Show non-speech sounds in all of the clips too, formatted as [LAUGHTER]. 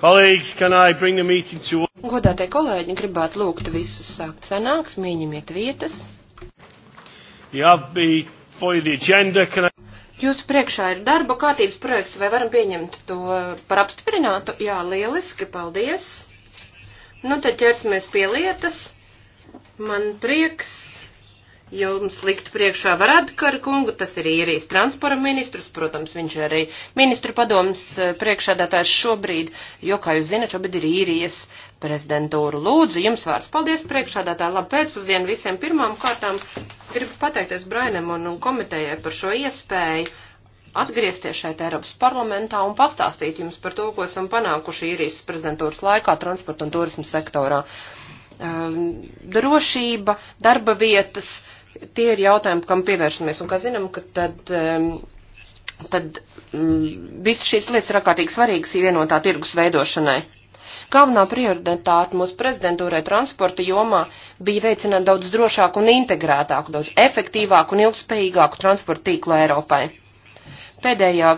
To... Godātie kolēģi, gribētu lūgt visus sākt sanāks, mīņemiet vietas. Agenda, I... Jūsu priekšā ir darba kārtības projekts, vai varam pieņemt to par apstiprinātu? Jā, lieliski, paldies. Nu, tad ķersimies pie lietas. Man prieks jums likt priekšā Varadkara kungu, tas ir īrijas transporta ministrs, protams, viņš arī ministru padomas e, priekšādātājs šobrīd, jo, kā jūs zinat, šobrīd ir īrijas prezidentūra. Lūdzu, jums vārds. Paldies priekšādātāji, labu pēcpusdienu visiem pirmām kārtām. Gribu pateikties Brainam un komitējai par šo iespēju atgriezties šeit Eiropas parlamentā un pastāstīt jums par to, ko esam panākuši īrijas prezidentūras laikā transporta un turismu sektorā. Ehm, drošība, darba vietas, uh, tie ir jautājumi, kam pievēršamies, un kā zinām, ka tad. Um, Tad mm, visas šīs lietas ir ārkārtīgi svarīgas vienotā tirgus veidošanai. Galvenā prioritāte mūsu prezidentūrai transporta jomā bija veicināt daudz drošāku un integrētāku, daudz efektīvāku un ilgspējīgāku transporta tīklu Eiropai. Pēdējā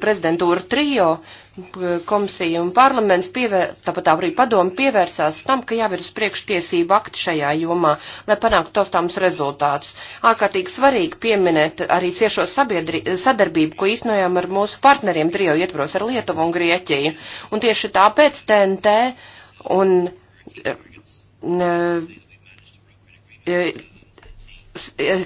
prezidentūra trijo eh, komisija un parlaments, pievēr, tāpat arī padomu, pievērsās tam, ka jāvir uz priekštiesību akti šajā jomā, lai panāktu taustāms rezultātus. Ārkārtīgi svarīgi pieminēt arī ciešo sabiedri, sadarbību, ko īstenojām ar mūsu partneriem trijo ietvaros ar Lietuvu un Grieķiju. Un tieši tāpēc TNT un. Eh, ne, eh,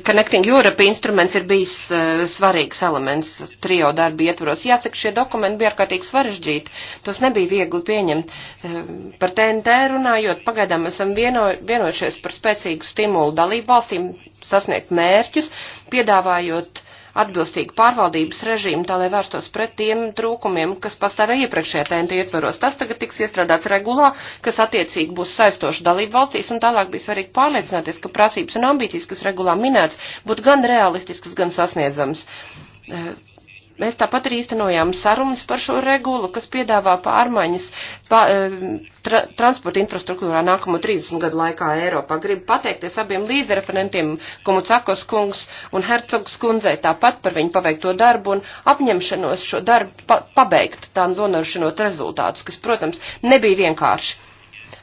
Connecting Europe instruments ir bijis uh, svarīgs elements trio darba ietvaros. Jāsaka, šie dokumenti bija ārkārtīgi svarežģīti, tos nebija viegli pieņemt. Uh, par TNT runājot, pagaidām esam vieno, vienojušies par spēcīgu stimulu dalību valstīm sasniegt mērķus, piedāvājot atbilstīgu pārvaldības režīmu, tā lai vērstos pret tiem trūkumiem, kas pastāvēja iepriekšējā TNT ietveros. Tas tagad tiks iestrādāts regulā, kas attiecīgi būs saistoši dalību valstīs, un tālāk bija svarīgi pārliecināties, ka prasības un ambīcijas, kas regulā minēts, būtu gan realistiskas, gan sasniedzamas eh, Mēs tāpat arī īstenojām sarunas par šo regulu, kas piedāvā pārmaiņas pa, e, tra, transporta infrastruktūrā nākamo 30 gadu laikā Eiropā. Gribu pateikties abiem līdzreferentiem, Komucakos kungs un Hercogs kundzei, tāpat par viņu paveikto darbu un apņemšanos šo darbu pa, pabeigt, tā nonarušanot rezultātus, kas, protams, nebija vienkārši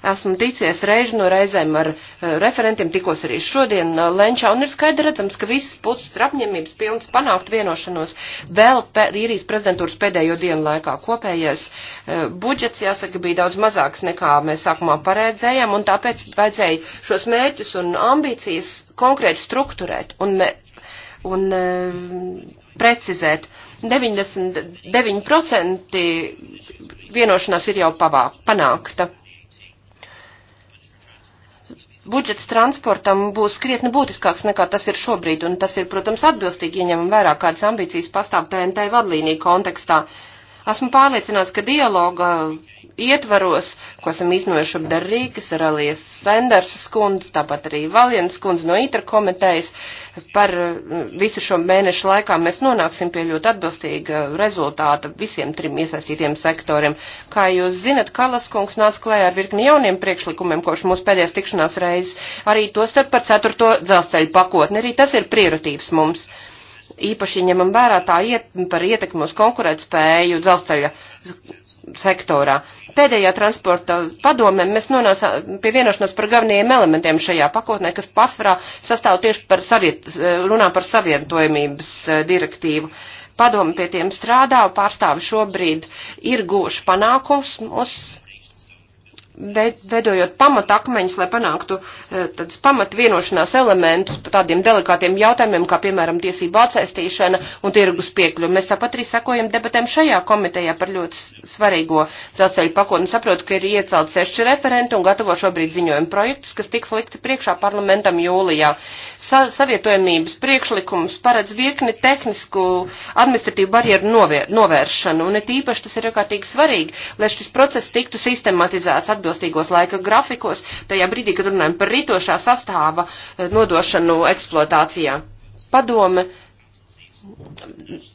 Esmu ticies reizi no reizēm ar eh, referentiem, tikos arī šodien eh, Lenčā, un ir skaidri redzams, ka visas puses ir apņemības pilnas panākt vienošanos vēl pē, īrijas prezidentūras pēdējo dienu laikā. Kopējais eh, budžets, jāsaka, bija daudz mazāks nekā mēs sākumā paredzējām, un tāpēc vajadzēja šos mērķus un ambīcijas konkrēti strukturēt un, me, un precizēt. 99% vienošanās ir jau pavā, panākta budžets transportam būs krietni būtiskāks nekā tas ir šobrīd, un tas ir, protams, atbilstīgi ieņemam vērā, kādas ambīcijas pastāv TNT vadlīnija kontekstā. Uh, Esmu pārliecināts, ka dialoga ietvaros, ko esam iznojuši ar Darīkas, ar Alies Sendersas kundzi, tāpat arī Valienas kundzi no ITRA komitejas, par visu šo mēnešu laikā mēs nonāksim pie ļoti atbilstīga rezultāta visiem trim iesaistītiem sektoriem. Kā jūs zinat, Kalas kungs nāca klējā ar virkni jauniem priekšlikumiem, kopš mūsu pēdējās tikšanās reizes, arī to starp par ceturto dzelzceļu pakotni, arī tas ir prioritīvs mums īpaši ņemam vērā tā iet, par ietekmi uz konkurētspēju dzelzceļa sektorā. Pēdējā transporta padomē mēs nonācām pie vienošanos par galvenajiem elementiem šajā pakotnē, kas pārsvarā sastāv tieši par saviet, eh, runā par savientojamības eh, direktīvu. Padomi pie tiem strādā, pārstāvi šobrīd ir guvuši panākums. Mums vedojot pamatakmeņus, lai panāktu eh, tādus pamatvienošanās elementus par tādiem delikātiem jautājumiem, kā piemēram tiesību atsaistīšana un tirgus piekļuva. Mēs tāpat arī sakojam debatēm šajā komitejā par ļoti svarīgo dzelzceļu pakotni. Saprotu, ka ir iecelti seši referenti un gatavo šobrīd ziņojumu projektus, kas tiks likti priekšā parlamentam jūlijā sa savietojamības priekšlikums paredz virkni tehnisku administratīvu barjeru novēr novēršanu, un it īpaši tas ir ārkārtīgi svarīgi, lai šis process tiktu sistematizēts atbilstīgos laika grafikos, tajā brīdī, kad runājam par rītošā sastāva eh, nodošanu eksploatācijā. Padome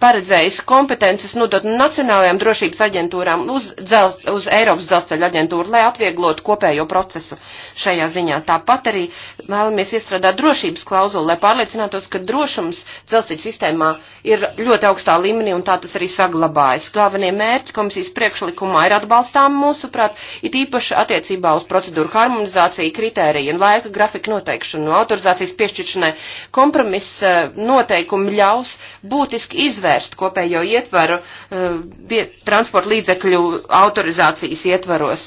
paredzējis kompetences nodot Nacionālajām drošības aģentūrām uz, dzels, uz Eiropas dzelzceļa aģentūru, lai atvieglotu kopējo procesu šajā ziņā. Tāpat arī vēlamies iestrādāt drošības klauzulu, lai pārliecinātos, ka drošums dzelzceļa sistēmā ir ļoti augstā līmenī un tā tas arī saglabājas. Galvenie mērķi komisijas priekšlikumā ir atbalstām mūsuprāt, it īpaši attiecībā uz procedūru harmonizāciju, kritēriju un laika grafika noteikšanu, autorizācijas piešķiršanai. Kompromiss eh, noteikumi ļaus būtiski izvērst kopējo ietvaru uh, transporta līdzekļu autorizācijas ietvaros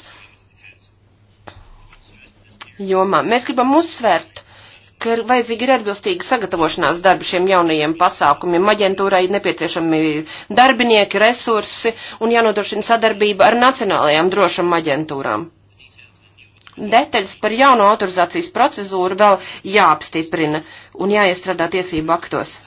jomā. Mēs gribam uzsvērt, ka ir vajadzīgi ir atbilstīgi sagatavošanās darbi šiem jaunajiem pasākumiem. Aģentūrai nepieciešami darbinieki, resursi un jānodrošina sadarbība ar nacionālajām drošuma aģentūrām. Detaļas par jauno autorizācijas procedūru vēl jāapstiprina un jāiestrādā tiesību aktos.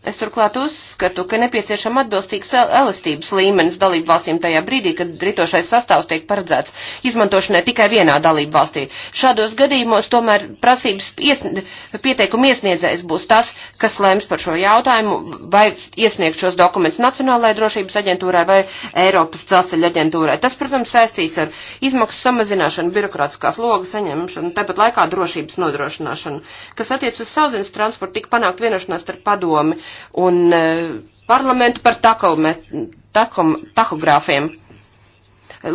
Es turklāt uzskatu, ka nepieciešama atbilstīgs elastības līmenis dalību valstīm tajā brīdī, kad ritošais sastāvs tiek paredzēts izmantošanai tikai vienā dalību valstī. Šādos gadījumos tomēr prasības iesn... pieteikuma iesniedzējs būs tas, kas lems par šo jautājumu, vai iesniegt šos dokumentus Nacionālajai drošības aģentūrai vai Eiropas celseļa aģentūrai. Tas, protams, saistīts ar izmaksu samazināšanu, birokrātiskās logas saņemšanu, tāpat laikā drošības nodrošināšanu. Kas attiec uz sauzins transportu, tika panākt vienošanās ar padomi un e, parlamentu par takome, takom, tahogrāfiem.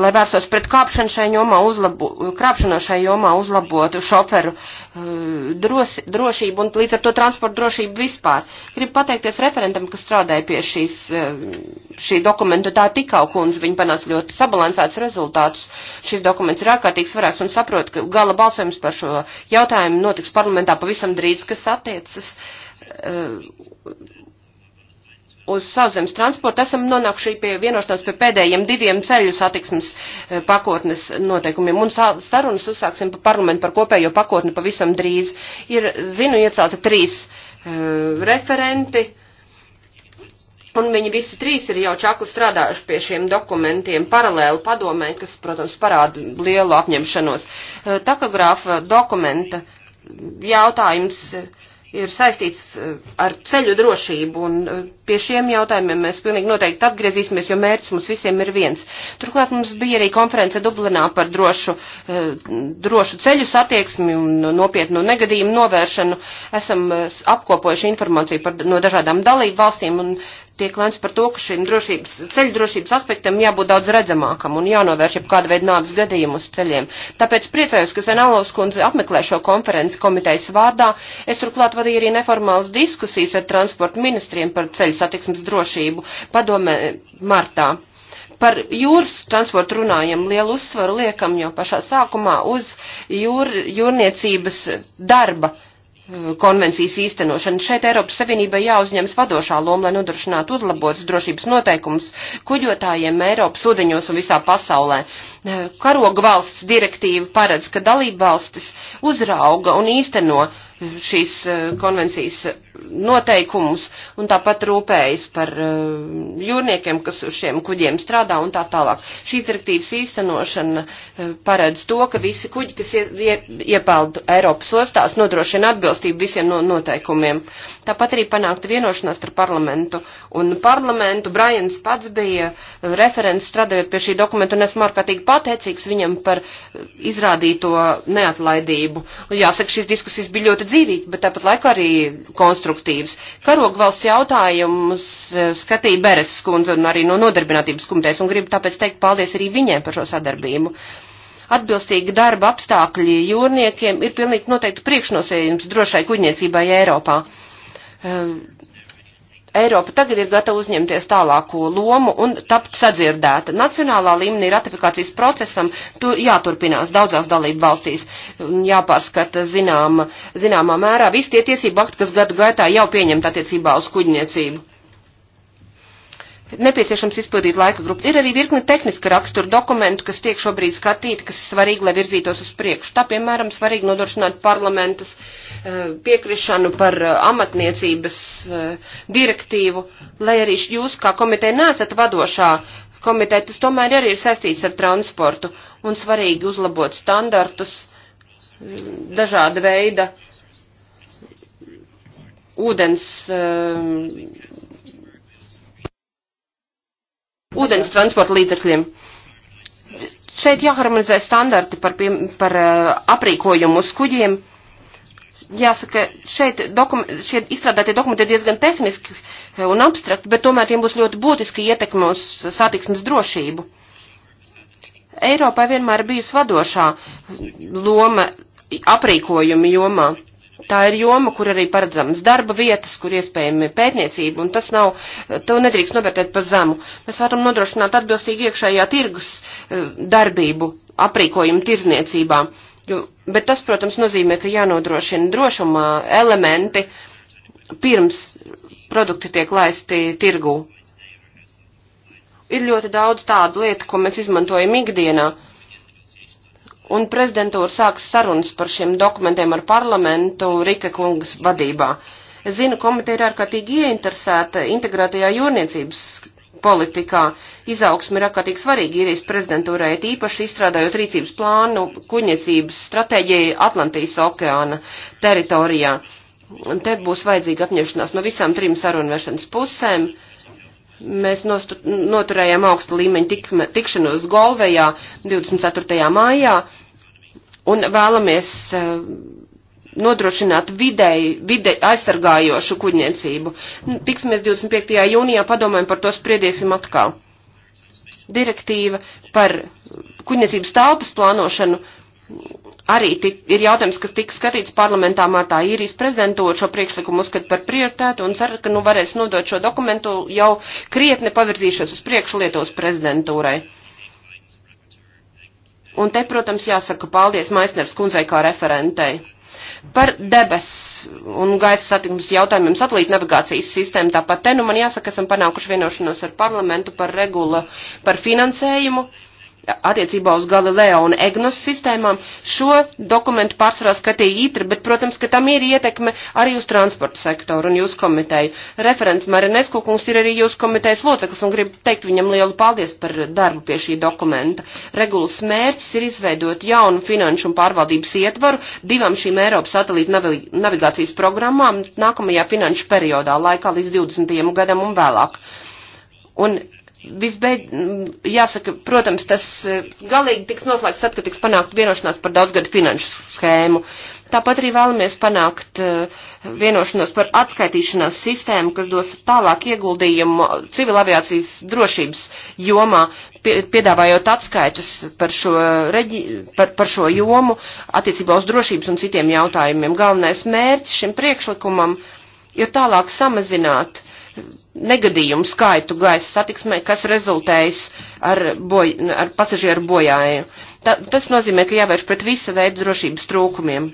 Lai vērsos pret kāpšanu šai jomā, uzlabo, krāpšanu šai jomā uzlabotu šoferu e, dros, drošību un līdz ar to transportu drošību vispār. Gribu pateikties referentam, kas strādāja pie šīs, e, šī dokumenta, tā tikau kundze, viņa panāca ļoti sabalansēts rezultātus. Šis dokuments ir ārkārtīgi svarīgs un saprot, ka gala balsojums par šo jautājumu notiks parlamentā pavisam drīz, kas attiecas uz sauszemes transportu esam nonākuši pie vienošanās pie pēdējiem diviem ceļu satiksmes eh, pakotnes noteikumiem. Un sarunas uzsāksim pa parlamentu par kopējo pakotni pavisam drīz. Ir, zinu, iecelti trīs uh, referenti. Un viņi visi trīs ir jau čakli strādājuši pie šiem dokumentiem paralēli padomē, kas, protams, parāda lielu apņemšanos. Eh, Takogrāfa dokumenta jautājums. Uh, ir saistīts eh, ar ceļu drošību, un eh, pie šiem jautājumiem mēs pilnīgi noteikti atgriezīsimies, jo mērķis mums visiem ir viens. Turklāt mums bija arī konference Dublinā par drošu, eh, drošu ceļu satieksmi un nopietnu negadījumu novēršanu. Esam apkopojuši informāciju par, no dažādām dalību valstīm, un tiek lēns par to, ka šim drošības, ceļu drošības aspektam jābūt daudz redzamākam un jānovērš jau kāda veida nāves gadījumu uz ceļiem. Tāpēc priecājos, ka Zenalovs kundze apmeklē šo konferenci komitejas vārdā. Es turklāt vadīju arī neformālas diskusijas ar transporta ministriem par ceļu satiksmes drošību padome martā. Par jūras transportu runājam, lielu uzsvaru liekam jau pašā sākumā uz jūr, jūrniecības darba konvencijas īstenošanu. Šeit Eiropas Savienībai jāuzņemas vadošā loma, lai nodrošinātu uzlabotas drošības noteikumus kuģotājiem Eiropas ūdeņos un visā pasaulē. Eh, karoga valsts direktīva paredz, ka dalība valstis uzrauga un īsteno šīs eh, konvencijas noteikumus un tāpat rūpējas par eh, jūrniekiem, kas uz šiem kuģiem strādā un tā tālāk. Šīs direktīvas īstenošana eh, paredz to, ka visi kuģi, kas iepeld Eiropas ostās, nodrošina atbilstību visiem no noteikumiem. Tāpat arī panākta vienošanās ar parlamentu un parlamentu. Brians pats bija eh, referents strādājot pie šī dokumenta un esmu ārkārtīgi pateicīgs viņam par izrādīto neatlaidību. Jāsaka, šīs diskusijas bija ļoti dzīvīgas, bet tāpat laikā arī konstruktīvas konstruktīvs. Karogu valsts jautājumus e, skatīja Beres skundze un arī no nodarbinātības komitejas un gribu tāpēc teikt paldies arī viņiem par šo sadarbību atbilstīgi darba apstākļi jūrniekiem ir pilnīgi noteikti priekšnosējums drošai kuģniecībai Eiropā. E, Eiropa tagad ir gatava uzņemties tālāko lomu un tapt sadzirdēta. Nacionālā līmenī ratifikācijas procesam tu, jāturpinās daudzās dalību valstīs, jāpārskata zinām, zināmā mērā visi tie tiesību akti, kas gadu gaitā jau pieņemt attiecībā uz kuģniecību nepieciešams izpildīt laika grupu. Ir arī virkni tehniska rakstura dokumentu, kas tiek šobrīd skatīti, kas svarīgi, lai virzītos uz priekšu. Tā, piemēram, svarīgi nodrošināt parlamentas eh, piekrišanu par eh, amatniecības eh, direktīvu, lai arī jūs kā komiteja nesat vadošā komiteja, tas tomēr arī ir saistīts ar transportu un svarīgi uzlabot standartus dažāda veida ūdens ūdens transporta līdzekļiem. Šeit jāharmonizē standarti par, pie, par uh, aprīkojumu uz kuģiem. Jāsaka, šeit dokum, šie izstrādātie dokumenti ir diezgan tehniski eh, un abstrakti, bet tomēr tiem būs ļoti būtiski ietekme uz satiksmes drošību. Eiropai vienmēr bijusi vadošā loma aprīkojuma jomā tā ir joma, kur arī paredzamas darba vietas, kur iespējami pētniecība, un tas nav, to nedrīkst novērtēt pa zemu. Mēs varam nodrošināt atbilstīgi iekšējā tirgus eh, darbību, aprīkojumu tirzniecībā, jo, bet tas, protams, nozīmē, ka jānodrošina drošumā elementi pirms produkti tiek laisti tirgū. Ir ļoti daudz tādu lietu, ko mēs izmantojam ikdienā un prezidentūra sāks sarunas par šiem dokumentiem ar parlamentu Rika kungas vadībā. Es zinu, komiteja ir ārkārtīgi ieinteresēta integrētajā jūrniecības politikā. Izaugsme ir ārkārtīgi svarīga īrijas prezidentūrai, tīpaši izstrādājot rīcības plānu kuģniecības stratēģijai Atlantijas okeāna teritorijā. Un te būs vajadzīga apņemšanās no visām trim sarunvešanas pusēm Mēs nostur, noturējām augsta līmeņa tik, tikšanos Golvejā 24. mājā un vēlamies eh, nodrošināt videi, vide aizsargājošu kuģniecību. Nu, tiksimies 25. jūnijā, padomājam par to, spriediesim atkal. Direktīva par kuģniecības telpas plānošanu arī tik, ir jautājums, kas tika skatīts parlamentā martā. Īrijas prezidentūra šo priekšlikumu uzskata par prioritētu un cer, ka nu varēs nodot šo dokumentu jau krietni pavirzīšos uz priekšu Lietuvas prezidentūrai. Un te, protams, jāsaka paldies Maisners kundzei kā referentei. Par debes un gaisa satiksmes jautājumiem satelīta navigācijas sistēma tāpat te, nu man jāsaka, esam panākuši vienošanos ar parlamentu par regulu par finansējumu. Uh, attiecībā uz Galileo un EGNOS sistēmām. Šo dokumentu pārsvarā skatīja ITRA, bet, protams, ka tam ir ietekme arī uz transporta sektoru un jūsu komiteju. Referents Marinesko kungs ir arī jūsu komitejas loceklis un gribu teikt viņam lielu paldies par darbu pie šī dokumenta. Regulas mērķis ir izveidot jaunu finanšu un pārvaldības ietvaru divām šīm Eiropas satelīta navigācijas programmām nākamajā finanšu periodā, laikā līdz 20. gadam un vēlāk. Un visbeid, jāsaka, protams, tas eh, galīgi tiks noslēgts tad, kad tiks panākt vienošanās par daudzgadu finanšu schēmu. Tāpat arī vēlamies panākt eh, vienošanos par atskaitīšanās sistēmu, kas dos tālāk ieguldījumu civilaviācijas drošības jomā, piedāvājot atskaitas par šo, reģi, par, par šo jomu attiecībā uz drošības un citiem jautājumiem. Galvenais mērķis šim priekšlikumam ir tālāk samazināt uh, negadījumu skaitu gaisa satiksmē, kas rezultējis ar, boj, ar pasažieru bojājumu. Ta, tas nozīmē, ka jāvērš pret visa veida drošības trūkumiem.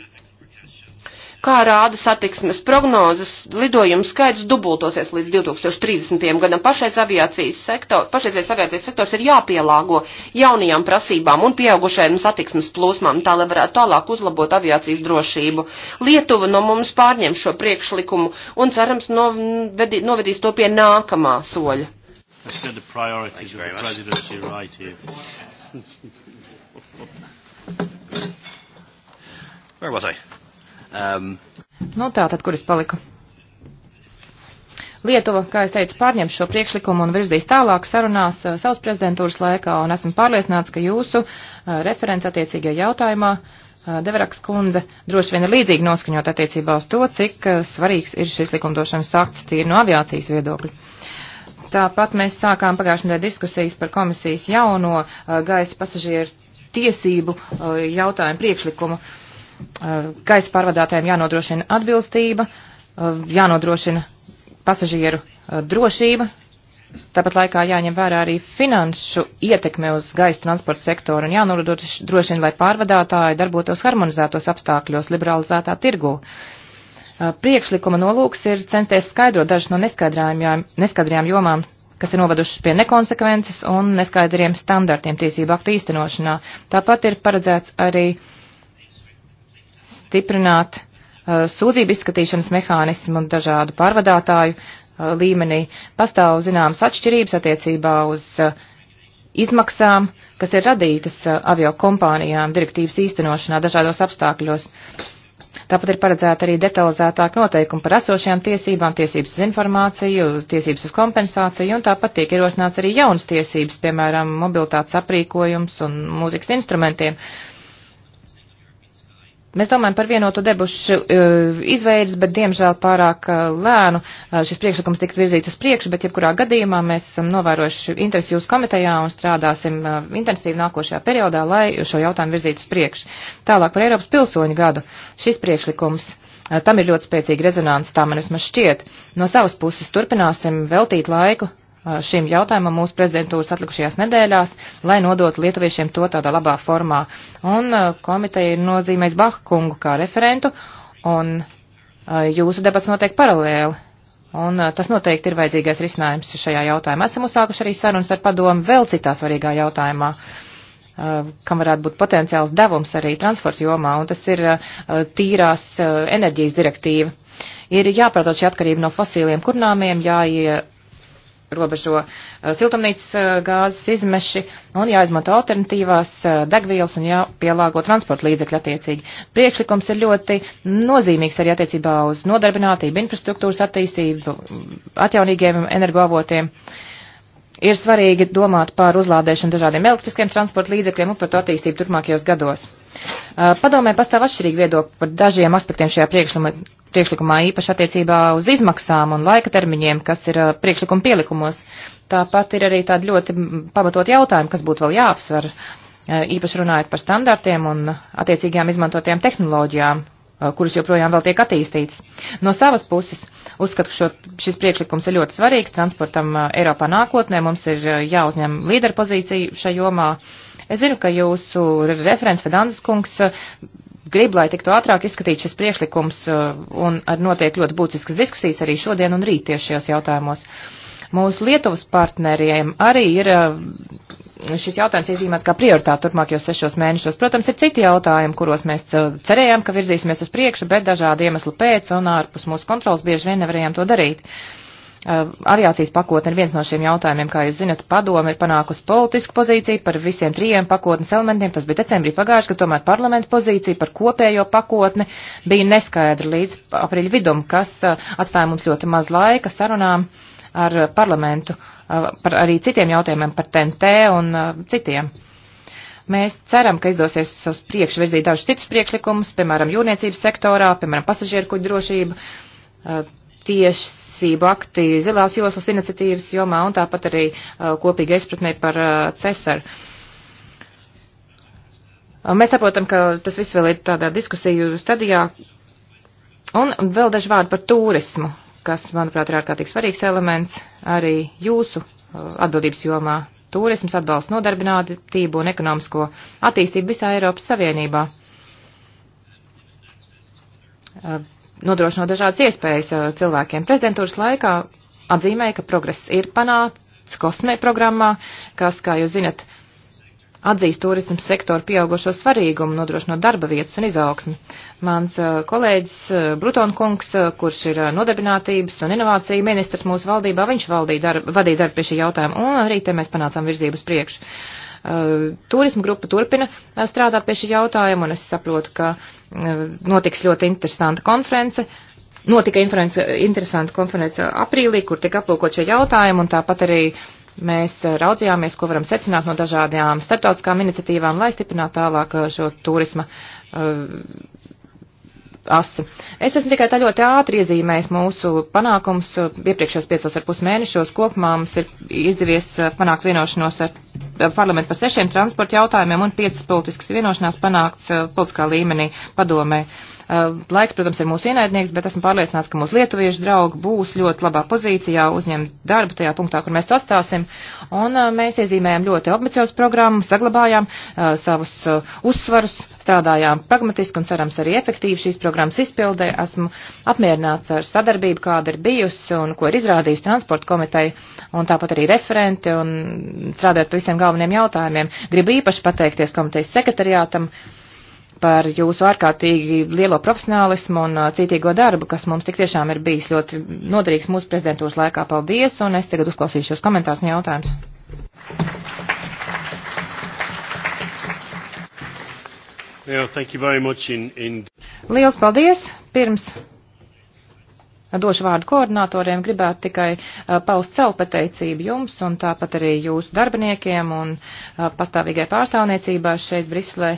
Kā rāda satiksmes prognozes, lidojumu skaits dubultosies līdz 2030. gadam. Pašais aviācijas sektor, pašais aviācijas sektors ir jāpielāgo jaunajām prasībām un pieaugušajām satiksmes plūsmām, tā lai varētu tālāk uzlabot aviācijas drošību. Lietuva no mums pārņem šo priekšlikumu un cerams novedi, novedīs to pie nākamā soļa. Let's get the priorities of the presidency right here. Where was I? Um... Nu, tā tad, kur es paliku? Lietuva, kā es teicu, pārņems šo priekšlikumu un virzīs tālāk sarunās uh, savas prezidentūras laikā, un esmu pārliecināts, ka jūsu uh, referents attiecīgajā jautājumā, uh, Deveraks kundze, droši vien ir līdzīgi noskaņot attiecībā uz to, cik uh, svarīgs ir šis likumdošanas akts tīri no aviācijas viedokļa. Tāpat mēs sākām pagājušajā nedēļā diskusijas par komisijas jauno uh, gaisa pasažieru tiesību uh, jautājumu priekšlikumu. Uh, Eh, gaisa pārvadātājiem jānodrošina atbilstība, eh, jānodrošina pasažieru eh, drošība, tāpat laikā jāņem vērā arī finanšu ietekme uz gaisa transporta sektoru un jānodrošina, lai pārvadātāji darbotos harmonizētos apstākļos liberalizētā tirgū. Priekšlikuma nolūks ir censties skaidrot dažas no neskaidrajām jomām kas ir novadušas pie nekonsekvences un neskaidriem standartiem tiesību aktu īstenošanā. Tāpat ir paredzēts arī uh, stiprināt uh, sūdzību izskatīšanas mehānismu un dažādu pārvadātāju uh, līmenī. Pastāv zināmas atšķirības attiecībā uz uh, izmaksām, kas ir radītas avio kompānijām direktīvas īstenošanā dažādos apstākļos. Tāpat ir paredzēta arī detalizētāk noteikumi par esošajām tiesībām, tiesības uz informāciju, tiesības uz kompensāciju, un tāpat tiek ierosināts arī jaunas tiesības, piemēram, mobilitātes aprīkojums un mūzikas instrumentiem. Uh, Mēs domājam par vienotu debušu eh, izveidus, bet diemžēl pārāk eh, lēnu eh, šis priekšlikums tikt virzīts uz priekšu, bet jebkurā gadījumā mēs esam novērojuši interesi jūsu komitejā un strādāsim intensīvi nākošajā periodā, lai šo jautājumu virzītu uz priekšu. Tālāk par Eiropas pilsoņu gadu. Šis priekšlikums. Tam ir ļoti spēcīga rezonance, tā man vismaz šķiet. No savas puses turpināsim veltīt laiku Eh, šim jautājumam mūsu prezidentūras atlikušajās nedēļās, lai nodotu lietuviešiem to tādā labā formā. Un eh, komiteja ir nozīmējis Bahkungu kā referentu, un eh, jūsu debats notiek paralēli. Un tas noteikti ir vajadzīgais risinājums šajā jautājumā. Esam uzsākuši arī sarunas ar padomu vēl citā svarīgā jautājumā kam varētu būt potenciāls devums arī transporta jomā, un tas ir tīrās enerģijas direktīva. Ir jāpārtot šī atkarība no fosīliem kurnāmiem, jāie robežo uh, siltumnīcas uh, gāzes izmeši un jāizmanto alternatīvās uh, degvielas un jāpielāgo transporta līdzekļu attiecīgi. Priekšlikums ir ļoti nozīmīgs arī attiecībā uz nodarbinātību, infrastruktūras attīstību, atjaunīgiem energoavotiem. Ir svarīgi domāt par uzlādēšanu dažādiem elektriskiem transporta līdzekļiem un par to attīstību turpmākajos gados. Padomē pastāv atšķirīgi viedokļi par dažiem aspektiem šajā priekšlikumā, priekšlikumā īpaši attiecībā uz izmaksām un laika termiņiem, kas ir priekšlikuma pielikumos. Tāpat ir arī tādi ļoti pamatot jautājumi, kas būtu vēl jāapsver, īpaši runājot par standartiem un attiecīgajām izmantotajām tehnoloģijām, kuras joprojām vēl tiek attīstītas. No savas puses uzskatu, ka šis priekšlikums ir ļoti svarīgs transportam Eiropā nākotnē. Mums ir jāuzņem līderpozīcija šajā jomā. Es zinu, ka jūsu referents Fedanzas kungs grib, lai tiktu ātrāk izskatīt šis priekšlikums, uh, un notiek ļoti būtiskas diskusijas arī šodien un rīt tieši šajos jautājumos. Mūsu Lietuvas partneriem arī ir uh, šis jautājums iezīmēts kā prioritāte turpmākajos sešos mēnešos. Protams, ir citi jautājumi, kuros mēs uh, cerējām, ka virzīsimies uz priekšu, bet dažādu iemeslu pēc un ārpus mūsu kontrols bieži vien nevarējām to darīt. Uh, Eh, aviācijas pakotne ir viens no šiem jautājumiem, kā jūs zinat, padome ir panākusi politisku pozīciju par visiem trījiem pakotnes elementiem, tas bija decembrī pagājuši, ka tomēr parlamenta pozīcija par kopējo pakotni bija neskaidra līdz aprīļa vidum, kas eh, atstāja mums ļoti maz laika sarunām ar parlamentu, eh, par arī citiem jautājumiem par TNT un citiem. Mēs ceram, ka izdosies uz priekšu virzīt dažus citus priekšlikumus, piemēram, jūrniecības sektorā, piemēram, pasažieru kuģu drošību tiesību akti zilās joslas iniciatīvas jomā un tāpat arī uh, kopīga izpratnē par uh, cesaru. Uh, mēs saprotam, ka tas viss vēl ir tādā diskusiju stadijā. Un vēl daži vārdi par turismu, kas, manuprāt, ir ārkārtīgi svarīgs elements arī jūsu uh, atbildības jomā. Turisms atbalsta nodarbinātību un ekonomisko attīstību visā Eiropas Savienībā uh, nodrošinot dažādas iespējas uh, cilvēkiem. Prezidentūras laikā atzīmēja, ka progress ir panāts kosmē programmā, kas, kā jūs zinat, atzīst turismu sektoru pieaugušo svarīgumu, nodrošinot darba vietas un izaugsmi. Mans uh, kolēģis uh, Brutona kungs, kurš ir nodarbinātības un inovāciju ministrs mūsu valdībā, viņš darb, vadīja darbu pie šī jautājuma, un arī te mēs panācām virzību uz priekšu. Turismu grupa turpina strādāt pie šī jautājuma, un es saprotu, ka uh, notiks ļoti interesanta konference. Notika interesanta konference aprīlī, kur tika aplūkot šie jautājumi, un tāpat arī mēs raudzījāmies, ko varam secināt no dažādajām starptautiskām iniciatīvām, lai stiprinātu tālāk uh, šo turisma uh, asi. Es esmu tikai tā ļoti ātri iezīmējis mūsu panākums. Uh, iepriekšējos piecos ar pus mēnešos kopumā mums ir izdevies uh, panākt vienošanos ar uh, parlamentu par sešiem transporta jautājumiem un piecas politiskas vienošanās panākts politiskā līmenī padomē. Laiks, protams, ir mūsu ienaidnieks, bet esmu pārliecināts, ka mūsu lietuviešu draugi būs ļoti labā pozīcijā uzņemt darbu tajā punktā, kur mēs to atstāsim. Un mēs iezīmējam ļoti ambiciozu programmu, saglabājām savus uzsvarus, strādājām pragmatiski un cerams arī efektīvi šīs programmas programmas izpildē. Esmu apmierināts ar sadarbību, kāda ir bijusi un ko ir izrādījusi transporta komiteja un tāpat arī referenti un strādājot par visiem galveniem jautājumiem. Gribu īpaši pateikties komitejas sekretariātam par jūsu ārkārtīgi lielo profesionālismu un uh, cītīgo darbu, kas mums tik tiešām ir bijis ļoti noderīgs mūsu prezidentūras laikā. Paldies, un es tagad uzklausīšu jūs komentārus un jautājumus. Yeah, in, in... Liels paldies! Pirms došu vārdu koordinatoriem, gribētu tikai uh, paust savu pateicību jums un tāpat arī jūsu darbiniekiem un uh, pastāvīgai pārstāvniecībā šeit Brislē.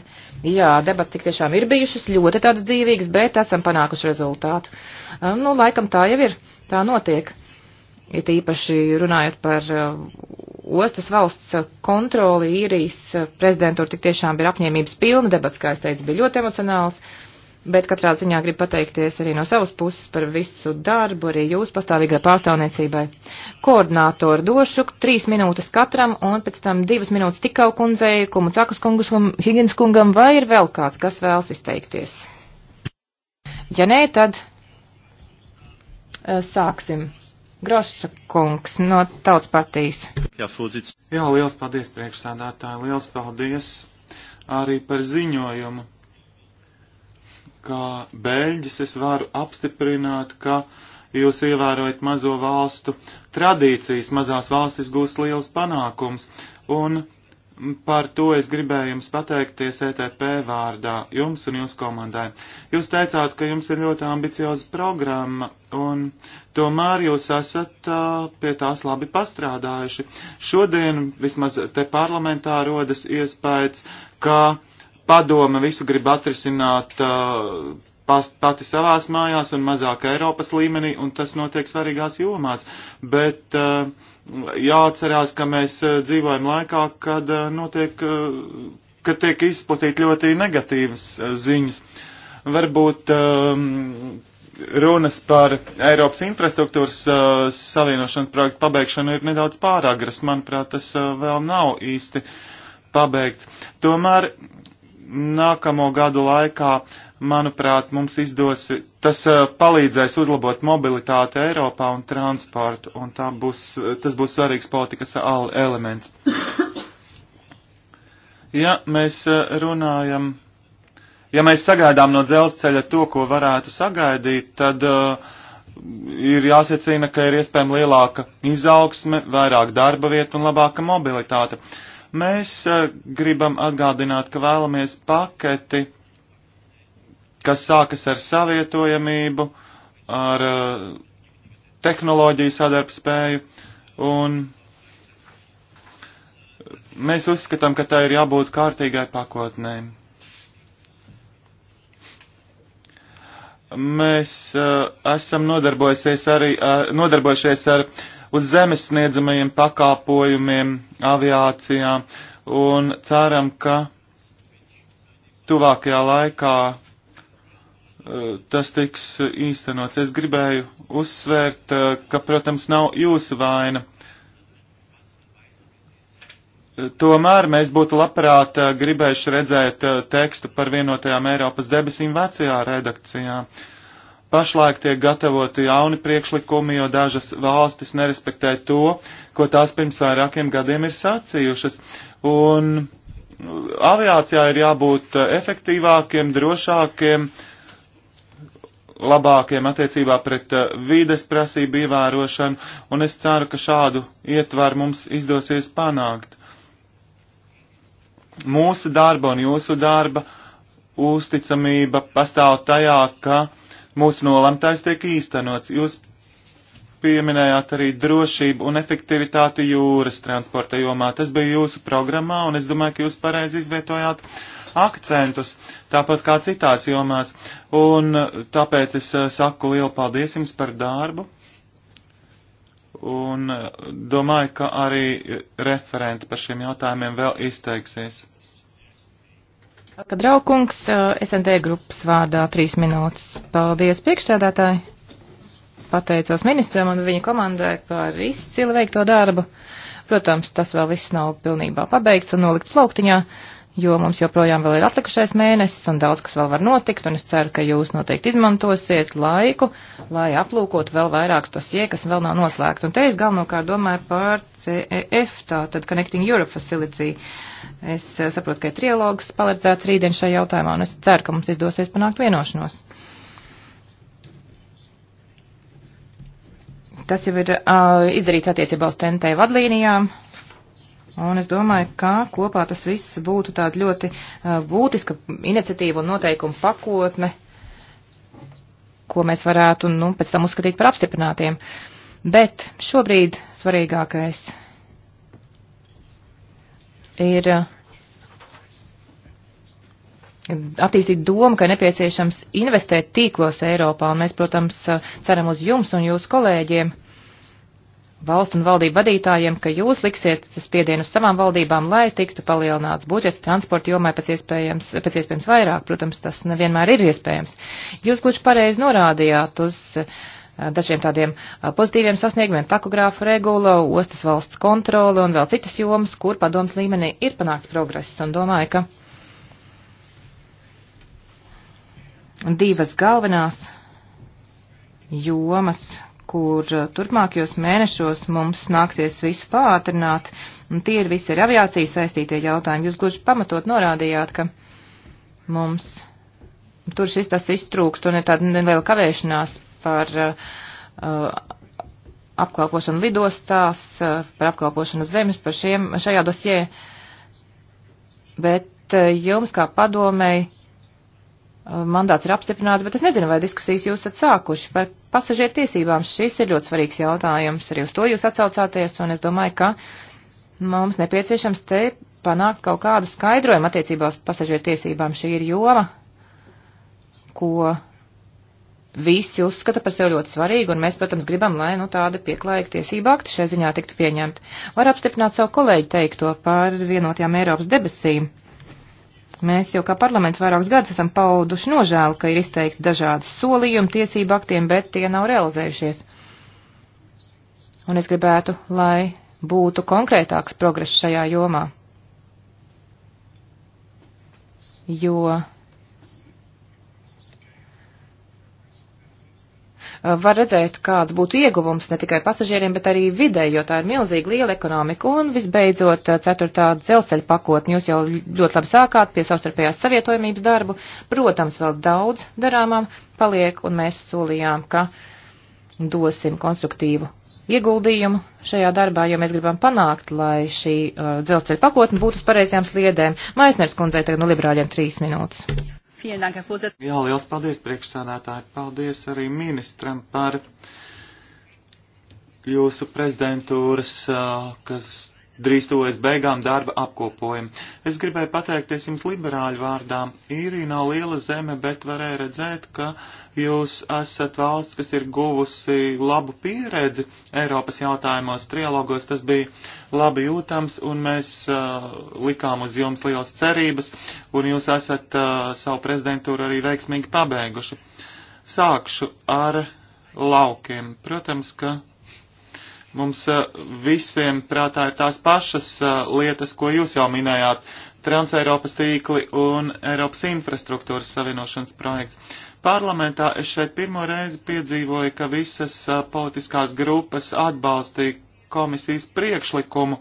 Jā, debats tik tiešām ir bijušas ļoti tādas dzīvīgas, bet esam panākuši rezultātu. Uh, nu, laikam tā jau ir, tā notiek it īpaši runājot par uh, ostas valsts uh, kontroli īrijas uh, prezidentūra tik tiešām bija apņēmības pilna, debats, kā es teicu, bija ļoti emocionāls, bet katrā ziņā gribu pateikties arī no savas puses par visu darbu, arī jūs pastāvīgai pārstāvniecībai. Koordinātoru došu trīs minūtes katram un pēc tam divas minūtes tikau kundzei, kumu cakus kungus un higienas kungam, vai ir vēl kāds, kas vēlas izteikties? Ja nē, tad sāksim Groša kungs no Tautas partijas. Jā, Fūzits. Jā, liels paldies priekšsādātāji, liels paldies arī par ziņojumu. Kā Beļģis es varu apstiprināt, ka jūs ievērojat mazo valstu tradīcijas, mazās valstis gūst liels panākums, un Par to es gribēju jums pateikties ETP vārdā, jums un jūsu komandai. Jūs teicāt, ka jums ir ļoti ambicioza programma, un tomēr jūs esat uh, pie tās labi pastrādājuši. Šodien vismaz te parlamentā rodas iespējas, ka padome visu grib atrisināt uh, pati savās mājās un mazāk Eiropas līmenī, un tas notiek svarīgās jomās. Bet, uh, jāatcerās, ka mēs eh, dzīvojam laikā, kad eh, notiek, eh, kad tiek izplatīt ļoti negatīvas ziņas. Varbūt um, runas par Eiropas infrastruktūras uh, savienošanas projektu pabeigšanu ir nedaudz pāragras. Manuprāt, tas uh, vēl nav īsti pabeigts. Tomēr nākamo gadu laikā, manuprāt, mums izdosi, Tas eh, palīdzēs uzlabot mobilitāti Eiropā un transportu, un būs, eh, tas būs svarīgs politikas elements. [COUGHS] Ja mēs eh, runājam, ja mēs sagaidām no dzelzceļa to, ko varētu sagaidīt, tad uh, ir jāsecina, ka ir iespējama lielāka izaugsme, vairāk darba vietu un labāka mobilitāte. Mēs uh, gribam atgādināt, ka vēlamies paketi kas sākas ar savietojamību, ar uh, tehnoloģiju sadarbspēju, un mēs uzskatām, ka tā ir jābūt kārtīgai pakotnē. Mēs uh, esam nodarbojušies arī uh, nodarbojušies ar uz zemes sniedzamajiem pakāpojumiem aviācijā un ceram, ka tuvākajā laikā tas tiks īstenots. Es gribēju uzsvērt, ka, protams, nav jūsu vaina. Tomēr mēs būtu labprāt gribējuši redzēt tekstu par vienotajām Eiropas debesīm vecajā redakcijā. Pašlaik tiek gatavoti jauni priekšlikumi, jo dažas valstis nerespektē to, ko tās pirms vairākiem gadiem ir sacījušas. Un aviācijā ir jābūt efektīvākiem, drošākiem, uh, labākiem attiecībā pret eh, vides prasību ievērošanu, un es ceru, ka šādu ietvaru mums izdosies panākt. Mūsu darba un jūsu darba uzticamība pastāv tajā, ka mūsu nolemtais tiek īstenots. Jūs pieminējāt arī drošību un efektivitāti jūras transporta jomā. Tas bija jūsu programmā, un es domāju, ka jūs pareizi izvietojāt uh, akcentus, tāpat kā citās jomās. Un uh, tāpēc es uh, saku lielu paldies jums par darbu. Un uh, domāju, ka arī referenti par šiem jautājumiem vēl izteiksies. Saka draukungs, SND grupas vārdā trīs minūtes. Paldies priekšsēdētāji. Pateicos ministram un viņa komandai par izcili veikto darbu. Protams, tas vēl viss nav pilnībā pabeigts un nolikt plauktiņā, jo mums joprojām vēl ir atlikušais mēnesis un daudz kas vēl var notikt, un es ceru, ka jūs noteikti izmantosiet laiku, lai aplūkotu vēl vairākus dosie, kas vēl nav noslēgti. Un te es galvenokārt domāju par CEF, tātad Connecting Europe Facility. Es eh, saprotu, ka ir trialogs paredzēts rītdien šajā jautājumā, un es ceru, ka mums izdosies panākt vienošanos. Tas jau ir uh, izdarīts attiecībā uz TNT vadlīnijām, Un es domāju, ka kopā tas viss būtu tāda ļoti uh, būtiska iniciatīva un noteikuma pakotne, ko mēs varētu nu, pēc tam uzskatīt par apstiprinātiem. Bet šobrīd svarīgākais ir uh, attīstīt domu, ka nepieciešams investēt tīklos Eiropā, un mēs, protams, uh, ceram uz jums un jūsu kolēģiem valstu un valdību vadītājiem, ka jūs liksiet spiedienu uz savām valdībām, lai tiktu palielināts budžets transporta jomai pēc iespējams, pēc iespējams vairāk. Protams, tas nevienmēr ir iespējams. Jūs gluži pareizi norādījāt uz eh, dažiem tādiem eh, pozitīviem sasniegumiem, takogrāfu regula, ostas valsts kontrole un vēl citas jomas, kur padoms līmenī ir panākts progress. Un domāju, ka divas galvenās jomas, kur eh, turpmākajos mēnešos mums nāksies visu pātrināt, un tie ir visi ar aviāciju saistītie jautājumi. Jūs gluži pamatot norādījāt, ka mums tur šis tas iztrūkst, un ir tāda neliela kavēšanās par uh, apkalpošanu lidostās, uh, par apkalpošanu zemes, par šiem, šajā dosjē. Bet uh, jums kā padomēji mandāts ir apstiprināts, bet es nezinu, vai diskusijas jūs esat sākuši par pasažieru tiesībām. Šis ir ļoti svarīgs jautājums. Arī uz to jūs atsaucāties, un es domāju, ka mums nepieciešams te panākt kaut kādu skaidrojumu attiecībā uz pasažieru tiesībām. Šī ir joma, ko visi uzskata par sevi ļoti svarīgu, un mēs, protams, gribam, lai nu, tāda pieklājīga tiesība akti šai ziņā tiktu pieņemta. Var apstiprināt savu kolēģi teikto par vienotajām Eiropas debesīm. Mēs jau kā parlaments vairākus gadus esam pauduši nožēlu, ka ir izteikti dažādi solījumi tiesību aktiem, bet tie nav realizējušies. Un es gribētu, lai būtu konkrētāks progress šajā jomā. Jo Eh, var redzēt, kāds būtu ieguvums ne tikai pasažieriem, bet arī vidē, jo tā ir milzīga liela ekonomika. Un visbeidzot, eh, ceturtā dzelzceļa pakotne, jūs jau ļoti labi sākāt pie savstarpējās savietojamības darbu. Protams, vēl daudz darāmām paliek, un mēs solījām, ka dosim konstruktīvu ieguldījumu šajā darbā, jo mēs gribam panākt, lai šī uh, dzelzceļa pakotne būtu uz pareizajām sliedēm. Maisners kundzei tagad no liberāļiem trīs minūtes. Jā, liels paldies priekšsādātāji. Paldies arī ministram par jūsu prezidentūras, kas drīz tuvojas beigām darba apkopojumu. Es gribēju pateikties jums liberāļu vārdām. Īrija nav liela zeme, bet varēja redzēt, ka jūs esat valsts, kas ir guvusi labu pieredzi Eiropas jautājumos, trialogos. Tas bija labi jūtams, un mēs uh, likām uz jums lielas cerības, un jūs esat uh, savu prezidentūru arī veiksmīgi pabeiguši. Sākšu ar laukiem. Protams, ka Mums eh, visiem prātā ir tās pašas eh, lietas, ko jūs jau minējāt - Transeiropas tīkli un Eiropas infrastruktūras savienošanas projekts. Parlamentā es šeit pirmo reizi piedzīvoju, ka visas eh, politiskās grupas atbalstīja komisijas priekšlikumu.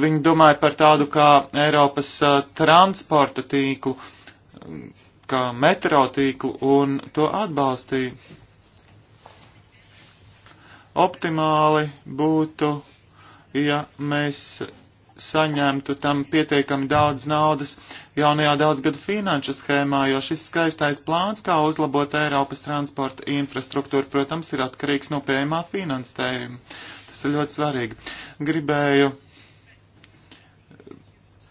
Viņi domāja par tādu kā Eiropas transporta tīklu, mm, kā metro tīklu, un to atbalstīja Optimāli būtu, ja mēs saņemtu tam pietiekami daudz naudas jaunajā daudzgadu finanšu schēmā, jo šis skaistais plāns, kā uzlabot Eiropas transporta infrastruktūru, protams, ir atkarīgs no pieejamā finansējuma. Tas ir ļoti svarīgi. Gribēju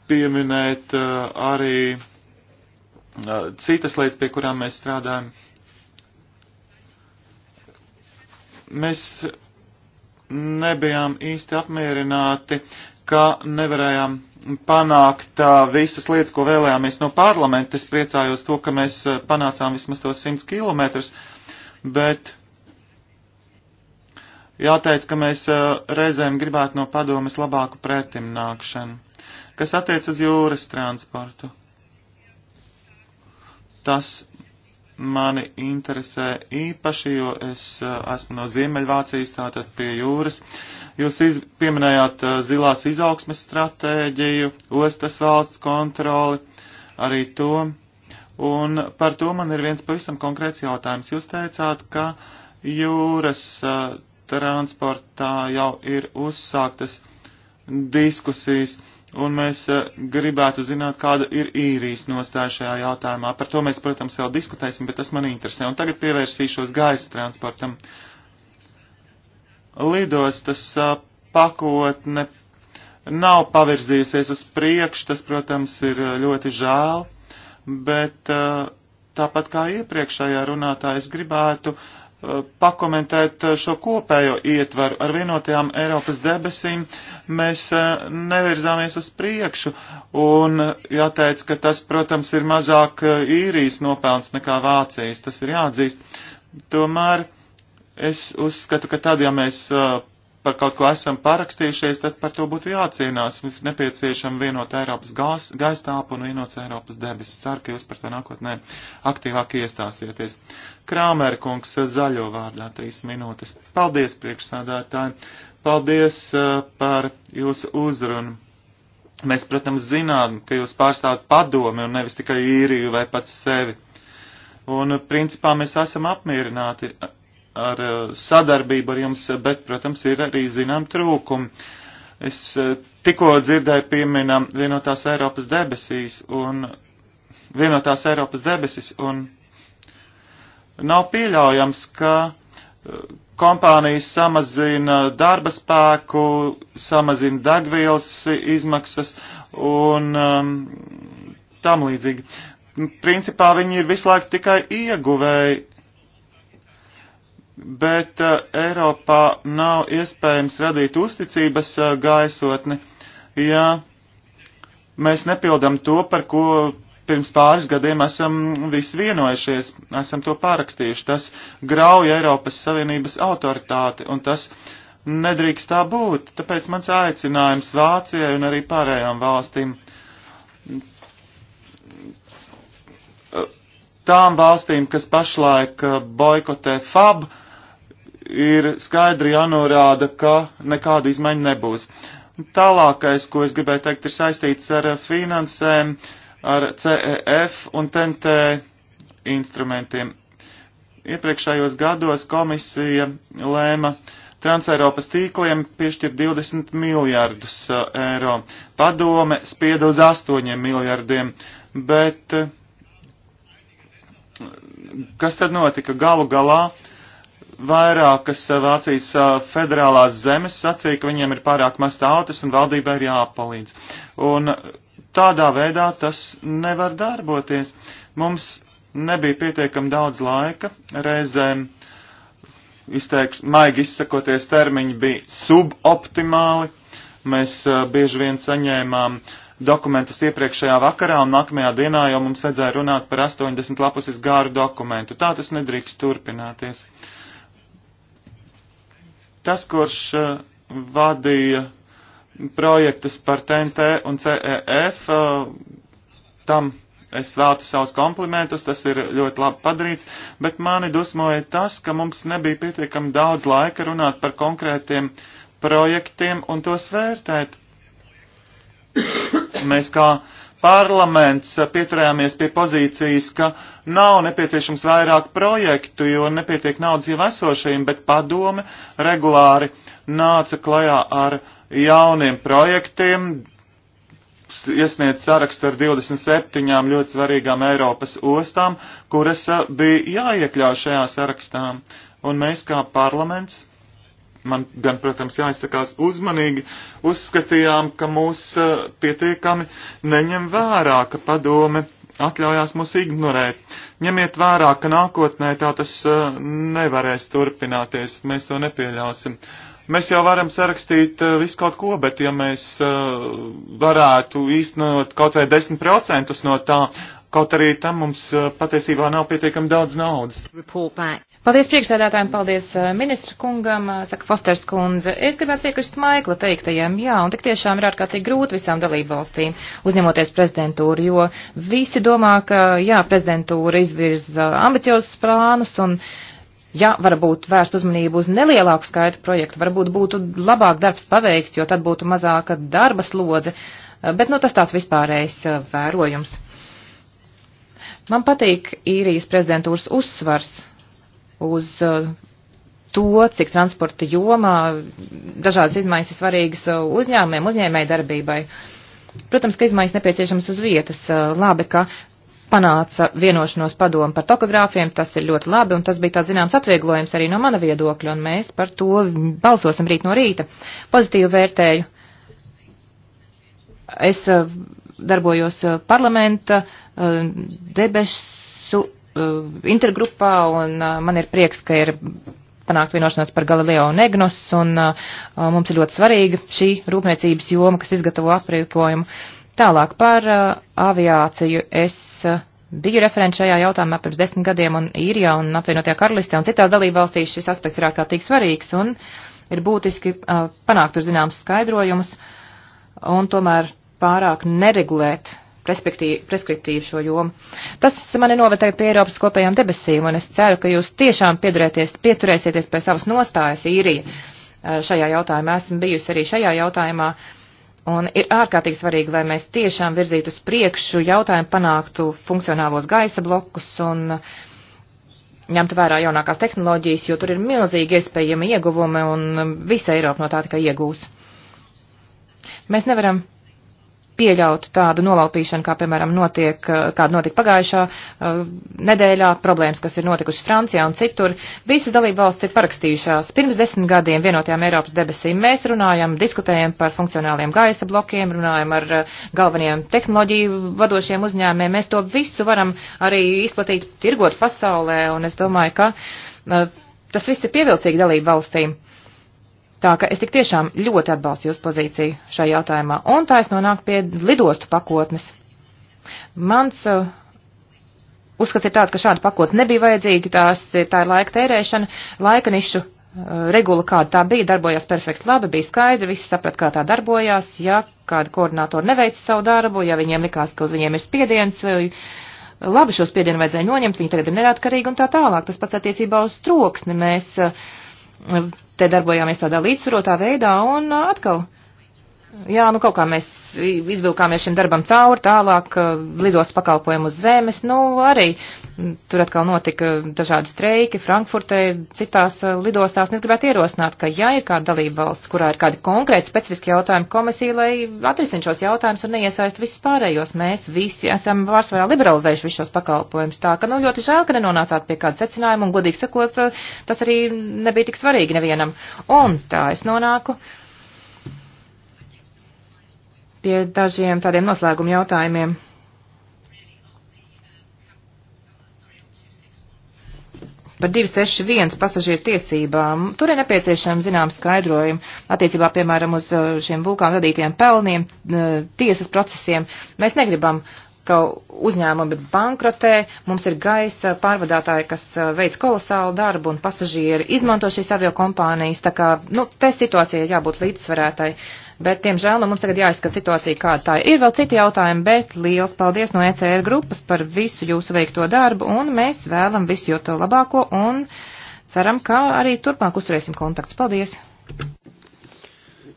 pieminēt uh, arī uh, citas lietas, pie kurām mēs strādājam. Uh, Mēs nebijām īsti apmierināti, ka nevarējām panākt visas lietas, ko vēlējāmies no parlamenta. Es priecājos to, ka mēs panācām vismaz tos 100 km, bet jāteic, ka mēs reizēm gribētu no padomes labāku pretimnākšanu. Kas attiec uz jūras transportu? Tas mani interesē īpaši, jo es eh, esmu no Ziemeļvācijas, tātad pie jūras. Jūs iz, pieminējāt eh, zilās izaugsmes stratēģiju, ostas valsts kontroli, arī to. Un par to man ir viens pavisam konkrēts jautājums. Jūs teicāt, ka jūras eh, transportā jau ir uzsāktas diskusijas. Uh, un mēs eh, gribētu zināt, kāda ir īrijas nostāja šajā jautājumā. Par to mēs, protams, vēl diskutēsim, bet tas man interesē. Un tagad pievērsīšos gaisa transportam. Lidostas eh, pakotne nav pavirzījusies uz priekšu, tas, protams, ir eh, ļoti žēl, bet tāpat kā iepriekšējā runātā es gribētu uh, pakomentēt šo kopējo ietvaru ar vienotajām Eiropas debesīm, mēs e, nevirzāmies uz priekšu, un jāteic, ka tas, protams, ir mazāk e, īrijas nopelns nekā Vācijas, tas ir jāatzīst. Tomēr es uzskatu, ka tad, ja mēs e, par kaut ko esam parakstījušies, tad par to būtu jācīnās. Mums ir nepieciešama vienota Eiropas gās, gaisa tāpa un vienots Eiropas debesis. Ceru, ka jūs par to nākotnē aktīvāk iestāsieties. Krāmēra kungs zaļo vārdā trīs minūtes. Paldies, priekšsādātāji. Paldies uh, par jūsu uzrunu. Mēs, protams, zinām, ka jūs pārstāvat padomi un nevis tikai īriju vai pats sevi. Un, principā, mēs esam apmierināti ar eh, sadarbību ar jums, eh, bet, protams, ir arī zinām trūkumi. Es eh, tikko dzirdēju pieminam vienotās Eiropas debesīs un vienotās Eiropas debesis un nav pieļaujams, ka kompānijas samazina darba spēku, samazina degvielas izmaksas un um, tam līdzīgi. Principā viņi ir visu laiku tikai ieguvēji bet uh, Eiropā nav iespējams radīt uzticības uh, gaisotni, ja mēs nepildam to, par ko pirms pāris gadiem esam visi vienojušies, esam to pārakstījuši. Tas grauja Eiropas Savienības autoritāti, un tas nedrīkst tā būt. Tāpēc mans aicinājums Vācijai un arī pārējām valstīm. Tām valstīm, kas pašlaik uh, boikotē FAB, uh, ir skaidri jānorāda, ka nekāda izmaiņa nebūs. Tālākais, ko es gribēju teikt, ir saistīts ar finansēm, ar CEF un TNT instrumentiem. Iepriekšējos gados komisija lēma Transeiropas tīkliem piešķirt 20 miljārdus uh, eiro. Padome spieda uz 8 miljārdiem, bet uh, kas tad notika galu galā? Vairākas eh, Vācijas eh, federālās zemes sacīja, ka viņiem ir pārāk maz tautas un valdībai ir jāpalīdz. Un tādā veidā tas nevar darboties. Mums nebija pietiekam daudz laika, reizēm izteikš, maigi izsakoties termiņi bija suboptimāli. Mēs uh, bieži vien saņēmām dokumentus iepriekšējā vakarā un nākamajā dienā jau mums vajadzēja runāt par 80 lapuses gāru dokumentu. Tā tas nedrīkst turpināties. Uh, Tas, kurš e, vadīja projektus par TNT un CEF, e, tam es veltu savus komplimentus, tas ir ļoti labi padarīts, bet mani dusmoja tas, ka mums nebija pietiekami daudz laika runāt par konkrētiem projektiem un tos vērtēt. [COUGHS] Mēs kā parlaments eh, pieturējāmies pie pozīcijas, ka nav nepieciešams vairāk projektu, jo nepietiek naudas jau esošajiem, bet padome regulāri nāca klajā ar jauniem projektiem, iesniedz sarakstu ar 27 ļoti svarīgām Eiropas ostām, kuras eh, bija jāiekļauj šajā sarakstā. Un mēs kā parlaments man gan, protams, jāizsakās uzmanīgi, uzskatījām, ka mūs eh, pietiekami neņem vērā, ka padome atļaujās mūs ignorēt. Ņemiet vērā, ka nākotnē tā tas eh, nevarēs turpināties, mēs to nepieļausim. Mēs jau varam sarakstīt eh, visu kaut ko, bet ja mēs varētu īstenot kaut vai 10% no tā, kaut arī tam mums patiesībā nav pietiekami daudz naudas. Paldies priekšsēdētājiem, paldies eh, ministra kungam, eh, saka Fosters kundze. Es gribētu piekrist Maikla teiktajam, jā, un tik tiešām ir ārkārtīgi grūti visām dalību valstīm uzņemoties prezidentūru, jo visi domā, ka, jā, prezidentūra izvirza ambiciozus plānus un, ja varbūt vērst uzmanību uz nelielāku skaitu projektu, varbūt būtu labāk darbs paveikts, jo tad būtu mazāka darba slodze, eh, bet, nu, tas tāds vispārējs vērojums. Man patīk īrijas prezidentūras uzsvars uz uh, to, cik transporta jomā dažādas izmaiņas ir svarīgas uh, uzņēmumiem, uzņēmēji darbībai. Protams, ka izmaiņas nepieciešamas uz vietas. Uh, labi, ka panāca vienošanos padomu par tokogrāfiem, tas ir ļoti labi, un tas bija tāds zināms atvieglojums arī no mana viedokļa, un mēs par to balsosim rīt no rīta. Pozitīvi vērtēju. Es darbojos parlamenta debešu Uh, intergrupā, un uh, man ir prieks, ka ir panākt vienošanās par Galileo un Egnos, un uh, mums ir ļoti svarīga šī rūpniecības joma, kas izgatavo aprīkojumu. Tālāk par aviāciju. Es biju referents šajā jautājumā pirms desmit gadiem, un Īrijā un apvienotajā karalistē un citās dalībvalstīs šis aspekts ir ārkārtīgi svarīgs, un ir būtiski panākt tur zināmas skaidrojumus, un tomēr pārāk neregulēt preskriptīvu šo jomu. Tas mani noved tagad pie Eiropas kopējām debesīm, un es ceru, ka jūs tiešām pieturēsieties pie savas nostājas īrija eh, šajā jautājumā. Esmu bijusi arī šajā jautājumā, un ir ārkārtīgi svarīgi, lai mēs tiešām virzītu uz priekšu jautājumu, panāktu funkcionālos gaisa blokus un ņemtu vērā jaunākās tehnoloģijas, jo tur ir milzīgi iespējami ieguvumi, un visa Eiropa no tā tikai iegūs. Mēs nevaram pieļaut tādu nolaupīšanu, kā, piemēram, notiek, eh, kāda notika pagājušā uh, nedēļā, problēmas, kas ir notikušas Francijā un citur. Visas dalība valsts ir parakstījušās. Pirms desmit gadiem vienotajām Eiropas debesīm mēs runājam, diskutējam par funkcionāliem gaisa blokiem, runājam ar uh, eh, galvenajiem tehnoloģiju vadošiem uzņēmiem. Mēs to visu varam arī izplatīt, tirgot pasaulē, un es domāju, ka uh, tas viss ir pievilcīgi dalību valstīm. Tā ka es tik tiešām ļoti atbalstu jūsu pozīciju šajā jautājumā. Un tā es nonāku pie lidostu pakotnes. Mans uh, uzskats ir tāds, ka šāda pakotne nebija vajadzīga, tās, tā ir laika tērēšana, laika nišu uh, regula, kāda tā bija, darbojās perfekti labi, bija skaidri, visi saprat, kā tā darbojās, ja kāda koordinātori neveica savu darbu, ja viņiem likās, ka uz viņiem ir spiediens, uh, labi šo spiedienu vajadzēja noņemt, viņi tagad ir neatkarīgi un tā tālāk. Tas pats attiecībā uz troksni mēs uh, te darbojāmies tādā līdzsvarotā veidā un uh, atkal Jā, nu kaut kā mēs izvilkāmies šim darbam cauri, tālāk lidost pakalpojumu uz zemes, nu arī tur atkal notika dažādi streiki Frankfurtē, citās e, lidostās. Es gribētu ierosināt, ka ja ir kāda dalība valsts, kurā ir kādi konkrēti specifiski jautājumi komisija, lai atrisin šos jautājumus un neiesaist visus pārējos, mēs visi esam pārsvarā liberalizējuši visus šos pakalpojumus. Tā ka, nu, ļoti žēl, ka nenonācāt pie kāda secinājuma un, godīgi sakot, e, tas arī nebija tik svarīgi nevienam. Un tā es nonāku pie dažiem tādiem noslēguma jautājumiem. par 261 pasažieru tiesībām. Tur ir nepieciešama zinām skaidrojuma attiecībā, piemēram, uz uh, šiem vulkānu radītiem pelniem, uh, tiesas procesiem. Mēs negribam ka uzņēmumi bankrotē, mums ir gaisa pārvadātāji, kas uh, veids kolosālu darbu un pasažieri izmanto šīs avio kompānijas, tā kā, nu, te situācija jābūt līdzsvarētai, bet, tiemžēl, nu, mums tagad jāizskat situācija, kāda tā ir. Ir vēl citi jautājumi, bet liels paldies no ECR grupas par visu jūsu veikto darbu, un mēs vēlam visu jau to labāko, un ceram, ka arī turpmāk uzturēsim kontaktus. Paldies!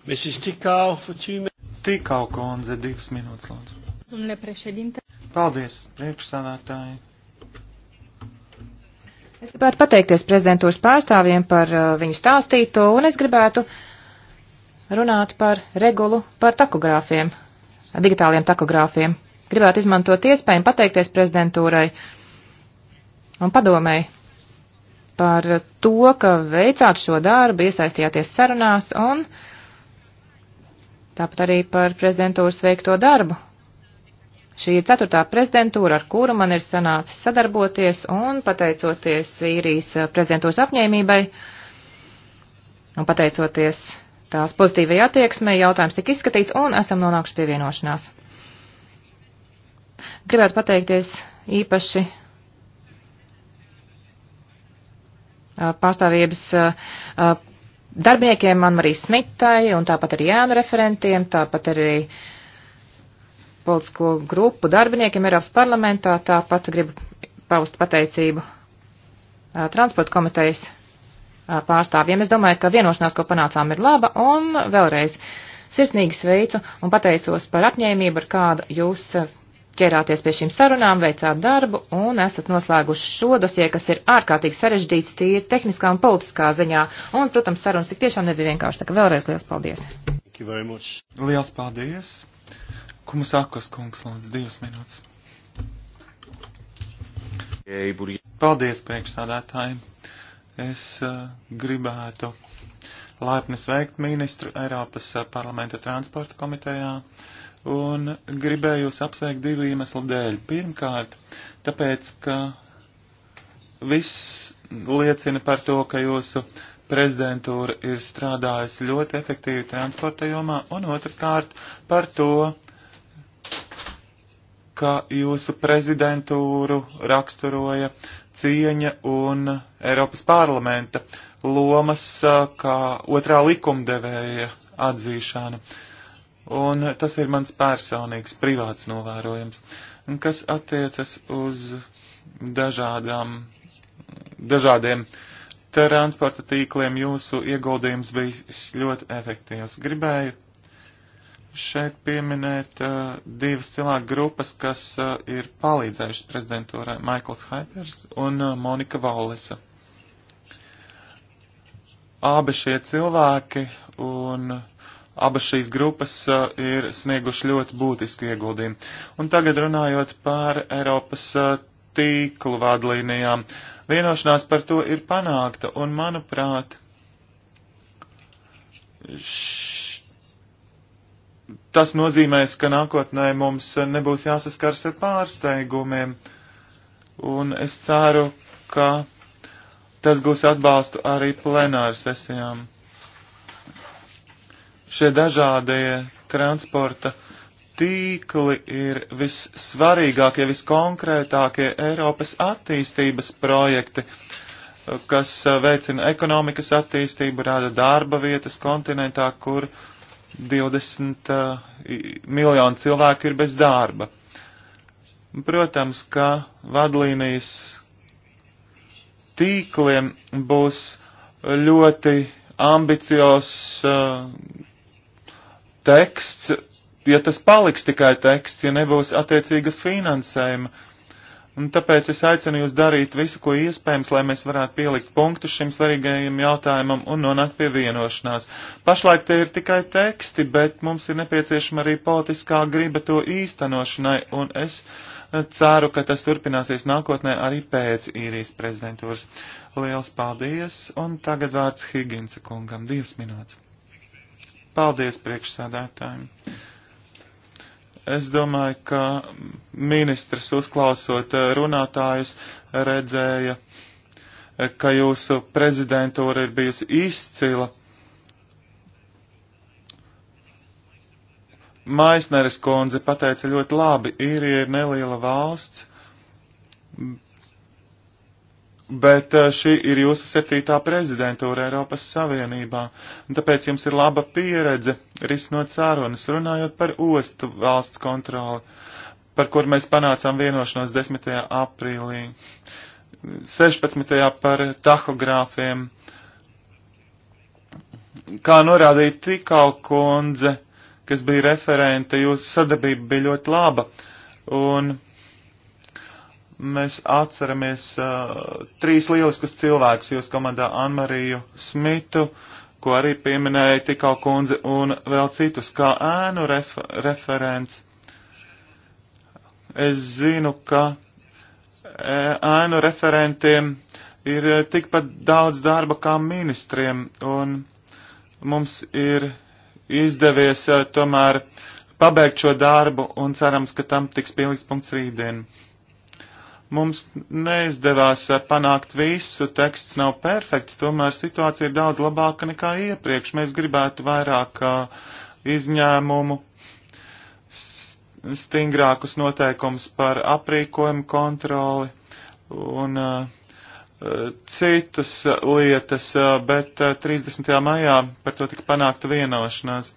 Mrs. Tikau, for two minutes. Tikau, konze, divas minūtes, lūdzu. Domnule președinte. Paldies, priekšsādātāji. Es gribētu pateikties prezidentūras pārstāvjiem par uh, viņu stāstīto, un es gribētu runāt par regulu par takogrāfiem, digitāliem takogrāfiem. Gribētu izmantot iespēju pateikties prezidentūrai un padomēji par to, ka veicāt šo darbu, iesaistījāties sarunās un tāpat arī par prezidentūras veikto darbu Šī ir ceturtā prezidentūra, ar kuru man ir sanācis sadarboties, un pateicoties īrijas eh, prezidentūras apņēmībai un pateicoties tās pozitīvai attieksmei, jautājums tika izskatīts, un esam nonākuši pie vienošanās. Gribētu pateikties īpaši eh, pārstāvības eh, darbiniekiem, man arī Smitai, un tāpat arī Jānu referentiem, tāpat arī uh, politisko grupu darbiniekiem Eiropas parlamentā. Tāpat gribu paust pateicību transporta komitejas pārstāvjiem. Es domāju, ka vienošanās, ko panācām, ir laba un vēlreiz sirsnīgi sveicu un pateicos par apņēmību, ar kādu jūs ķērāties pie šīm sarunām, veicāt darbu un esat noslēguši šo dosie, kas ir ārkārtīgi sarežģīts tīri tehniskā un politiskā ziņā. Un, protams, sarunas tik tiešām nebija vienkārši. Tā kā vēlreiz liels paldies! Liels paldies! Kumas Akos kungs, lūdzu, divas minūtes. Paldies priekšstādātājiem. Es uh, gribētu laipni sveikt ministru Eiropas eh, parlamenta transporta komitejā un gribēju jūs apsveikt divu iemeslu dēļ. Pirmkārt, tāpēc, ka viss liecina par to, ka jūsu prezidentūra ir strādājusi ļoti efektīvi transporta jomā, un otrkārt par to, ka jūsu prezidentūru raksturoja cieņa un Eiropas parlamenta lomas kā otrā likumdevēja atzīšana. Un tas ir mans personīgs privāts novērojums, kas attiecas uz dažādām, dažādiem transporta tīkliem. Jūsu ieguldījums bija ļoti efektīvs. Gribēju šeit pieminēt uh, divas cilvēku grupas, kas uh, ir palīdzējušas prezidentūrai - Maikls Haipers un uh, Monika Vaulisa. Abi šie cilvēki un abas šīs grupas uh, ir snieguši ļoti būtisku ieguldījumu. Un tagad runājot par Eiropas uh, tīklu vadlīnijām. Vienošanās par to ir panākta, un manuprāt, š tas nozīmēs, ka nākotnē mums nebūs jāsaskars ar pārsteigumiem. Un es ceru, ka tas gūs atbalstu arī plenāru sesijām. Šie dažādie transporta tīkli ir vissvarīgākie, viskonkrētākie Eiropas attīstības projekti, kas veicina ekonomikas attīstību, rada darba vietas kontinentā, kur uh, 20 uh, miljonu cilvēku ir bez darba. Protams, ka vadlīnijas tīkliem būs ļoti ambiciozs uh, teksts, ja tas paliks tikai teksts, ja nebūs attiecīga finansējuma. Uh, Un tāpēc es aicinu jūs darīt visu, ko iespējams, lai mēs varētu pielikt punktu šim svarīgajam jautājumam un nonākt pie vienošanās. Pašlaik tie ir tikai teksti, bet mums ir nepieciešama arī politiskā griba to īstenošanai, un es eh, ceru, ka tas turpināsies nākotnē arī pēc īrijas prezidentūras. Liels paldies, un tagad vārds Higinsa kungam, divas minūtes. Paldies priekšsādātājiem! Es domāju, ka ministrs uzklausot eh, runātājus redzēja, eh, ka jūsu prezidentūra ir bijusi izcila. Maisneres kundze pateica ļoti labi, īrija ir neliela valsts, bet eh, šī ir jūsu septītā prezidentūra Eiropas Savienībā, un tāpēc jums ir laba pieredze risinot sārunas, runājot par ostu valsts kontroli, par kur mēs panācām vienošanos 10. aprīlī, 16. par tahogrāfiem. Kā norādīja Tikau kundze, kas bija referente, jūsu sadarbība bija ļoti laba. Un mēs atceramies uh, trīs lieliskus cilvēkus jūs komandā Anmariju Smitu, ko arī pieminēja tikau kundze, un vēl citus kā ēnu ref referents. Es zinu, ka e, ēnu referentiem ir e, tikpat daudz darba kā ministriem, un mums ir izdevies uh, tomēr pabeigt šo darbu, un cerams, ka tam tiks pieliks punkts rītdien. Mums neizdevās panākt visu, teksts nav perfekts, tomēr situācija ir daudz labāka nekā iepriekš. Mēs gribētu vairāk uh, izņēmumu, stingrākus noteikumus par aprīkojumu kontroli un uh, citas lietas, bet 30. maijā par to tika panākta vienošanās.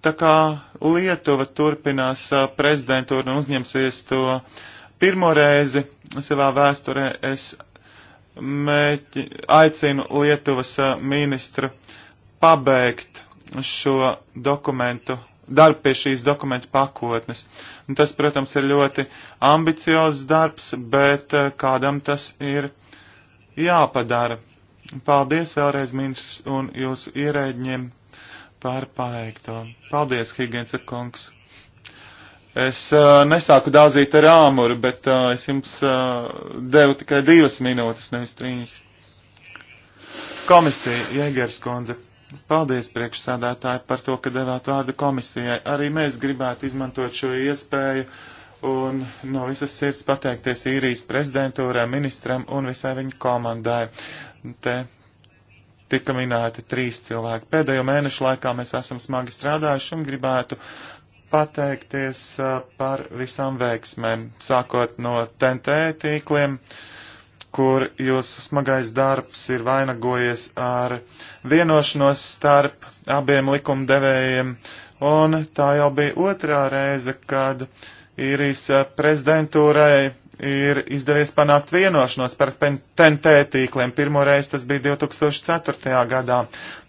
Tā kā Lietuva turpinās prezidentūru un uzņemsies to uh, Pirmo reizi savā vēsturē es mēķi, aicinu Lietuvas eh, ministru pabeigt šo dokumentu, darbu pie šīs dokumentu pakotnes. Un tas, protams, ir ļoti ambiciozs darbs, bet eh, kādam tas ir jāpadara. Paldies vēlreiz, ministrs, un jūsu ierēģiem par paveikto. Paldies, Higiensa kungs! Es uh, nesāku dāzīt ar āmuru, bet uh, es jums uh, devu tikai divas minūtes, nevis trīs. Komisija, Jēgers kundze, paldies priekšsādātāji par to, ka devāt vārdu komisijai. Arī mēs gribētu izmantot šo iespēju un no visas sirds pateikties īrijas prezidentūrā, ministram un visai viņa komandai. Te tika minēti trīs cilvēki. Pēdējo mēnešu laikā mēs esam smagi strādājuši un gribētu pateikties par visām veiksmēm, sākot no TNT tīkliem, kur jūsu smagais darbs ir vainagojies ar vienošanos starp abiem likumdevējiem, un tā jau bija otrā reize, kad īrijas prezidentūrai ir izdevies panākt vienošanos par TNT tīkliem. Pirmoreiz tas bija 2004. gadā.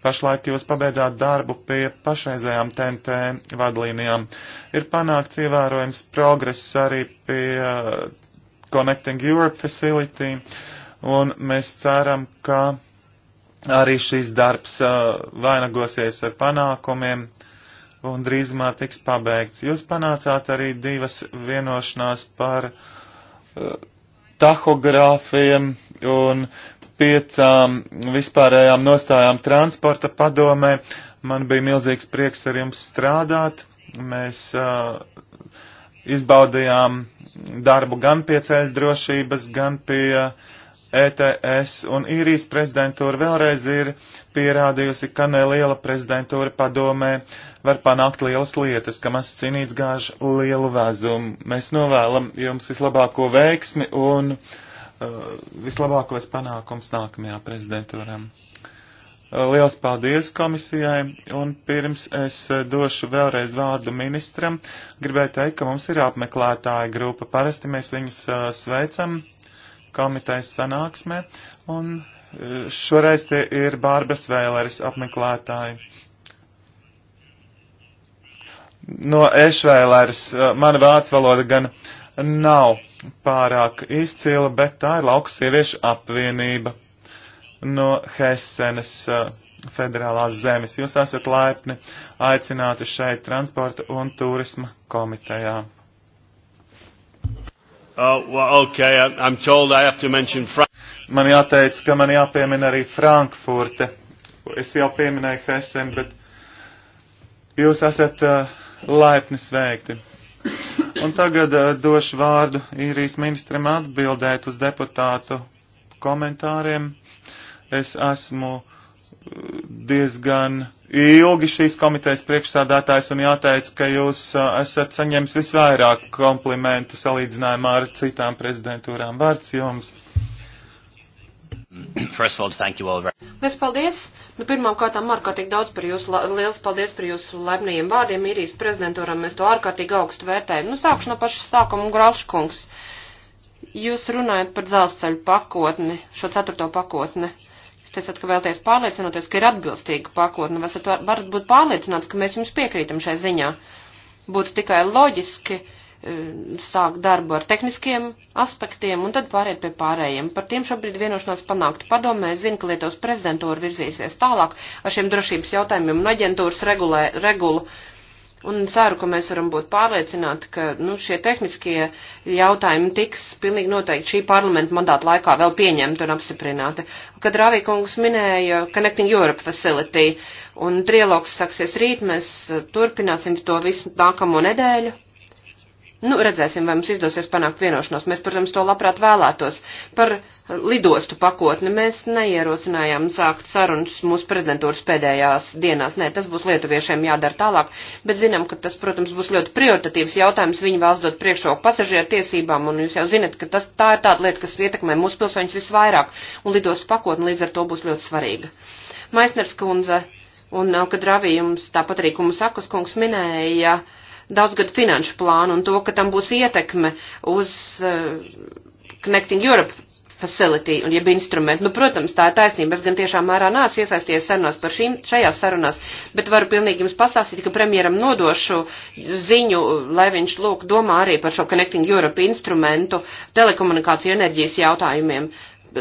Pašlaik jūs pabeidzāt darbu pie pašreizējām TNT vadlīnijām. Ir panākts ievērojams progress arī pie uh, Connecting Europe Facility, un mēs ceram, ka arī šīs darbs uh, vainagosies ar panākumiem un drīzumā tiks pabeigts. Jūs panācāt arī divas vienošanās par uh, tahogrāfiem un piecām vispārējām nostājām transporta padomē. Man bija milzīgs prieks ar jums strādāt. Mēs uh, izbaudījām darbu gan pie ceļu drošības, gan pie ETS, un īrijas prezidentūra vēlreiz ir pierādījusi, ka neliela prezidentūra padomē uh, var panākt lielas lietas, ka mazs cīnīts gāž lielu vēzumu. Mēs novēlam jums vislabāko veiksmi un uh, vislabākos panākums nākamajā prezidentūram. Uh, liels paldies komisijai, un pirms es uh, došu vēlreiz vārdu ministram, gribēju teikt, ka mums ir apmeklētāja grupa. Parasti mēs viņus uh, sveicam komitejas sanāksmē, un šoreiz tie ir Bārbas Vēleris apmeklētāji no Ešvēlēras eh, mana vācu valoda gan nav pārāk izcila, bet tā ir lauka sieviešu apvienība no Hessenes eh, federālās zemes. Jūs esat laipni aicināti šeit transporta un turisma komitejā. Oh, well, okay. I'm told I have to mention Frank. Man jāteic, ka man jāpiemina arī Frankfurte. Es jau pieminēju Hessen, bet jūs esat uh, laipni sveikti. Un tagad uh, došu vārdu īrijas ministram atbildēt uz deputātu komentāriem. Es esmu eh, diezgan ilgi šīs komitejas priekšsādātājs un jāteic, ka jūs eh, esat saņēmis visvairāk komplimentu salīdzinājumā ar citām prezidentūrām. Vārds jums! [CLEARS THROAT] First of all, thank you all very Lies paldies! Nu, pirmām kārtām ārkārtīgi daudz par jūsu, liels paldies par jūsu laipnajiem vārdiem īrijas prezidentūram, mēs to ārkārtīgi augstu vērtējam. Nu, sākšu no paša sākuma, Grauškungs. Jūs runājat par dzelzceļu pakotni, šo ceturto pakotni. Jūs teicat, ka vēlties pārliecinoties, ka ir atbilstīga pakotne. Vai esat varat būt pārliecināts, ka mēs jums piekrītam šai ziņā? Būtu tikai loģiski Eh, sāk darbu ar tehniskiem aspektiem un tad pāriet pie pārējiem. Par tiem šobrīd vienošanās panākt padomē. Es zinu, ka Lietuvas prezidentūra virzīsies tālāk ar šiem drošības jautājumiem un aģentūras regulē, regulu. Un ceru, ka mēs varam būt pārliecināti, ka nu, šie tehniskie jautājumi tiks pilnīgi noteikti šī parlamenta mandāta laikā vēl pieņemti un apstiprināti. Kad Rāvīkungs minēja Connecting Europe Facility un trilogs sāksies rīt, mēs turpināsim to visu nākamo nedēļu. Nu, redzēsim, vai mums izdosies panākt vienošanos. Mēs, protams, to labprāt vēlētos. Par lidostu pakotni mēs neierosinājām sākt sarunas mūsu prezidentūras pēdējās dienās. Nē, tas būs lietuviešiem jādara tālāk, bet zinām, ka tas, protams, būs ļoti prioritatīvs jautājums. Viņi vēlas dot priekšroku pasažieru tiesībām, un jūs jau zinat, ka tas, tā ir tāda lieta, kas ietekmē mūsu pilsoņus visvairāk, un lidostu pakotni līdz ar to būs ļoti svarīga. Maisners kundze un Kadravī jums tāpat arī, ko mums Akus kungs minēja, uh, daudzgadu finanšu plānu un to, ka tam būs ietekme uz uh, Connecting Europe facility un jeb instrumentu. Nu, protams, tā ir taisnība. Es gan tiešām mērā nāsu iesaisties sarunās par šīm, šajās sarunās, bet varu pilnīgi jums pastāstīt, ka premjeram nodošu ziņu, lai viņš lūk domā arī par šo Connecting Europe instrumentu telekomunikāciju enerģijas jautājumiem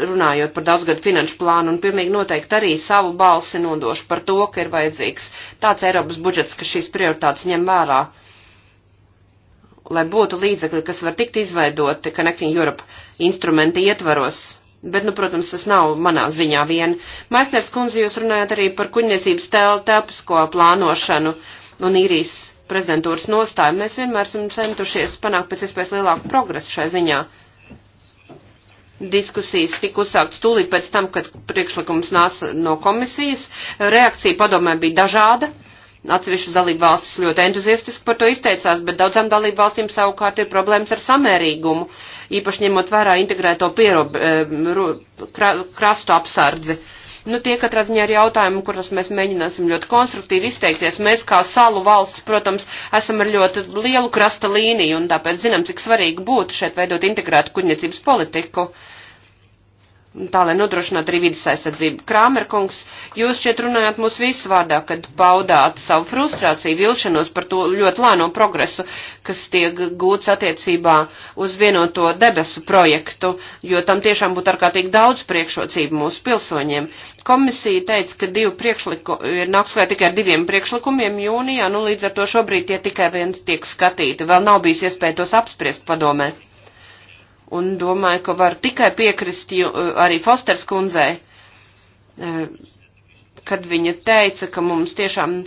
runājot par daudzgadu finanšu plānu un pilnīgi noteikti arī savu balsi nodošu par to, ka ir vajadzīgs tāds Eiropas budžets, kas šīs prioritātes ņem vērā. Uh, lai būtu līdzekļi, kas var tikt izveidoti Connecting Europe instrumenta ietvaros. Bet, nu, protams, tas nav manā ziņā vien. Maisners kundze, jūs runājat arī par kuģniecības telpusko plānošanu un īrijas prezidentūras nostāju. Mēs vienmēr esam centušies panākt pēc iespējas lielāku progresu šai ziņā. Diskusijas tika uzsāktas tūlīt pēc tam, kad priekšlikums nāca no komisijas. Reakcija padomē bija dažāda. Uh, Atsevišķu dalību valstis ļoti entuziastiski par to izteicās, bet daudzām dalību valstīm savukārt ir problēmas ar samērīgumu, īpaši ņemot vērā integrēto pierob, krā, krastu apsardzi. Nu, tie katrā ziņā ir jautājumi, kuros mēs mēģināsim ļoti konstruktīvi izteikties. Mēs kā salu valsts, protams, esam ar ļoti lielu krasta līniju un tāpēc zinām, cik svarīgi būtu šeit veidot integrētu kuģniecības politiku. Uh, tā, lai nodrošinātu arī vidas aizsardzību. Krāmerkungs, jūs šeit runājāt mūs visu vārdā, kad paudāt savu frustrāciju, vilšanos par to ļoti lēno progresu, kas tiek gūts attiecībā uz vienoto debesu projektu, jo tam tiešām būtu ārkārtīgi daudz priekšrocību mūsu pilsoņiem. Komisija teica, ka divi priekšlikumi ir nāks klāt tikai ar diviem priekšlikumiem jūnijā, nu līdz ar to šobrīd tie tikai viens tiek skatīti, vēl nav bijis iespēja tos apspriest padomē un domāju, ka var tikai piekrist jū, eh, arī Fosters kundzei, eh, kad viņa teica, ka mums tiešām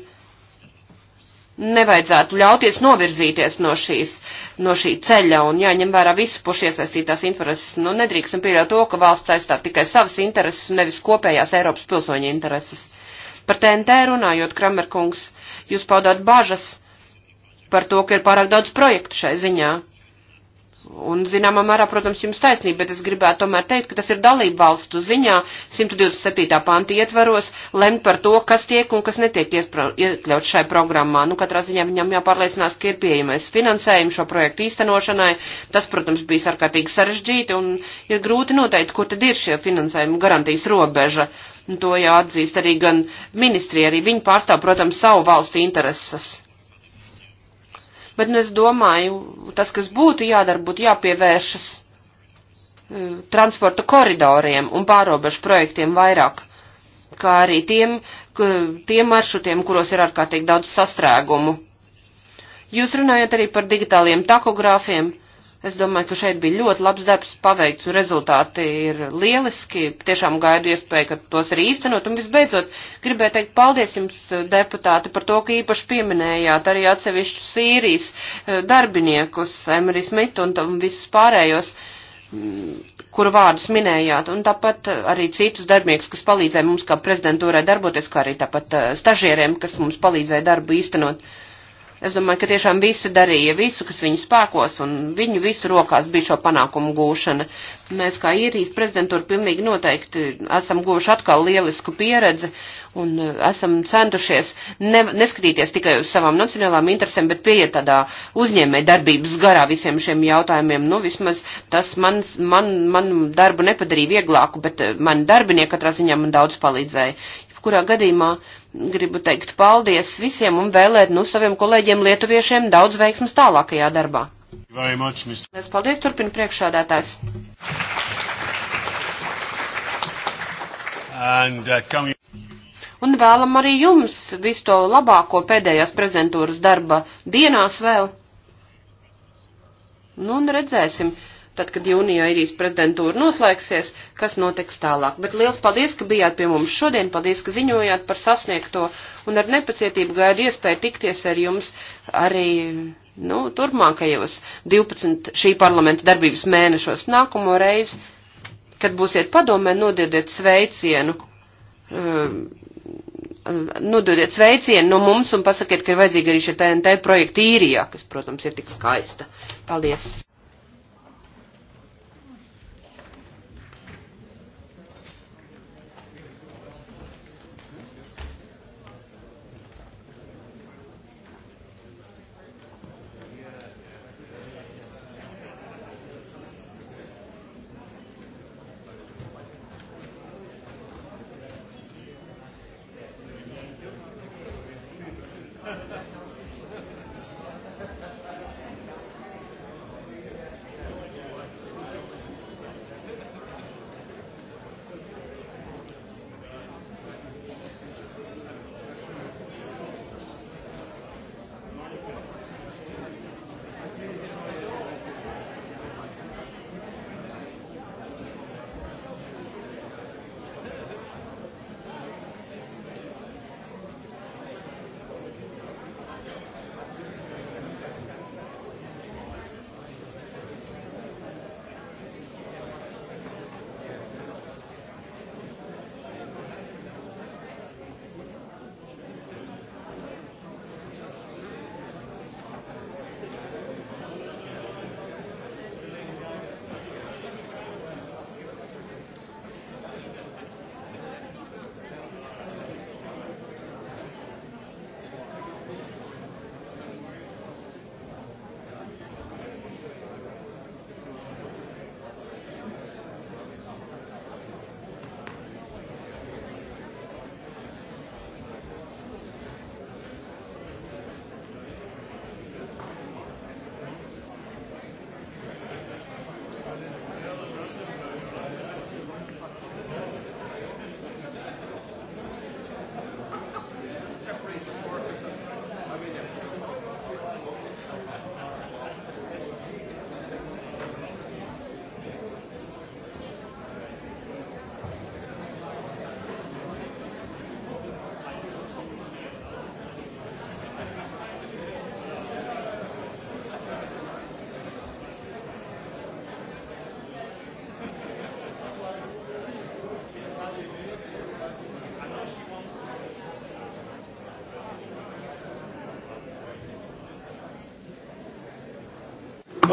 nevajadzētu ļauties novirzīties no, šīs, no šī ceļa un jāņem vērā visu pušu iesaistītās intereses. Nu, nedrīkstam pieļaut to, ka valsts aizstāv tikai savas intereses un nevis kopējās Eiropas pilsoņa intereses. Par TNT runājot, Kramerkungs, jūs paudāt bažas par to, ka ir pārāk daudz projektu šai ziņā. Un, zināmā mērā, protams, jums taisnība, bet es gribētu tomēr teikt, ka tas ir dalību valstu ziņā 127. panti ietvaros lemt par to, kas tiek un kas netiek iekļauts šai programmā. Nu, katrā ziņā viņam jāpārliecinās, ka ir pieejamais finansējums šo projektu īstenošanai. Tas, protams, bija sarkārtīgi sarežģīti un ir grūti noteikt, kur tad ir šie finansējuma garantijas robeža. Un to jāatzīst arī gan ministri, arī viņi pārstāv, protams, savu valstu intereses. Bet, nu, es domāju, tas, kas būtu jādara, būtu jāpievēršas uh, transporta koridoriem un pārobežu projektiem vairāk, kā arī tiem, tiem maršrutiem, kuros ir ārkārtīgi daudz sastrēgumu. Jūs runājat arī par digitāliem takogrāfiem Es domāju, ka šeit bija ļoti labs darbs paveikts un rezultāti ir lieliski. Tiešām gaidu iespēju, ka tos arī īstenot. Un visbeidzot, gribēju teikt paldies jums, eh, deputāti, par to, ka īpaši pieminējāt arī atsevišķu Sīrijas eh, darbiniekus, Emeris Mitu un visus pārējos mm, kuru vārdus minējāt, un tāpat eh, arī citus darbniekus, kas palīdzēja mums kā prezidentūrai darboties, kā arī tāpat stažieriem, kas mums palīdzēja darbu īstenot. Uh, Es domāju, ka tiešām visi darīja visu, kas viņu spēkos, un viņu visu rokās bija šo panākumu gūšana. Mēs kā īrijas prezidentūra pilnīgi noteikti esam guvuši atkal lielisku pieredzi un e, esam centušies ne, neskatīties tikai uz savām nacionālām interesēm, bet pieiet tādā uzņēmē darbības garā visiem šiem jautājumiem. Nu, vismaz tas man, man, man darbu nepadarīja vieglāku, bet e, mani darbinieki katrā ziņā man daudz palīdzēja. Kurā gadījumā uh, gribu teikt paldies visiem un vēlēt, nu, saviem kolēģiem lietuviešiem daudz veiksmas tālākajā darbā. Much, Lies, paldies, turpina priekšsādātājs. And, uh, coming... Un vēlam arī jums visu to labāko pēdējās prezidentūras darba dienās vēl. Nu, un redzēsim tad, kad jūnijā īrijas prezidentūra noslēgsies, kas notiks tālāk. Bet liels paldies, ka bijāt pie mums šodien, paldies, ka ziņojāt par sasniegto un ar nepacietību gaidu iespēju tikties ar jums arī, nu, turpmākajos 12 šī parlamenta darbības mēnešos nākamo reizi, kad būsiet padomē, nodiediet sveicienu. Um, nododiet sveicienu no mums un pasakiet, ka ir vajadzīga arī šī TNT projekta īrijā, kas, protams, ir tik skaista. Paldies!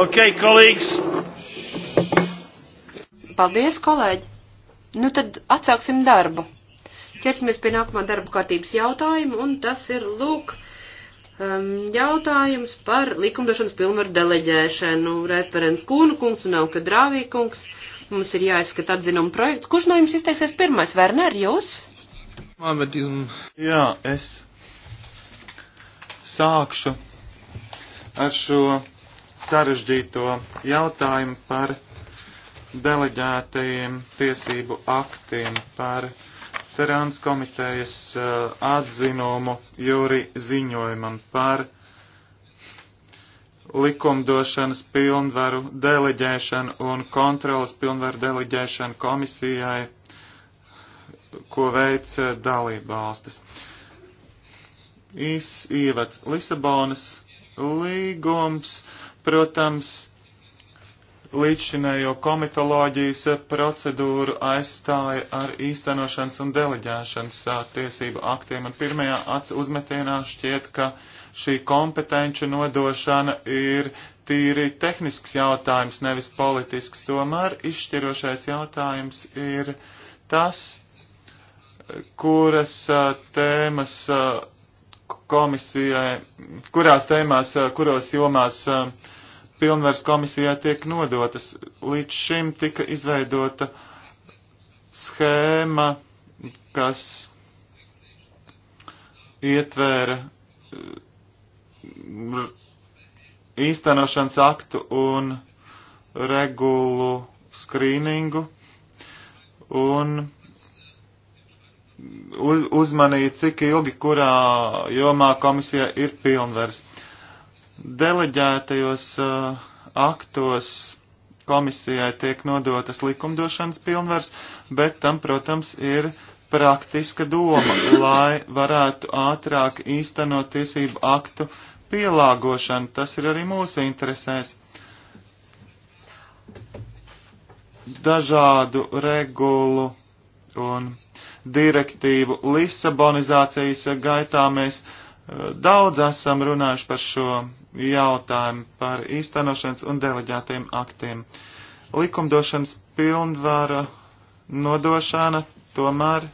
Ok, kolēģis. Paldies, kolēģi. Nu tad atsāksim darbu. Ķersimies pie nākamā darba kārtības jautājuma, un tas ir, lūk, um, jautājums par likumdošanas pilnvaru deleģēšanu. Referents Kūnu kungs un Elka Drāvī kungs. Mums ir jāizskata atzinuma projekts. Kurš no jums izteiksies pirmais? Werner, jūs? Jā, es sākšu ar šo sarežģīto jautājumu par deleģētajiem tiesību aktiem, par Terāns komitejas eh, atzinumu jūri ziņojumam par likumdošanas pilnvaru deleģēšanu un kontrolas pilnvaru deleģēšanu komisijai, ko veic eh, dalība valstis. Īs ievads Lisabonas līgums Protams, līdzšinējo komitoloģijas procedūru aizstāja ar īstenošanas un deleģēšanas tiesību aktiem, un pirmajā acu uzmetienā šķiet, ka šī kompetenču nodošana ir tīri tehnisks jautājums, nevis politisks. Tomēr izšķirošais jautājums ir tas, kuras tēmas komisijai, kurās tēmās, eh, kuros jomās eh, pilnvars komisijai tiek nodotas. Līdz šim tika izveidota schēma, kas ietvēra eh, īstenošanas aktu un regulu skrīningu un uz, uzmanīt, cik ilgi kurā jomā komisija ir pilnvers. Deleģētajos uh, aktos komisijai tiek nodotas likumdošanas pilnvers, bet tam, protams, ir praktiska doma, lai varētu ātrāk īstenot tiesību aktu pielāgošanu. Tas ir arī mūsu interesēs. Dažādu regulu un direktīvu Lisabonizācijas gaitā mēs e, daudz esam runājuši par šo jautājumu, par īstenošanas un deleģētiem aktiem. Likumdošanas pilnvara nodošana tomēr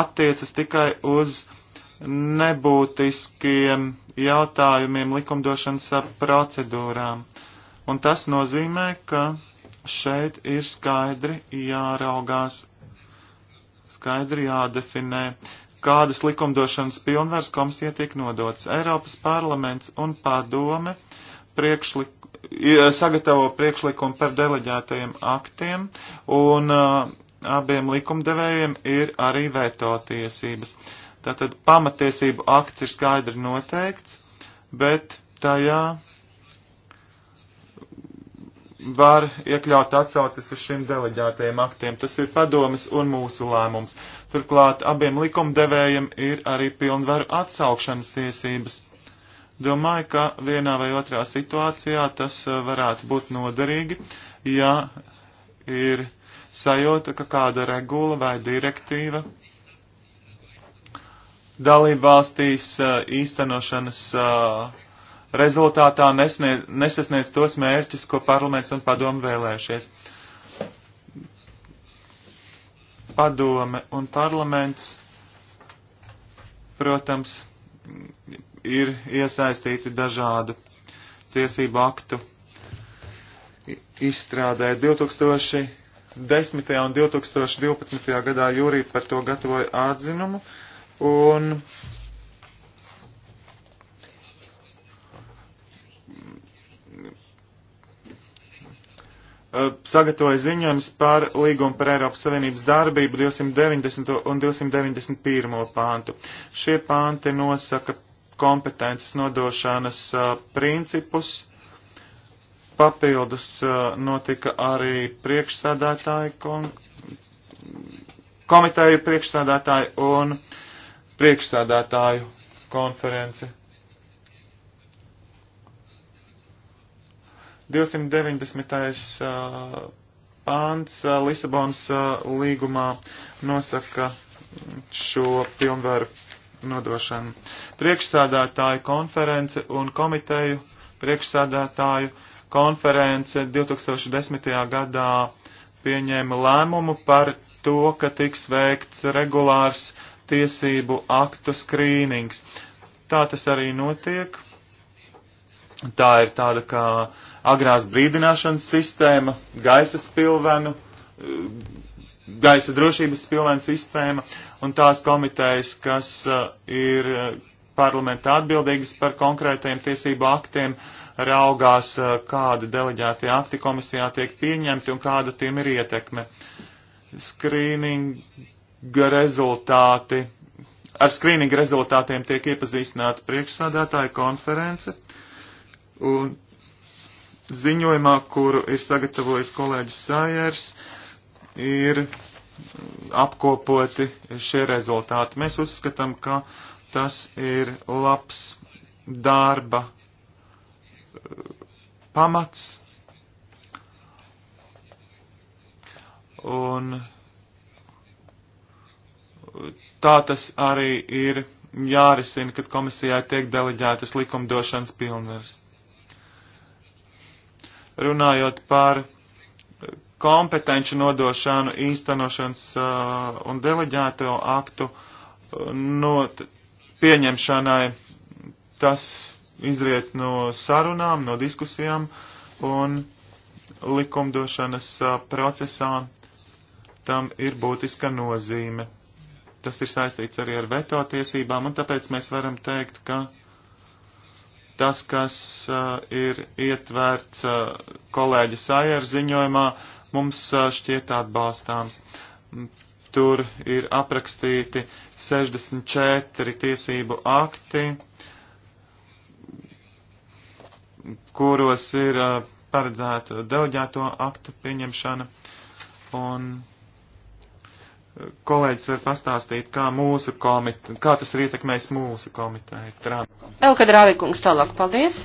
attiecas tikai uz nebūtiskiem jautājumiem likumdošanas procedūrām. Un tas nozīmē, ka šeit ir skaidri jāraugās skaidri jādefinē, kādas likumdošanas pilnvars komisija tiek nodots. Eiropas parlaments un padome priekšlik, sagatavo priekšlikumu par deleģētajiem aktiem, un uh, abiem likumdevējiem ir arī veto tiesības. Tātad pamatiesību akts ir skaidri noteikts, bet tajā var iekļaut atsauces uz šiem deleģētajiem aktiem. Tas ir padomas un mūsu lēmums. Turklāt abiem likumdevējiem ir arī pilnvaru atsaukšanas tiesības. Domāju, ka vienā vai otrā situācijā tas eh, varētu būt noderīgi, ja ir sajūta, ka kāda regula vai direktīva dalībvalstīs eh, īstenošanas uh, rezultātā nesniedz, nesasniedz tos mērķus, ko parlaments un padomu vēlējušies. Padome un parlaments, protams, ir iesaistīti dažādu tiesību aktu izstrādē 2010. un 2012. gadā jūrī par to gatavoja atzinumu, un Uh, sagatavoja ziņojums par līgumu par Eiropas Savienības darbību 290 un 291 pāntu. Šie pānti nosaka kompetences nodošanas uh, principus. Papildus uh, notika arī priekšsādātāji, kon... komiteju priekšsādātāji un priekšsādātāju konference. 290. Uh, pāns uh, Lisabonas uh, līgumā nosaka šo pilnvaru nodošanu. Priekšsādātāju konference un komiteju priekšsādātāju konference 2010. gadā pieņēma lēmumu par to, ka tiks veikts regulārs tiesību aktu skrīnings. Tā tas arī notiek. Tā ir tāda kā uh, agrās brīdināšanas sistēma, gaisa spilvenu, gaisa drošības spilvenu sistēma un tās komitejas, kas eh, ir eh, parlamentā atbildīgas par konkrētajiem tiesību aktiem, raugās, eh, kāda deleģētie akti komisijā tiek pieņemti un kāda tiem ir ietekme. Skrīninga rezultāti. Ar skrīninga rezultātiem tiek iepazīstināta priekšsādātāja konference. Un ziņojumā, kuru ir sagatavojis kolēģis Sājers, ir apkopoti šie rezultāti. Mēs uzskatām, ka tas ir labs darba uh, pamats. Un uh, tā tas arī ir jārisina, kad komisijai tiek deleģētas likumdošanas pilnvaras runājot par kompetenci nodošanu īstenošanas uh, un deleģēto aktu uh, no pieņemšanai, tas izriet no sarunām, no diskusijām un likumdošanas uh, procesā tam ir būtiska nozīme. Tas ir saistīts arī ar veto tiesībām, un tāpēc mēs varam teikt, ka tas, kas uh, ir ietverts uh, kolēģa Sajera ziņojumā, mums uh, šķiet atbalstāms. Tur ir aprakstīti 64 tiesību akti, kuros ir uh, paredzēta deleģēto aktu pieņemšana. Un kolēģis var pastāstīt, kā mūsu komite, kā tas ir ietekmējis mūsu komiteju. Trānu. Elka Drāvikungs tālāk, paldies.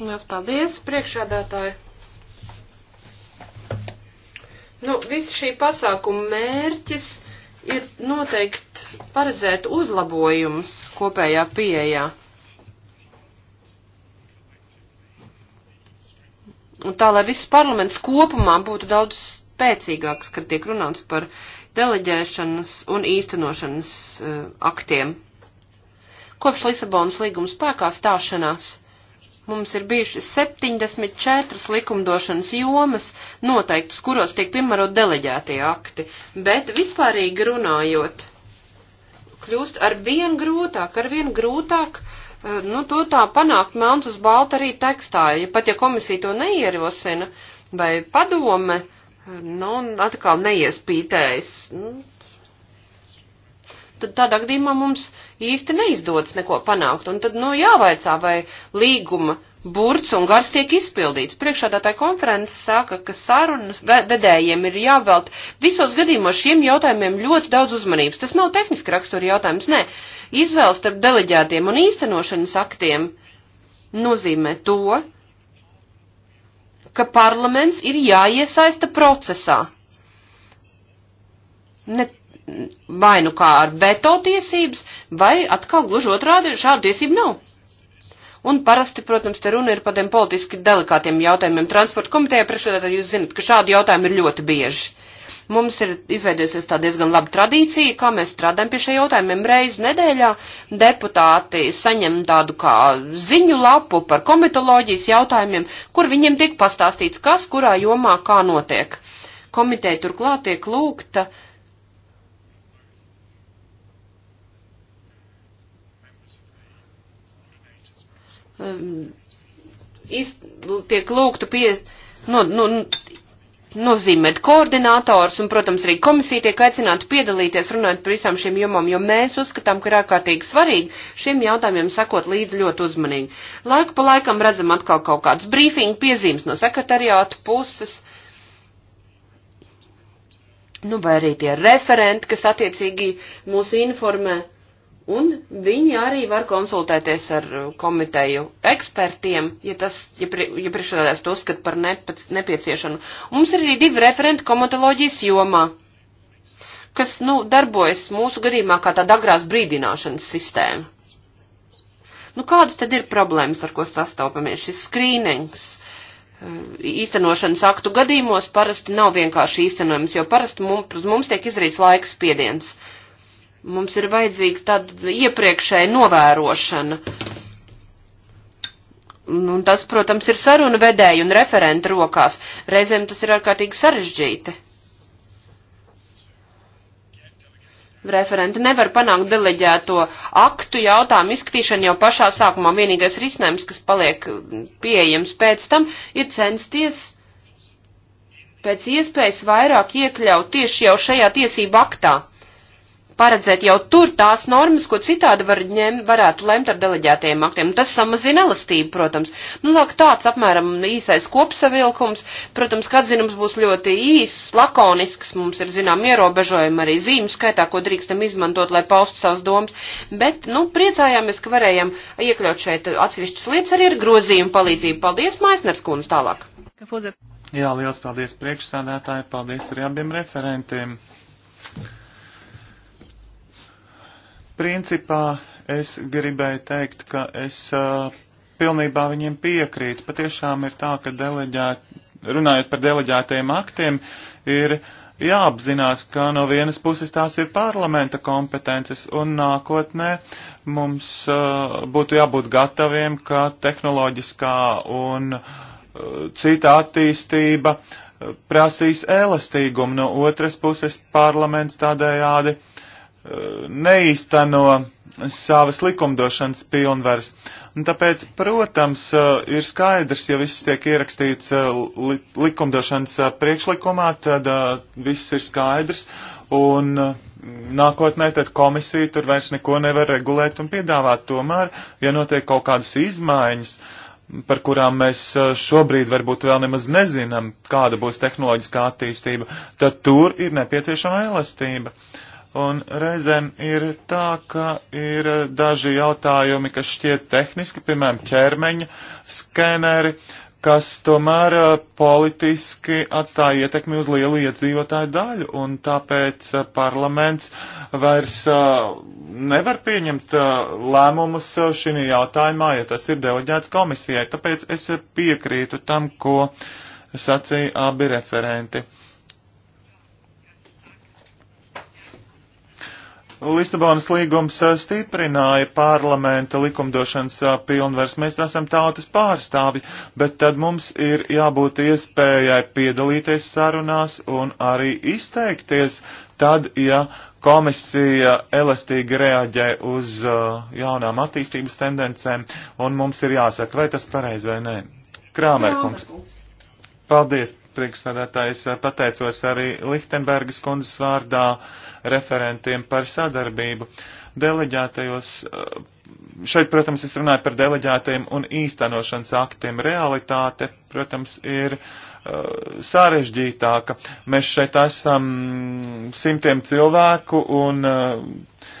Liels paldies, priekšādātāji. Nu, visa šī pasākuma mērķis ir noteikti paredzēt uzlabojums kopējā pieejā. Un tā, lai viss parlaments kopumā būtu daudz spēcīgāks, kad tiek runāts par uh, deleģēšanas un īstenošanas uh, aktiem. Kopš Lisabonas līguma spēkā stāšanās mums ir bijuši 74 likumdošanas jomas noteiktas, kuros tiek piemērot deleģētie akti, bet vispārīgi runājot, kļūst ar vien grūtāk, ar vien grūtāk uh, nu, to tā panākt melns uz balta arī tekstā, ja pat ja komisija to neierosina, vai padome Nu, un atkal neiespītējis. Nu, tad tādā gadījumā mums īsti neizdodas neko panākt. Un tad, nu, jāvaicā, vai līguma burts un gars tiek izpildīts. Priekšādātāja konferences saka, ka sarunas vedējiem ir jāvelt visos gadījumos šiem jautājumiem ļoti daudz uzmanības. Tas nav tehniski rakstura jautājums, nē. Izvēles starp deleģētiem un īstenošanas aktiem nozīmē to, ka parlaments ir jāiesaista procesā. Ne, vai nu kā ar veto tiesības, vai atkal gluži otrādi šādu tiesību nav. Un parasti, protams, te runa ir par tiem politiski delikātiem jautājumiem. Transporta komitejā priekšsēdētāji jūs zinat, ka šādi jautājumi ir ļoti bieži. Mums ir izveidojusies tā diezgan laba tradīcija, kā mēs strādājam pie šiem jautājumiem. Reiz nedēļā deputāti saņem tādu kā ziņu lapu par komitoloģijas jautājumiem, kur viņiem tiek pastāstīts, kas kurā jomā kā notiek. Komiteja turklāt tiek lūgta. Um, iz, tiek lūgta pie, nu, nu, nozīmēt koordinātors un, protams, arī komisija tiek aicināta piedalīties runājot par visām šīm jomām, jo mēs uzskatām, ka ir ārkārtīgi svarīgi šiem jautājumiem sakot līdzi ļoti uzmanīgi. Laiku pa laikam redzam atkal kaut kādas brīfinga piezīmes no sekretariātu puses. Nu, vai arī tie referenti, kas attiecīgi mūs informē. Un viņi arī var konsultēties ar komiteju ekspertiem, ja tas, ja, pri, ja priekšsēdētājs to uzskata par nepēc, nepieciešanu. Mums ir arī divi referenti komatoloģijas jomā, kas, nu, darbojas mūsu gadījumā kā tāda agrās brīdināšanas sistēma. Nu, kādas tad ir problēmas, ar ko sastopamies? Šis skrīnings eh, īstenošanas aktu gadījumos parasti nav vienkārši īstenojams, jo parasti mums, mums tiek izrīts laiks spiediens. Uh, Mums ir vajadzīgs tāda iepriekšēja novērošana. Un tas, protams, ir saruna vedēju un referenta rokās. Reizēm tas ir ārkārtīgi sarežģīti. Referenti nevar panākt deleģēto aktu jautājumu izskatīšanu jau pašā sākumā. Vienīgais risinājums, kas paliek pieejams pēc tam, ir censties pēc iespējas vairāk iekļaut tieši jau šajā tiesību aktā paredzēt jau tur tās normas, ko citādi var ņem, varētu lemt ar deleģētajiem aktiem. Tas samazina elastību, protams. Nu, lāk, tāds apmēram īsais kopsavilkums. Protams, kad zinums būs ļoti īss, lakonisks, mums ir, zinām, ierobežojumi arī zīmju skaitā, ko drīkstam izmantot, lai paustu savus domas. Bet, nu, priecājāmies, ka varējām iekļaut šeit atsevišķas lietas arī ar grozījumu palīdzību. Paldies, Maisners Kūnas, tālāk. Jā, liels paldies priekšsādātāji, paldies arī abiem referentiem. Thank you. Principā es gribēju teikt, ka es uh, pilnībā viņiem piekrītu. Patiešām ir tā, ka deleģēt, runājot par deleģētajiem aktiem, ir jāapzinās, ka no vienas puses tās ir parlamenta kompetences, un nākotnē mums uh, būtu jābūt gataviem, ka tehnoloģiskā un uh, cita attīstība uh, prasīs elastīgumu. No otras puses parlaments tādējādi. Uh, neīsteno savas likumdošanas pilnvaras. Un tāpēc, protams, ir skaidrs, ja viss tiek ierakstīts li likumdošanas priekšlikumā, tad viss ir skaidrs. Un nākotnē tad komisija tur vairs neko nevar regulēt un piedāvāt. Tomēr, ja notiek kaut kādas izmaiņas, par kurām mēs šobrīd varbūt vēl nemaz nezinām, kāda būs tehnoloģiskā attīstība, tad tur ir nepieciešama elastība. Uh, Un reizēm ir tā, ka ir daži jautājumi, kas šķiet tehniski, piemēram, ķermeņa skeneri, kas tomēr eh, politiski atstāja ietekmi uz lielu iedzīvotāju daļu, un tāpēc eh, parlaments vairs eh, nevar pieņemt lēmumus šī jautājumā, ja tas ir deleģēts komisijai. Tāpēc es piekrītu tam, ko sacīja abi referenti. Lisabonas līgums stiprināja parlamenta likumdošanas pilnvars. Mēs esam tautas pārstāvi, bet tad mums ir jābūt iespējai piedalīties sarunās un arī izteikties tad, ja komisija elastīgi reaģē uz jaunām attīstības tendencēm un mums ir jāsaka, vai tas pareizi vai nē. Krāmerkungs. Paldies, priekšsēdētājs. Pateicos arī Lichtenbergas kundzes vārdā referentiem par sadarbību. Deleģētajos, eh, šeit, protams, es runāju par deleģētajiem un īstenošanas aktiem. Realitāte, protams, ir eh, sarežģītāka. Mēs šeit esam simtiem cilvēku un eh,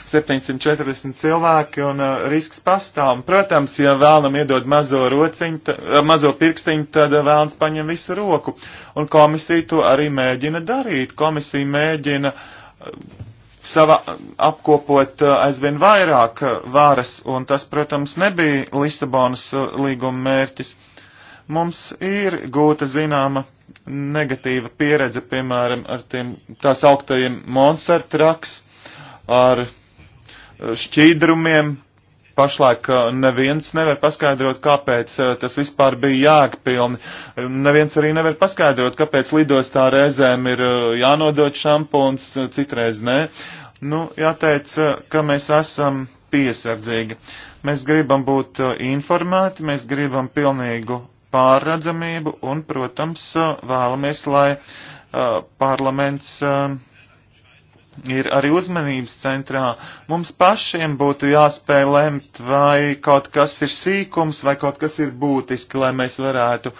740 cilvēki un uh, risks pastāv. Protams, ja vēlnam iedod mazo, rociņu, ta, uh, mazo pirkstiņu, tad uh, vēlns paņem visu roku. Un komisija to arī mēģina darīt. Komisija mēģina uh, sava, apkopot aizvien vairāk varas, un tas, protams, nebija Lisabonas līguma mērķis. Mums ir gūta zināma negatīva pieredze, piemēram, ar tiem tās augtajiem monster traks ar šķīdrumiem. Pašlaik uh, neviens nevar paskaidrot, kāpēc uh, tas vispār bija jēgpilni. Um, neviens arī nevar paskaidrot, kāpēc lidostā reizēm ir uh, jānodot šampons, citreiz nē. Nu, jāteic, ka mēs esam piesardzīgi. Mēs gribam būt informēti, mēs gribam pilnīgu pārredzamību un, protams, vēlamies, lai uh, parlaments uh, ir arī uzmanības centrā. Mums pašiem būtu jāspēj lemt, vai kaut kas ir sīkums, vai kaut kas ir būtiski, lai mēs varētu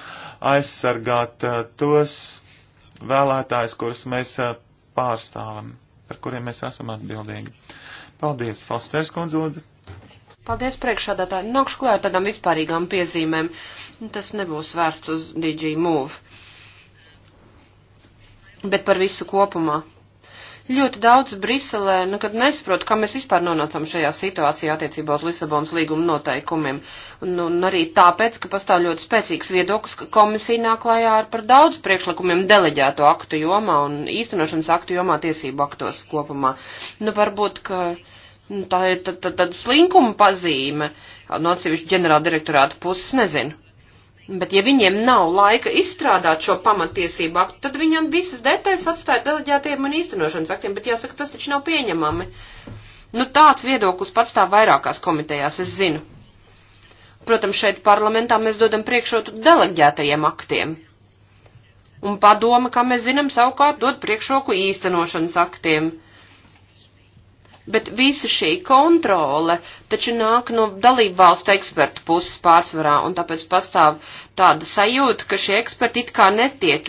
aizsargāt uh, tos vēlētājus, kurus mēs uh, pārstāvam, par kuriem mēs esam atbildīgi. Paldies, Falsters kundze, lūdzu. Paldies priekšādātāji. Nākšu klāt ar tādām vispārīgām piezīmēm. Tas nebūs vērsts uz DG Move. Bet par visu kopumā Ļoti daudz Briselē, nu, kad nesaprot, kā mēs vispār nonācam šajā situācijā attiecībā uz Lisabonas līguma noteikumiem. Un, un arī tāpēc, ka pastāv ļoti spēcīgs viedoklis, ka komisija nāk lajā ar par daudz priekšlikumiem deleģēto aktu jomā un īstenošanas aktu jomā tiesību aktos kopumā. Nu, varbūt, ka nu, tā ir tad, tad, tad slinkuma pazīme no atsevišķu ģenerāldirektorāta puses, nezinu. Bet ja viņiem nav laika izstrādāt šo pamatiesību aktu, tad viņi visas detaļas atstāja deleģētiem un īstenošanas aktiem, bet jāsaka, tas taču nav pieņemami. Nu, tāds viedoklis patstāv vairākās komitejās, es zinu. Protams, šeit parlamentā mēs dodam priekšrotu deleģētajiem aktiem. Un padoma, kā mēs zinām, savukārt dod priekšroku īstenošanas aktiem bet visa šī kontrole taču nāk no dalību valstu ekspertu puses pārsvarā, un tāpēc pastāv tāda sajūta, ka šie eksperti it kā netiek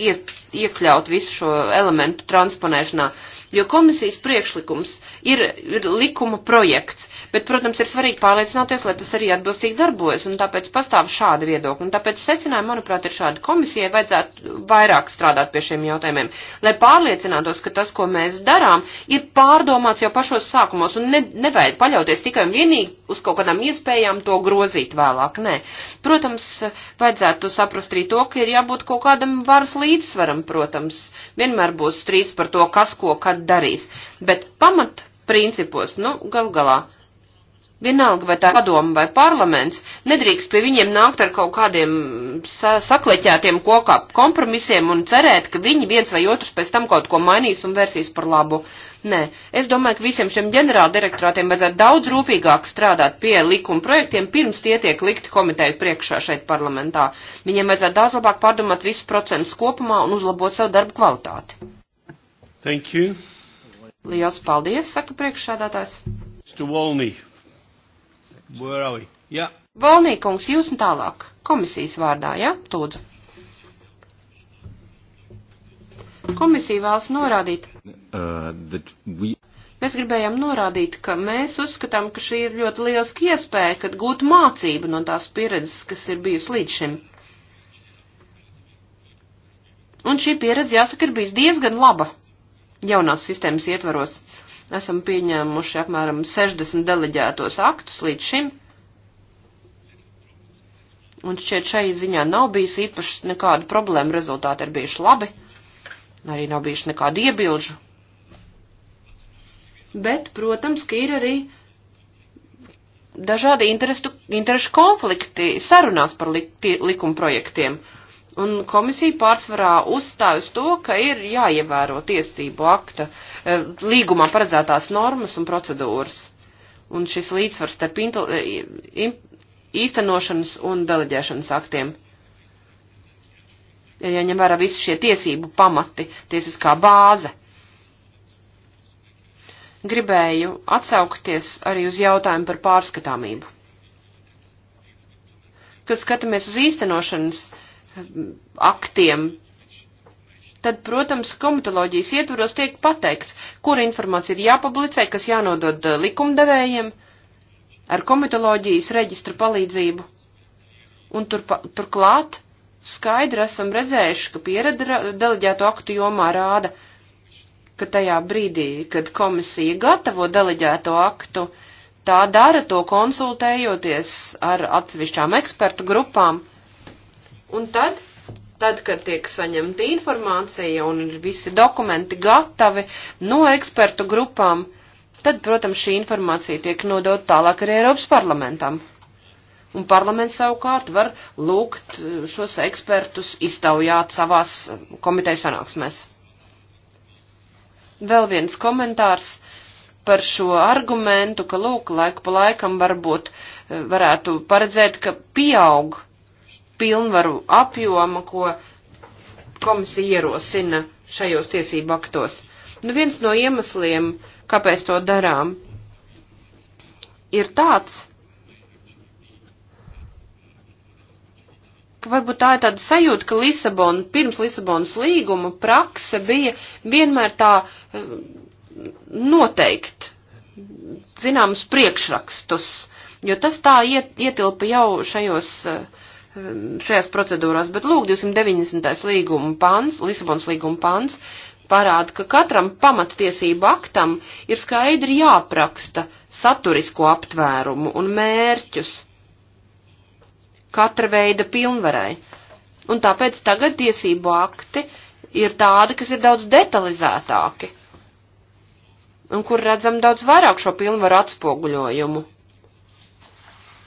iekļaut visu šo elementu transponēšanā, jo komisijas priekšlikums ir, ir likuma projekts, bet, protams, ir svarīgi pārliecināties, lai tas arī atbilstīgi darbojas, un tāpēc pastāv šādi viedokļi. Un tāpēc secinājumi, manuprāt, ir šādi. Komisijai vajadzētu vairāk strādāt pie šiem jautājumiem, lai pārliecinātos, ka tas, ko mēs darām, ir pārdomāts jau pašos sākumos, un ne, nevajag paļauties tikai un vienīgi uz kaut kādām iespējām to grozīt vēlāk. Nē. Protams, vajadzētu saprast arī to, ka ir jābūt kaut kādam varas līdzsvaram, protams. Vienmēr būs strīds par to, kas ko kad darīs. Bet pamat principos, nu, gal galā Vienalga, vai tā padoma vai parlaments, nedrīkst pie viņiem nākt ar kaut kādiem sa sakleķētiem kokā kompromisiem un cerēt, ka viņi viens vai otrs pēc tam kaut ko mainīs un versīs par labu. Nē, es domāju, ka visiem šiem ģenerāldirektorātiem vajadzētu daudz rūpīgāk strādāt pie likuma projektiem, pirms tie tiek likti komiteju priekšā šeit parlamentā. Viņiem vajadzētu daudz labāk pārdomāt visus procentus kopumā un uzlabot savu darbu kvalitāti. Thank you. Lielas paldies, saka priekšsādātājs. Mr. Walney. Where are we? Jā. Yeah. Valnīkungs, jūs un tālāk. Komisijas vārdā, jā? Ja? Lūdzu. Komisija vēlas norādīt. Uh, we... Mēs gribējām norādīt, ka mēs uzskatām, ka šī ir ļoti lieliski iespēja, kad gūt mācību no tās pieredzes, kas ir bijusi līdz šim. Un šī pieredze, jāsaka, ir bijis diezgan laba jaunās sistēmas ietvaros. Uh, Esam pieņēmuši apmēram 60 deleģētos aktus līdz šim. Un šķiet šai ziņā nav bijis īpaši nekāda problēma, rezultāti ir bijuši labi, arī nav bijuši nekāda iebilžu. Bet, protams, ka ir arī dažādi interesu, interesu konflikti sarunās par li, tie, likuma projektiem. Uh, Un komisija pārsvarā uzstāj uz to, ka ir jāievēro tiesību akta eh, līgumā paredzētās normas un procedūras. Un šis līdzsvars starp eh, īstenošanas un deleģēšanas aktiem. Ja ņem vērā visi šie tiesību pamati, tiesiskā bāze. Gribēju atsaukties arī uz jautājumu par pārskatāmību. Kad skatāmies uz īstenošanas uh, aktiem. Tad, protams, komitoloģijas ietvaros tiek pateikts, kura informācija ir jāpublicē, kas jānodod eh, likumdevējiem ar komitoloģijas reģistra palīdzību. Un tur, turklāt skaidri esam redzējuši, ka pieredze deleģēto aktu jomā rāda, ka tajā brīdī, kad komisija gatavo deleģēto aktu, tā dara to konsultējoties ar atsevišķām ekspertu grupām Un tad, tad, kad tiek saņemta informācija un ir visi dokumenti gatavi no ekspertu grupām, tad, protams, šī informācija tiek nodota tālāk arī Eiropas parlamentam. Un parlaments savukārt var lūgt eh, šos ekspertus iztaujāt savās eh, komitejas sanāksmēs. Vēl viens komentārs par šo argumentu, ka lūk, laiku pa laikam varbūt eh, varētu paredzēt, ka pieaug uh, pilnvaru apjoma, ko komisija ierosina šajos tiesību aktos. Nu, viens no iemesliem, kāpēc to darām, ir tāds, ka varbūt tā ir tāda sajūta, ka Lisabona, pirms Lisabonas līguma prakse bija vienmēr tā eh, noteikt zināmus priekšrakstus, jo tas tā iet, ietilpa jau šajos uh, šajās procedūrās, bet lūk, 290. līguma pants, Lisabons līguma pants, parāda, ka katram pamattiesību aktam ir skaidri jāapraksta saturisko aptvērumu un mērķus katra veida pilnvarai. Un tāpēc tagad tiesību akti ir tādi, kas ir daudz detalizētāki un kur redzam daudz vairāk šo pilnvaru atspoguļojumu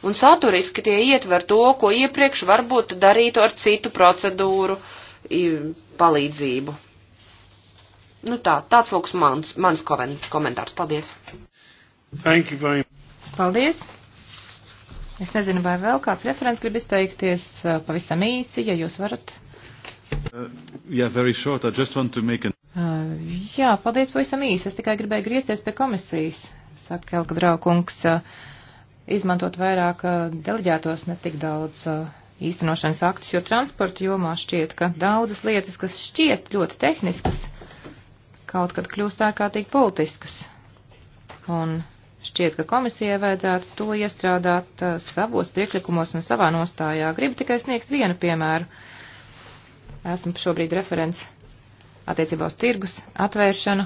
un saturiski tie ietver to, ko iepriekš varbūt darītu ar citu procedūru palīdzību. Nu tā, tāds lūks mans, mans komentārs. Paldies. Thank you very much. Paldies. Es nezinu, vai vēl kāds referents grib izteikties pavisam īsi, ja jūs varat. Uh, yeah, very short. I just want to make an... Uh, jā, paldies pavisam īsi. Es tikai gribēju griezties pie komisijas, saka Elka Draukungs. Uh, izmantot vairāk uh, deleģētos, ne tik daudz uh, īstenošanas aktus, jo transporta jomā šķiet, ka daudzas lietas, kas šķiet ļoti tehniskas, kaut kad kļūst ārkārtīgi politiskas. Un Šķiet, ka komisijai vajadzētu to iestrādāt uh, savos priekšlikumos un savā nostājā. Gribu tikai sniegt vienu piemēru. Esmu šobrīd referents attiecībā uz tirgus atvēršanu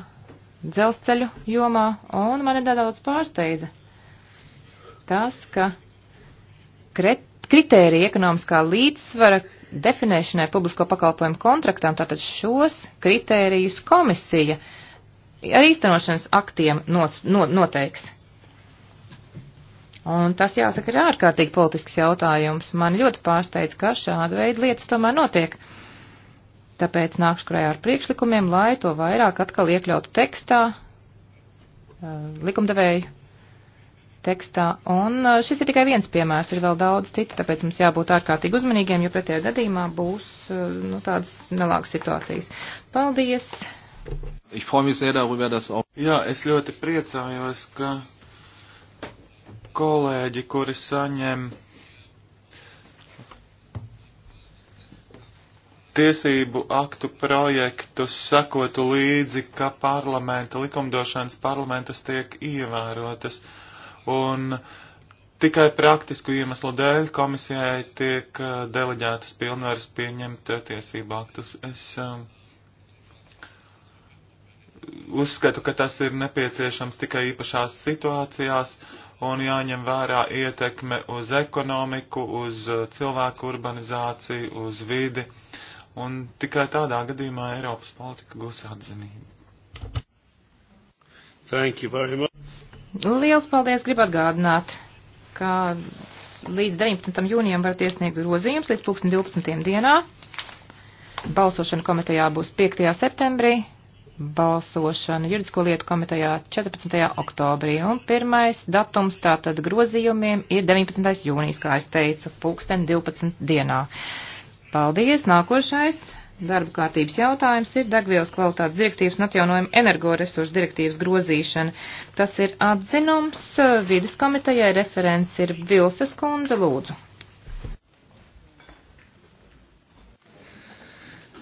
dzelzceļu jomā, un mani nedaudz pārsteidza tas, ka kritērija ekonomiskā līdzsvara definēšanai publisko pakalpojumu kontraktām, tātad šos kritērijus komisija ar īstenošanas aktiem not, not, noteiks. Un tas, jāsaka, ir ārkārtīgi politisks jautājums. Man ļoti pārsteidz, ka šāda veida lietas tomēr notiek. Tāpēc nākšu krājā ar priekšlikumiem, lai to vairāk atkal iekļautu tekstā eh, likumdevēju tekstā. Un uh, šis ir tikai viens piemērs, ir vēl daudz citu, tāpēc mums jābūt ārkārtīgi uzmanīgiem, jo pretējā gadījumā būs uh, nu, tādas nelāgas situācijas. Paldies! Jā, es ļoti priecājos, ka kolēģi, kuri saņem tiesību aktu projektus sekotu līdzi, ka parlamenta likumdošanas parlamentas tiek ievērotas. Uh, un tikai praktisku iemeslu dēļ komisijai tiek eh, deleģētas pilnvaras pieņemt eh, tiesību aktus. Es um, uzskatu, ka tas ir nepieciešams tikai īpašās situācijās un jāņem vērā ietekme uz ekonomiku, uz eh, cilvēku urbanizāciju, uz vidi. Un tikai tādā gadījumā Eiropas politika gūs atzinību. Thank you very much. Liels paldies! Gribu atgādināt, ka līdz 19. jūnijam varat iesniegt grozījums līdz 2012. dienā. Balsošana komitejā būs 5. septembrī, balsošana juridisko lietu komitejā 14. oktobrī. Un pirmais datums tātad grozījumiem ir 19. jūnijas, kā es teicu, pulksten 12. dienā. Paldies! Nākošais Darba kārtības jautājums ir degvielas kvalitātes direktīvas un atjaunojuma energoresursu direktīvas grozīšana. Tas ir atzinums eh, vidas komitejai, referents ir Vilses kundze, lūdzu.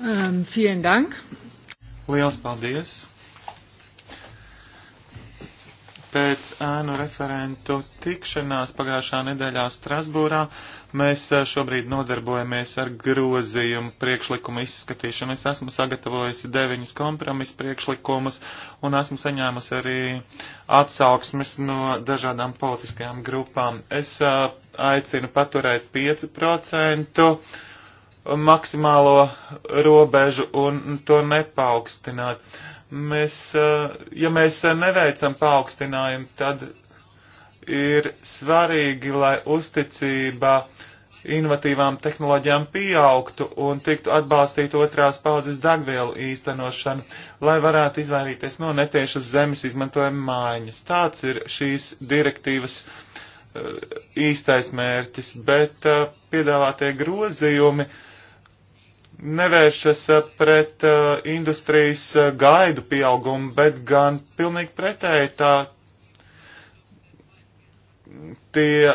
Um, vielen dank. Liels paldies. Pēc ēnu referentu tikšanās pagājušā nedēļā Strasbūrā mēs eh, šobrīd nodarbojamies ar grozījumu priekšlikumu izskatīšanu. Es esmu sagatavojusi deviņus kompromisu priekšlikumus un esmu saņēmusi arī atsauksmes no dažādām politiskajām grupām. Es eh, aicinu paturēt 5% maksimālo robežu un to nepaukstināt. Uh, Mēs, eh, ja mēs neveicam paaugstinājumu, tad ir svarīgi, lai uzticība inovatīvām tehnoloģijām pieaugtu un tiktu atbalstīt otrās paudzes dagvielu īstenošanu, lai varētu izvairīties no netiešas zemes izmantojuma mājiņas. Tāds ir šīs direktīvas eh, īstais mērķis, bet eh, piedāvātie grozījumi uh, nevēršas eh, pret eh, industrijas eh, gaidu pieaugumu, bet gan pilnīgi pretēji tā tie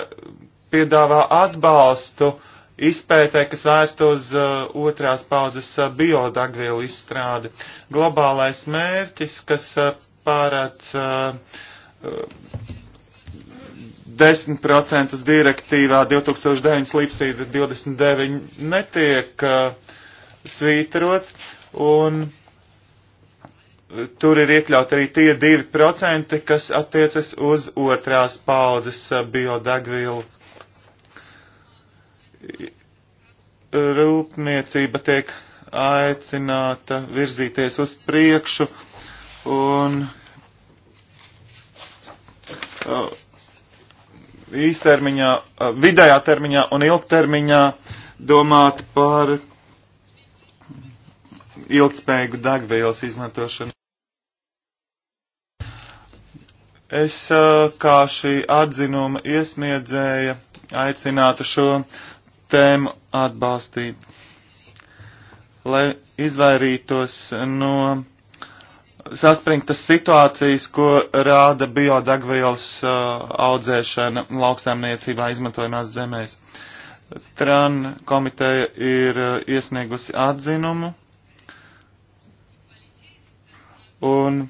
piedāvā atbalstu izpētē, kas vērst uz otrās paudzes biodagvielu izstrādi. Globālais mērķis, kas pārēc 10% direktīvā 2009 līdz 29 netiek uh, svītrots, un e, tur ir iekļaut arī tie 2%, kas attiecas uz otrās paudzes e, biodegvielu. Rūpniecība tiek aicināta virzīties uz priekšu un e, īstermiņā, vidējā termiņā un ilgtermiņā domāt par ilgspējīgu degvielas izmantošanu. Es eh, kā šī atzinuma iesniedzēja aicinātu šo tēmu atbalstīt, lai izvairītos no saspringtas situācijas, ko rāda biodegvielas eh, audzēšana lauksaimniecībā izmantojamās zemēs. Tran komiteja ir eh, iesniegusi atzinumu un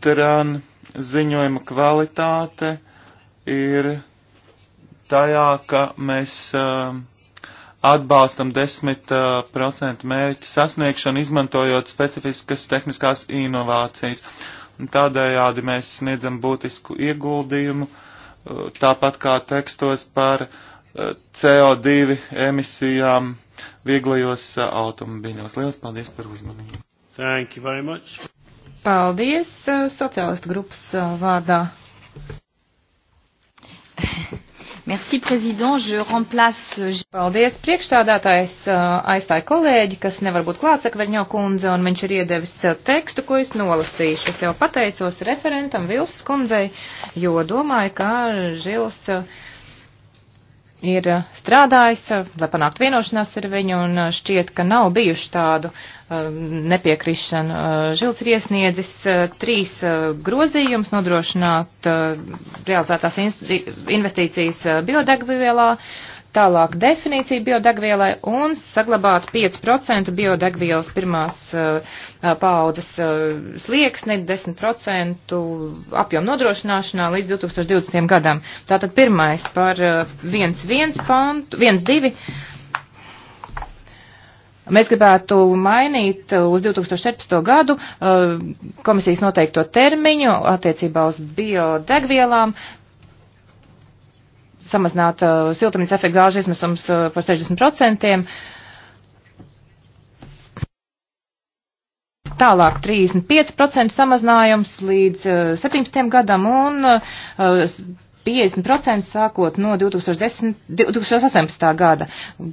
Teran ziņojuma kvalitāte ir tajā, ka mēs um, uh, atbalstam 10% mērķu sasniegšanu, izmantojot specifiskas tehniskās inovācijas. Un tādējādi mēs sniedzam būtisku ieguldījumu, uh, tāpat kā tekstos par uh, CO2 emisijām vieglajos uh, automobiļos. Lielas paldies par uzmanību! Thank you very much. Paldies uh, sociālistu grupas uh, vārdā. [LAUGHS] Merci, prezident. Je remplace. Euh, Paldies, priekšsādātājs uh, aizstāja kolēģi, kas nevar būt klāts, Akverņo kundze, un viņš ir iedevis tekstu, ko es nolasīšu. Es jau pateicos referentam Vilsas kundzei, jo domāju, ka Žils. Uh, ir eh, strādājis, eh, lai panāktu vienošanās ar viņu, un eh, šķiet, ka nav bijuši tādu nepiekrišanu. Žils ir iesniedzis trīs grozījumus nodrošināt realizētās investīcijas biodegvielā, tālāk definīciju biodegvielai un saglabāt 5% biodegvielas pirmās uh, paaudzes uh, slieksni, 10% apjomu nodrošināšanā līdz 2020. gadam. Tātad pirmais par 1.1 uh, pantu, 1.2. Mēs gribētu mainīt uz 2014. gadu komisijas noteikto termiņu attiecībā uz biodegvielām samazināt uh, siltumnīca efekta gāžu izmisums uh, par 60%. Tālāk 35% samazinājums līdz uh, 17. gadam un uh, 50% sākot no 2010, 2018. gada.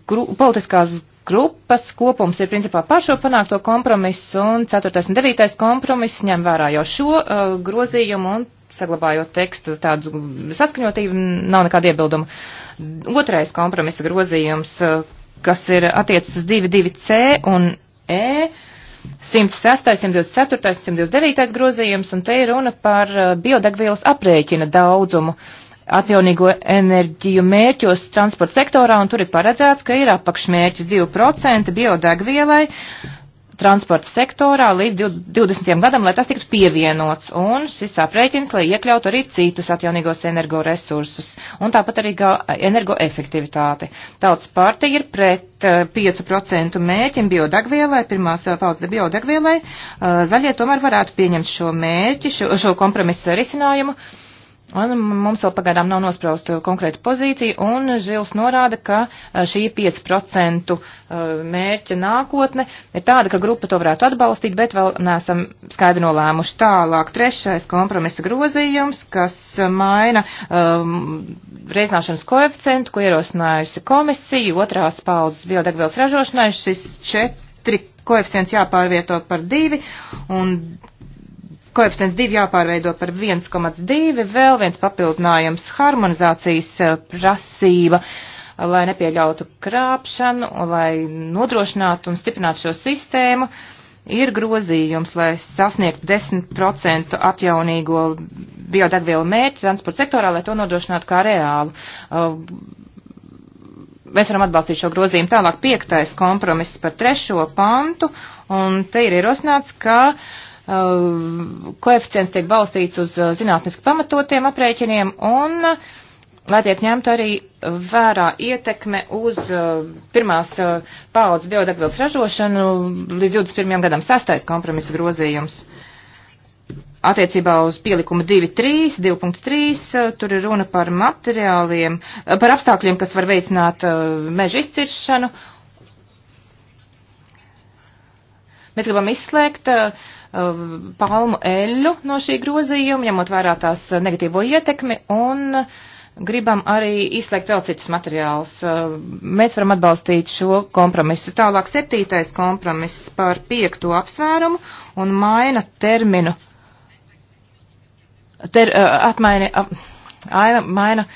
Gru, politiskās grupas kopums ir principā par šo panākto kompromisu, un 4. un 9. kompromiss ņem vērā jau šo uh, grozījumu, un saglabājot tekstu tādu saskaņotību, nav nekāda iebilduma. Otrais kompromisa grozījums, uh, kas ir attiecis uz 22C un E. 106, 124, 129 grozījums, un te ir runa par uh, biodegvielas aprēķina daudzumu atjaunīgo enerģiju mērķos transporta sektorā, un tur ir paredzēts, ka ir apakšmērķis 2% biodegvielai, uh, transporta sektorā līdz 20. gadam, lai tas tiktu pievienots. Un šis aprēķins, lai iekļautu arī citus atjaunīgos energoresursus un tāpat arī energoefektivitāti. Tautas partija ir pret 5% eh, mērķim biodegvielai, pirmās eh, paudzes biodegvielai. Eh, zaļie tomēr varētu pieņemt šo mērķi, šo, šo kompromisu risinājumu. Uh, Un mums vēl pagaidām nav nospraustu konkrētu pozīciju, un Žils norāda, ka šī 5% mērķa nākotne ir tāda, ka grupa to varētu atbalstīt, bet vēl neesam skaidri nolēmuši tālāk. Trešais kompromisa grozījums, kas maina um, reizināšanas koeficientu, ko ierosinājusi komisija, otrās paudzes biodegvielas ražošanai, šis 4 koeficients jāpārvieto par 2, un koeficients 2 jāpārveido par 1,2, vēl viens papildinājums harmonizācijas eh, prasība, eh, lai nepieļautu krāpšanu, lai nodrošinātu un stiprinātu šo sistēmu, ir grozījums, lai sasniegtu 10% atjaunīgo biodegvielu mērķi transporta sektorā, lai to nodrošinātu kā reālu. Eh, mēs varam atbalstīt šo grozījumu. Tālāk piektais kompromiss par trešo pantu, un te ir ierosināts, ka uh, Uh, koeficients tiek balstīts uz uh, zinātniski pamatotiem aprēķiniem un lai tiek ņemta arī vērā ietekme uz uh, pirmās paaudzes biodegvielas ražošanu līdz 21. gadam sastais kompromisa grozījums. Attiecībā uz pielikumu 2.3, 2.3, tur ir runa par materiāliem, par apstākļiem, kas var veicināt meža izciršanu. Mēs gribam izslēgt uh, Um, palmu eļu no šī grozījuma, ņemot vērā tās negatīvo ietekmi, un gribam arī izslēgt vēl citus materiālus. Um, mēs varam atbalstīt šo kompromisu. Tālāk septītais kompromiss par piekto apsvērumu un maina terminu. Ter, uh, atmaini, uh, aina, maina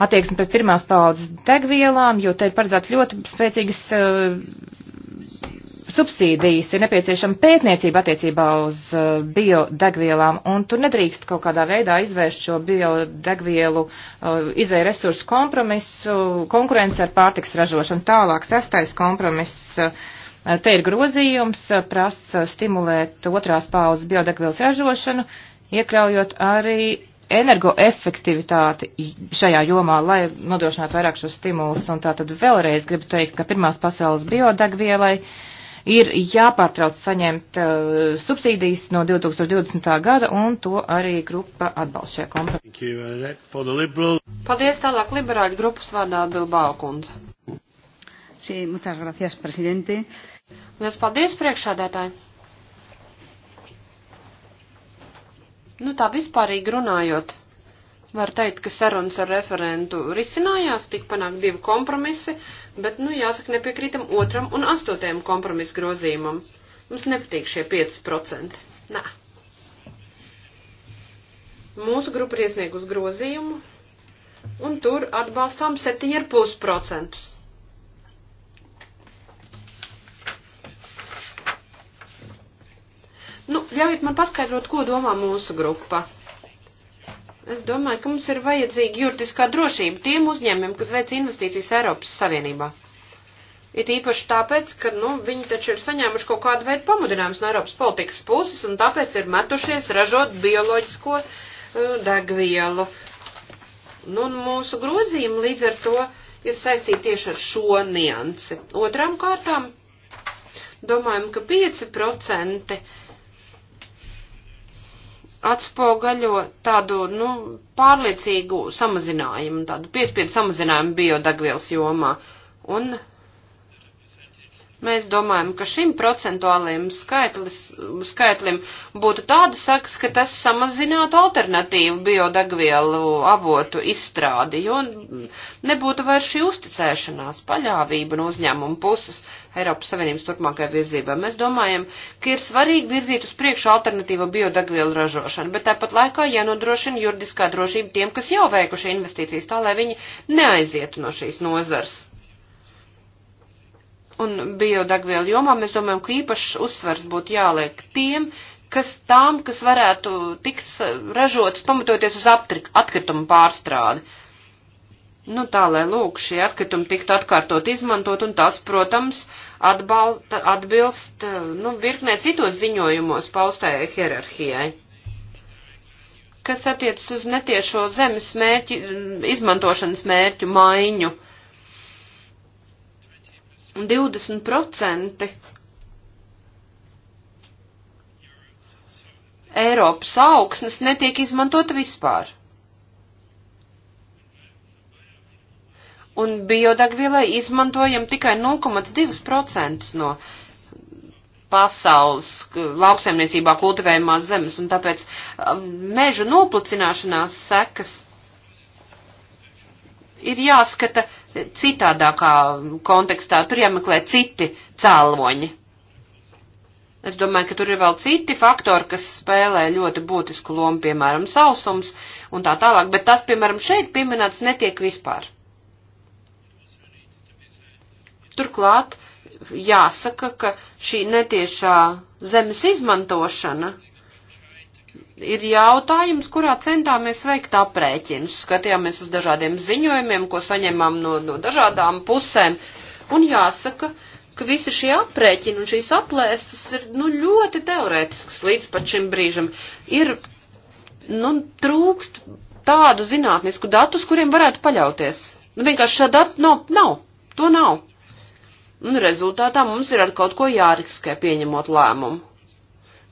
attieksmi pret pirmās paudzes degvielām, jo te ir paredzēts ļoti spēcīgas uh, subsīdijas ir nepieciešama pētniecība attiecībā uz uh, biodegvielām, un tur nedrīkst kaut kādā veidā izvērst šo biodegvielu uh, izvēju resursu kompromisu, konkurence ar pārtiks ražošanu. Tālāk sastais kompromiss. Uh, te ir grozījums, prasa stimulēt otrās paudzes biodegvielas ražošanu, iekļaujot arī energoefektivitāti šajā jomā, lai nodrošinātu vairāk šos stimulus. Un tā tad vēlreiz gribu teikt, ka pirmās pasaules biodegvielai uh, ir jāpārtrauc saņemt uh, subsīdijas no 2020. gada, un to arī grupa atbalsta šajā kompromisā. Paldies tālāk liberāļu grupas vārdā Bilbao kundze. Sí, muchas gracias, presidente. Lielas paldies, priekšādētāji. Nu tā vispārīgi runājot. Var teikt, ka sarunas ar referentu risinājās, tik panākt divi kompromisi, bet, nu, jāsaka, nepiekrītam otram un astotajam kompromisu grozījumam. Mums nepatīk šie 5%. Nē. Mūsu grupa ir iesniegus grozījumu, un tur atbalstām 7,5%. Nu, ļaujiet man paskaidrot, ko domā mūsu grupa. Es domāju, ka mums ir vajadzīga juridiskā drošība tiem uzņēmumiem, kas veic investīcijas Eiropas Savienībā. It īpaši tāpēc, ka, nu, viņi taču ir saņēmuši kaut kādu veidu pamudinājumus no Eiropas politikas puses un tāpēc ir metušies ražot bioloģisko uh, degvielu. Nu, mūsu grozījumi līdz ar to ir saistīti tieši ar šo niansi. Otram kārtām domājam, ka 5% atspogaļo tādu, nu, pārliecīgu samazinājumu, tādu piespiedu samazinājumu biodagvielas jomā. Un Mēs domājam, ka šim procentuālajiem skaitlis, skaitlim būtu tāda sakas, ka tas samazinātu alternatīvu biodegvielu avotu izstrādi, jo nebūtu vairs šī uzticēšanās, paļāvība no uzņēmuma puses Eiropas Savienības turpmākajai virzībai. Mēs domājam, ka ir svarīgi virzīt uz priekšu alternatīvo biodegvielu ražošanu, bet tāpat laikā jānodrošina juridiskā drošība tiem, kas jau veikuši investīcijas, tā lai viņi neaizietu no šīs nozars un biodegvielu jomā mēs domājam, ka īpašs uzsvars būtu jāliek tiem, kas tām, kas varētu tikt ražotas pamatoties uz aptrik, atkritumu pārstrādi. Nu tā, lai lūk, šie atkritumi tiktu atkārtot izmantot, un tas, protams, atbalst, atbilst, nu, virknē citos ziņojumos paustējai hierarhijai kas attiecas uz netiešo zemes mērķi, izmantošanas mērķu maiņu. Uh, 20% Eiropas augsnes netiek izmantota vispār. Un biodegvielai izmantojam tikai 0,2% no pasaules lauksaimniecībā kultivējumās zemes, un tāpēc um, meža noplicināšanās sekas ir jāskata citādākā kontekstā, tur jāmeklē citi cēloņi. Es domāju, ka tur ir vēl citi faktori, kas spēlē ļoti būtisku lomu, piemēram, sausums un tā tālāk, bet tas, piemēram, šeit pieminēts netiek vispār. Turklāt jāsaka, ka šī netiešā zemes izmantošana ir jautājums, kurā centāmies veikt aprēķinus. Skatījāmies uz dažādiem ziņojumiem, ko saņemam no, no dažādām pusēm. Un jāsaka, ka visi šie aprēķini un šīs aplēses ir nu, ļoti teorētisks līdz pat šim brīžam. Ir, nu, trūkst tādu zinātnisku datus, kuriem varētu paļauties. Nu, vienkārši šā data nav, nav. To nav. Un rezultātā mums ir ar kaut ko jāriskē pieņemot lēmumu.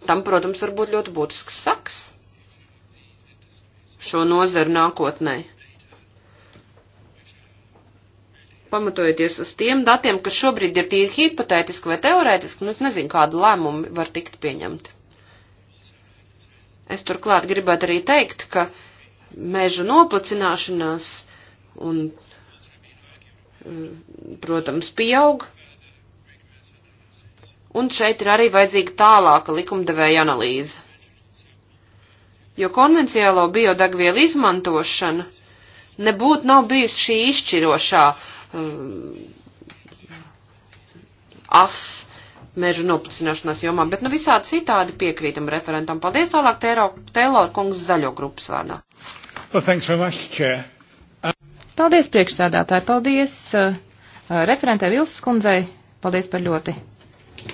Tam, protams, var būt ļoti būtisks saks šo nozaru nākotnē. Pamatojoties uz tiem datiem, kas šobrīd ir tīri hipotētiski vai teorētiski, nu es nezinu, kāda lēmuma var tikt pieņemta. Es turklāt gribētu arī teikt, ka mežu noplicināšanās un, eh, protams, pieaug, Un šeit ir arī vajadzīga tālāka likumdevēja analīze. Jo konvencionālo biodegvielu izmantošana nebūtu nav bijusi šī izšķirošā uh, as mežu noplicināšanās jomā, bet nu visādi citādi piekrītam referentam. Paldies tālāk, Tēlor kungs zaļo grupas vārnā. Well, thanks very much, Chair. Paldies priekšsēdētāji, paldies uh, referentē Vilsas kundzei, paldies par ļoti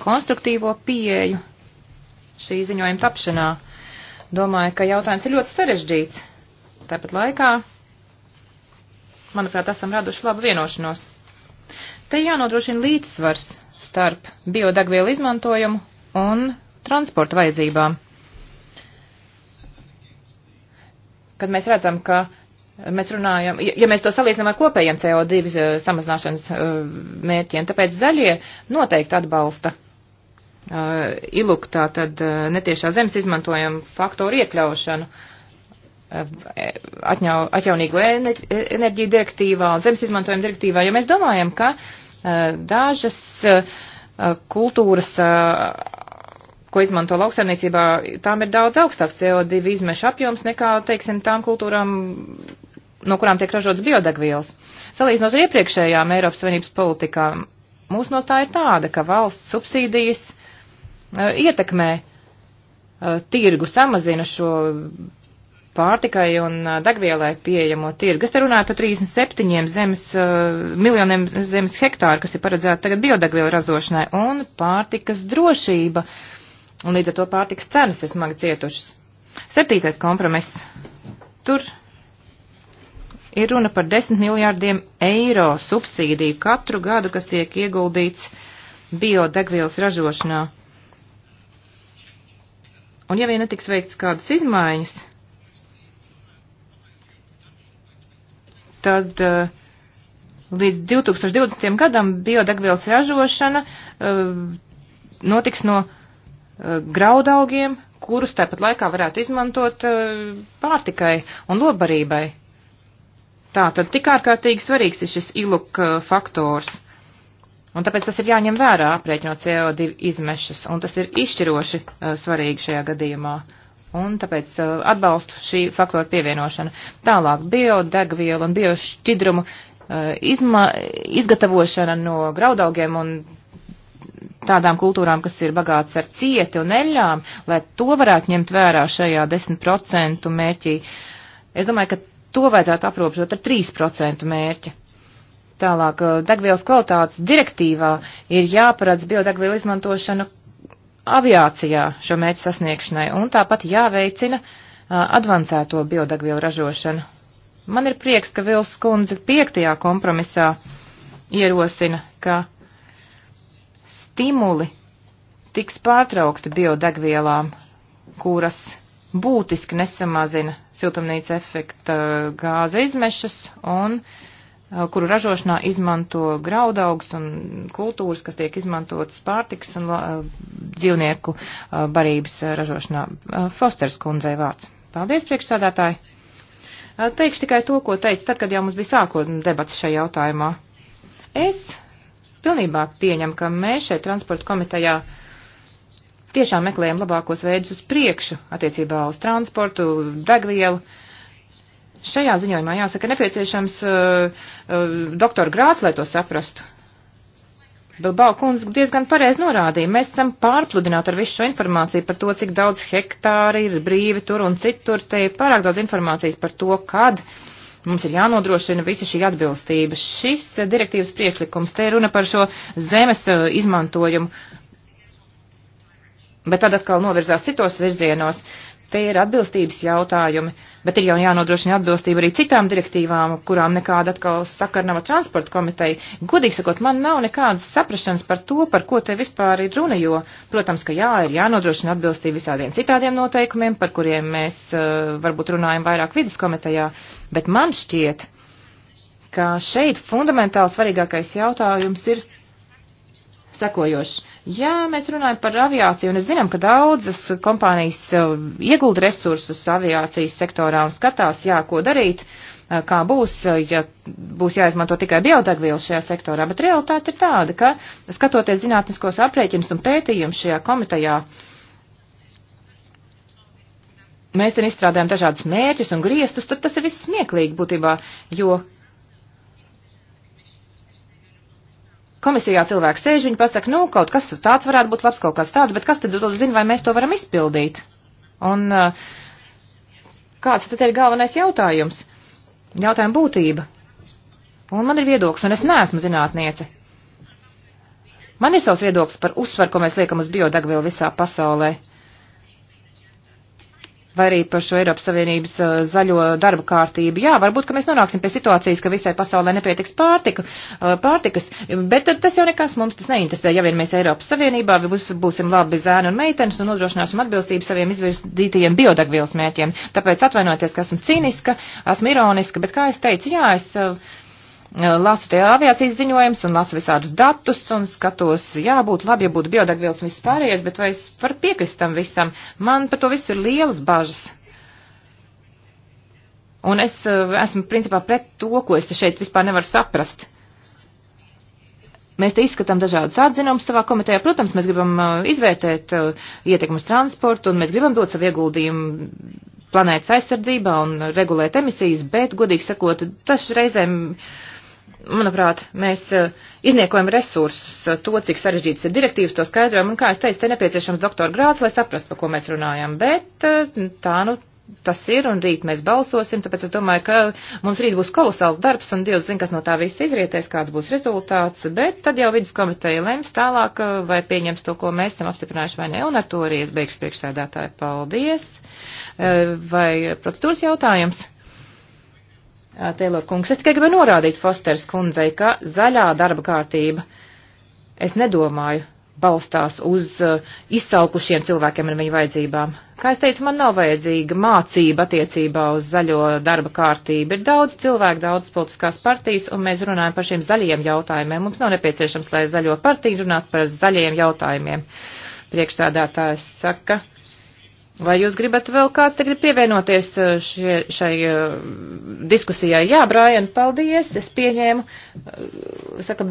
konstruktīvo pieeju šī ziņojuma tapšanā. Domāju, ka jautājums ir ļoti sarežģīts. Tāpat laikā, manuprāt, esam raduši labu vienošanos. Te jānodrošina līdzsvars starp biodegvielu izmantojumu un transporta vajadzībām. Kad mēs redzam, ka uh, mēs runājam, ja mēs to salīdzinām ar kopējiem CO2 eh, samazināšanas eh, mērķiem, tāpēc zaļie noteikti atbalsta eh, iluktā tad netiešā zemes izmantojuma faktoru iekļaušanu atņau, atjaunīgo enerģiju direktīvā un zemes izmantojuma direktīvā, jo mēs domājam, ka dažas kultūras ko izmanto lauksaimniecībā, tām ir daudz augstāks CO2 izmešu apjoms nekā, teiksim, tām kultūrām, no kurām tiek ražotas biodegvielas. Salīdzinot ar iepriekšējām Eiropas Savienības politikām, mūsu no tā ir tāda, ka valsts subsīdijas uh, ietekmē uh, tirgu, samazina šo pārtikai un uh, degvielai pieejamo tirgu. Es te runāju par 37 zemes, miljoniem zemes hektāru, kas ir paredzēta tagad biodegvielu ražošanai, un pārtikas drošība uh, Un līdz ar to pārtiks cenas ir smagi cietušas. Septītais kompromiss. Tur ir runa par 10 miljārdiem eiro subsīdiju katru gadu, kas tiek ieguldīts biodegvielas ražošanā. Un ja vien netiks veikts kādas izmaiņas, tad uh, līdz 2020. gadam biodegvielas ražošana uh, notiks no Eh, graudaugiem, kurus tāpat laikā varētu izmantot eh, pārtikai un lobarībai. Tā tad tik ārkārtīgi svarīgs ir šis iluk eh, faktors. Un tāpēc tas ir jāņem vērā, aprēķinot CO2 izmešas, un tas ir izšķiroši uh, svarīgi šajā gadījumā. Un tāpēc uh, atbalstu šī faktora pievienošanu. Tālāk biodegvielu un biošķidrumu uh, izma, izgatavošana no graudaugiem un tādām kultūrām, kas ir bagātas ar cieti un eļļām, lai to varētu ņemt vērā šajā 10% mērķī. Es domāju, ka to vajadzētu aprobežot ar 3% mērķi. Tālāk, eh, degvielas kvalitātes direktīvā ir jāparedz biodegvielu izmantošanu aviācijā šo mērķu sasniegšanai un tāpat jāveicina eh, advancēto biodegvielu ražošanu. Man ir prieks, ka Vils kundze piektajā kompromisā ierosina, ka stimuli tiks pārtraukti biodegvielām, kuras būtiski nesamazina siltumnīca efekta uh, gāza izmešas un uh, kuru ražošanā izmanto graudaugs un kultūras, kas tiek izmantotas pārtiks un uh, dzīvnieku barības ražošanā. Fosters kundzei vārds. Paldies, priekšsādātāji! Teikšu tikai to, ko teicu tad, kad jau mums bija sākot debats šajā jautājumā. Es pilnībā pieņem, ka mēs šeit transporta komitejā tiešām meklējam labākos veidus uz priekšu attiecībā uz transportu, degvielu. Šajā ziņojumā jāsaka nepieciešams uh, uh, doktora grāts, lai to saprastu. Bilbao kundze diezgan pareizi norādīja, mēs esam pārpludināti ar visu šo informāciju par to, cik daudz hektāri ir brīvi tur un citur, te ir pārāk daudz informācijas par to, kad uh, Mums ir jānodrošina visa šī atbilstība. Šis direktīvas priekšlikums te ir runa par šo zemes eh, izmantojumu, bet tad atkal novirzās citos virzienos. Te ir atbilstības jautājumi, bet ir jau jānodrošina atbilstība arī citām direktīvām, kurām nekāda atkal sakara nav ar transporta komiteju. Godīgi sakot, man nav nekādas saprašanas par to, par ko te vispār ir runa, jo, protams, ka jā, ir jānodrošina atbilstība visādiem citādiem noteikumiem, par kuriem mēs uh, varbūt runājam vairāk vidas komitejā, bet man šķiet, ka šeit fundamentāli svarīgākais jautājums ir sekojošs. Jā, mēs runājam par aviāciju, un es zinām, ka daudzas kompānijas uh, ieguld resursus aviācijas sektorā un skatās, jā, ko darīt, uh, kā būs, uh, ja būs jāizmanto tikai biodegvielu šajā sektorā, bet realitāte ir tāda, ka skatoties zinātniskos aprēķinus un pētījumus šajā komitejā, mēs ten izstrādājam dažādus mērķus un griestus, tad tas ir viss smieklīgi būtībā, jo Komisijā cilvēks sēž, viņi pasaka, nu, kaut kas tāds varētu būt labs, kaut kas tāds, bet kas tad zina, vai mēs to varam izpildīt? Un uh, kāds tad ir galvenais jautājums? Jautājuma būtība. Un man ir viedoklis, un es neesmu zinātniece. Man ir savs viedoklis par uzsvaru, ko mēs liekam uz biodegvielu visā pasaulē. Uh, vai arī par šo Eiropas Savienības uh, zaļo darba kārtību. Jā, varbūt, ka mēs nonāksim pie situācijas, ka visai pasaulē nepietiks pārtika, uh, pārtikas, bet uh, tas jau nekas mums tas neinteresē. Ja vien mēs Eiropas Savienībā būs, būsim labi zēni un meitenes un nodrošināsim atbilstību saviem izvirzītajiem biodegvielas mērķiem. Tāpēc atvainojieties, ka esmu cīniska, esmu ironiska, bet kā es teicu, jā, es Eh, lasu tie aviācijas ziņojums un lasu visādus datus un skatos, jā, būtu labi, ja būtu biodegvielas un viss pārējais, bet vai es varu piekrist tam visam? Man par to visu ir lielas bažas. Un es eh, esmu principā pret to, ko es šeit vispār nevaru saprast. Mēs te izskatām dažādas atzinumus savā komitejā. Protams, mēs gribam eh, izvērtēt ietekmu uz transportu un mēs gribam dot savu ieguldījumu planētas aizsardzībā un regulēt emisijas, bet, godīgi sakot, tas reizēm uh, manuprāt, mēs eh, izniekojam resursus, eh, to, cik sarežģītas ir direktīvas, to skaidrojam, un, kā es teicu, te nepieciešams doktora grāds, lai saprastu, par ko mēs runājam, bet eh, tā, nu, tas ir, un rīt mēs balsosim, tāpēc es domāju, ka mums rīt būs kolosāls darbs, un Dievs zina, kas no tā viss izrietēs, kāds būs rezultāts, bet tad jau vidus komiteja lems tālāk, vai pieņems to, ko mēs esam apstiprinājuši vai ne, un ar to arī es beigšu priekšsēdētāju. Paldies! Vai procedūras jautājums? Teilor kungs, es tikai gribu norādīt Fosters kundzei, ka zaļā darba kārtība, es nedomāju, balstās uz uh, izcelkušiem cilvēkiem un viņu vajadzībām. Kā es teicu, man nav vajadzīga mācība attiecībā uz zaļo darba kārtību. Ir daudz cilvēku, daudz politiskās partijas, un mēs runājam par šiem zaļiem jautājumiem. Mums nav nepieciešams, lai zaļo partiju runātu par zaļiem jautājumiem. Priekšsādātājs saka, uh, Vai jūs gribat vēl kāds te grib pievienoties uh, šie, šai uh, diskusijai? Jā, Brājan, paldies, es pieņēmu, uh, saka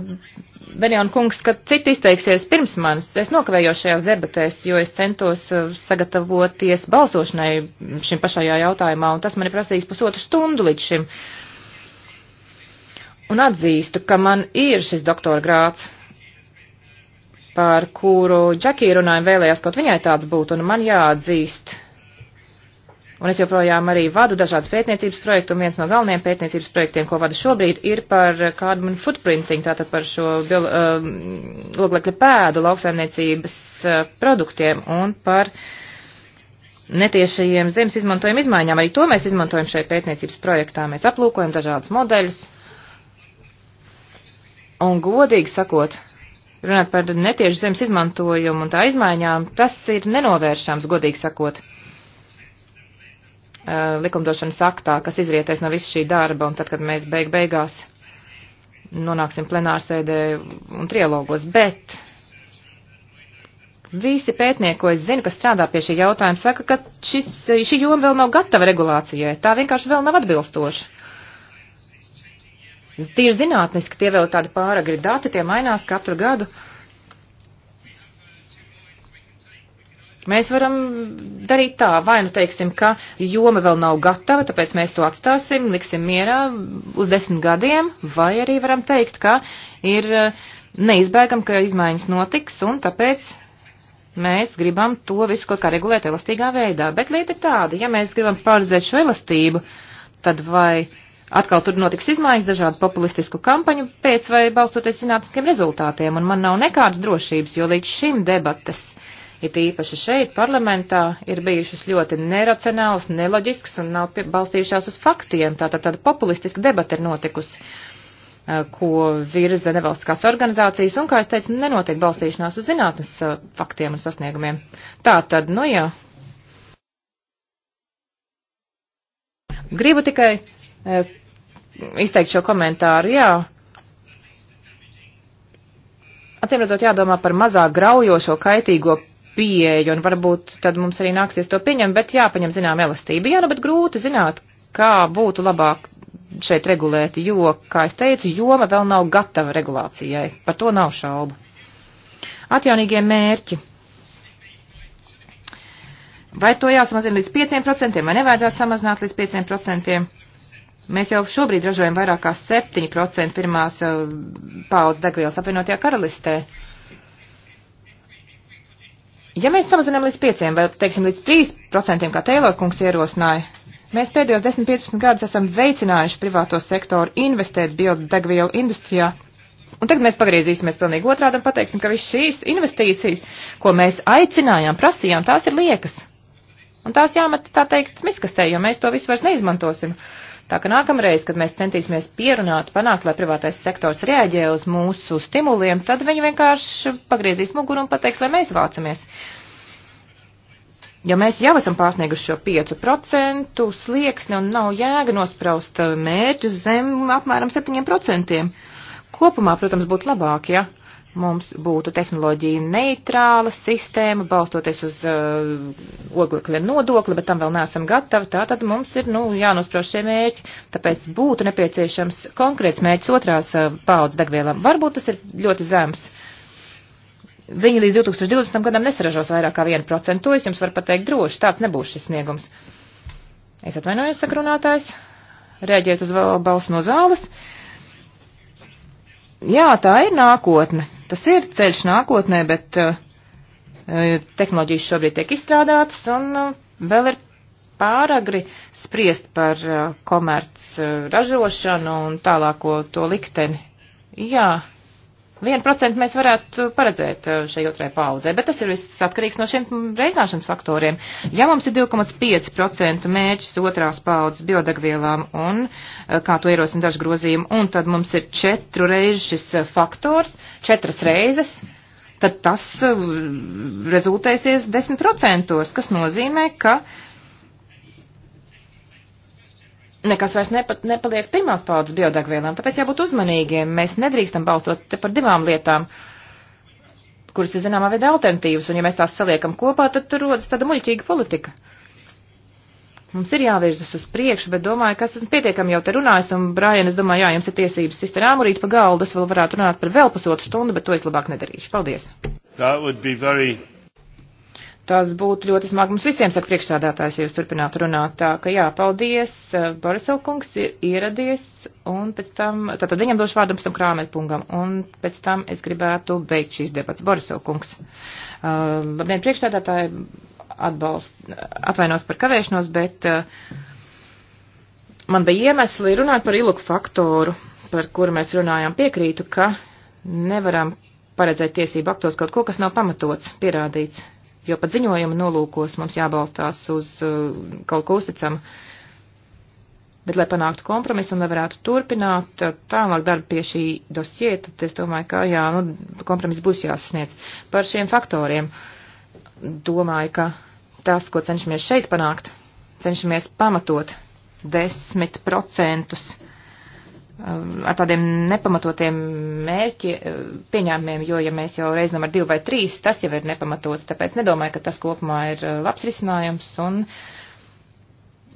Benjāna kungs, ka citi izteiksies pirms manis. Es nokavējos šajās debatēs, jo es centos uh, sagatavoties balsošanai šim pašajā jautājumā, un tas man ir prasījis pusotru stundu līdz šim. Un atzīstu, ka man ir šis doktora grāts par kuru Džakija runāja vēlējās, kaut viņai tāds būtu, un man jāatzīst. Un es joprojām arī vadu dažādas pētniecības projektu, un viens no galvenajiem pētniecības projektiem, ko vadu šobrīd, ir par carbon footprinting, tātad par šo bil, um, oglekļa pēdu lauksaimniecības uh, produktiem un par netiešajiem zemes izmantojuma izmaiņām. Arī to mēs izmantojam šajā pētniecības projektā. Mēs aplūkojam dažādus modeļus. Un godīgi sakot, runāt par netiešu zemes izmantojumu un tā izmaiņām, tas ir nenovēršams, godīgi sakot, likumdošanas aktā, kas izrietēs no visa šī darba, un tad, kad mēs beig beigās nonāksim plenārsēdē un trialogos, bet visi pētnieki, ko es zinu, kas strādā pie šī jautājuma, saka, ka šis, šī joma vēl nav gatava regulācijai, tā vienkārši vēl nav atbilstoša. Tīri zinātniski tie vēl tādi pāragri dati, tie mainās katru gadu. Mēs varam darīt tā, vai nu teiksim, ka joma vēl nav gatava, tāpēc mēs to atstāsim, liksim mierā uz desmit gadiem, vai arī varam teikt, ka ir eh, neizbēgam, ka izmaiņas notiks, un tāpēc mēs gribam to visu kaut kā regulēt elastīgā veidā. Bet lieta ir tāda, ja mēs gribam pārdzēt šo elastību, tad vai atkal tur notiks izmaiņas dažādu populistisku kampaņu pēc vai balstoties zinātniskiem rezultātiem, un man nav nekādas drošības, jo līdz šim debates, it īpaši šeit parlamentā, ir bijušas ļoti neracionāls, neloģisks un nav balstījušās uz faktiem, tātad tāda populistiska debata ir notikusi eh, ko virza nevalstiskās organizācijas, un, kā es teicu, nenotiek balstīšanās uz zinātnes eh, faktiem un sasniegumiem. Tā tad, nu jā. Gribu tikai eh, izteikt šo komentāru, jā. Atsimredzot, jādomā par mazāk graujošo, kaitīgo pieeju, un varbūt tad mums arī nāksies to pieņemt, bet jāpaņem zinām elastība. Jā, nu, bet grūti zināt, kā būtu labāk šeit regulēt, jo, kā es teicu, joma vēl nav gatava regulācijai. Par to nav šaubu. Atjaunīgie mērķi. Vai to jāsamazina līdz 5% vai nevajadzētu samazināt līdz 5%? Mēs jau šobrīd ražojam vairāk kā 7% pirmās eh, paudzes degvielas apvienotajā karalistē. Ja mēs samazinām līdz 5 vai, teiksim, līdz 3%, kā Teilorkungs ierosināja, mēs pēdējos 10-15 gadus esam veicinājuši privāto sektoru investēt biodegvielu industrijā. Un tagad mēs pagriezīsimies pilnīgi otrādi un pateiksim, ka viss šīs investīcijas, ko mēs aicinājām, prasījām, tās ir liekas. Un tās jāmet, tā teikt, smiskastē, jo mēs to visu vairs neizmantosim. Uh, Tā ka nākamreiz, kad mēs centīsimies pierunāt, panākt, lai privātais sektors reaģē uz mūsu stimuliem, tad viņi vienkārši pagriezīs muguru un pateiks, lai mēs vācamies. Ja mēs jau esam pārsnieguši šo 5% slieksni un nav jēga nospraust mērķus zem apmēram 7%, kopumā, protams, būtu labāk, ja mums būtu tehnoloģija neitrāla sistēma, balstoties uz uh, oglekļa nodokli, bet tam vēl neesam gatavi, tā tad mums ir nu, jānosprož šie mērķi, tāpēc būtu nepieciešams konkrēts mērķis otrās uh, paudzes degvielām. Varbūt tas ir ļoti zems. Viņi līdz 2020. gadam nesaražos vairāk kā 1%, to es jums varu pateikt droši, tāds nebūs šis sniegums. Es atvainojos, sakrunātājs, rēģēt uz balsu no zāles. Jā, tā ir nākotne tas ir ceļš nākotnē, bet uh, tehnoloģijas šobrīd tiek izstrādātas un uh, vēl ir pāragri spriest par uh, komerc ražošanu un tālāko to likteni. Jā, 1% mēs varētu paredzēt eh, šai otrai paudzē, bet tas ir viss atkarīgs no šiem reizināšanas faktoriem. Ja mums ir 2,5% mērķis otrās paudzes biodegvielām un, eh, kā to ierosina daži grozījumi, un tad mums ir četru reizi šis eh, faktors, četras reizes, tad tas rezultēsies 10%, kas nozīmē, ka uh, nekas vairs nepa, nepaliek pirmās paudzes biodegvielām, tāpēc jābūt uzmanīgiem. Mēs nedrīkstam balstot te par divām lietām, kuras ir zināmā veidā alternatīvas, un ja mēs tās saliekam kopā, tad tur rodas tāda muļķīga politika. Mums ir jāvirzas uz priekšu, bet domāju, ka esmu pietiekami jau te runājis, un, Brian, es domāju, jā, jums ir tiesības sistēma āmurīt pa galdu, es vēl varētu runāt par vēl pusotru stundu, bet to es labāk nedarīšu. Paldies! That would be very Tas būtu ļoti smagi mums visiem, saka priekšsādātājs, ja jūs turpinātu runāt tā, ka jā, paldies, eh, Borisov kungs ir ieradies, un pēc tam, tātad viņam došu vārdu, pēc tam Krāmerpungam, un pēc tam es gribētu beigt šīs debats. Borisov kungs, uh, labdien, priekšsādātāji, atbalst, atvainos par kavēšanos, bet uh, man bija iemesli runāt par iluku faktoru, par kuru mēs runājām, piekrītu, ka nevaram paredzēt tiesību aktos kaut ko, kas nav pamatots, pierādīts jo pat ziņojuma nolūkos mums jābalstās uz uh, kaut ko uzticamu. Bet, lai panāktu kompromisu un lai varētu turpināt uh, tālāk darbu pie šī dosie, tad es domāju, ka jā, nu, kompromis būs jāsasniedz. Par šiem faktoriem domāju, ka tas, ko cenšamies šeit panākt, cenšamies pamatot desmit procentus ar tādiem nepamatotiem mērķi eh, pieņēmumiem, jo, ja mēs jau reiz numur divi vai trīs, tas jau ir nepamatot, tāpēc nedomāju, ka tas kopumā ir eh, labs risinājums un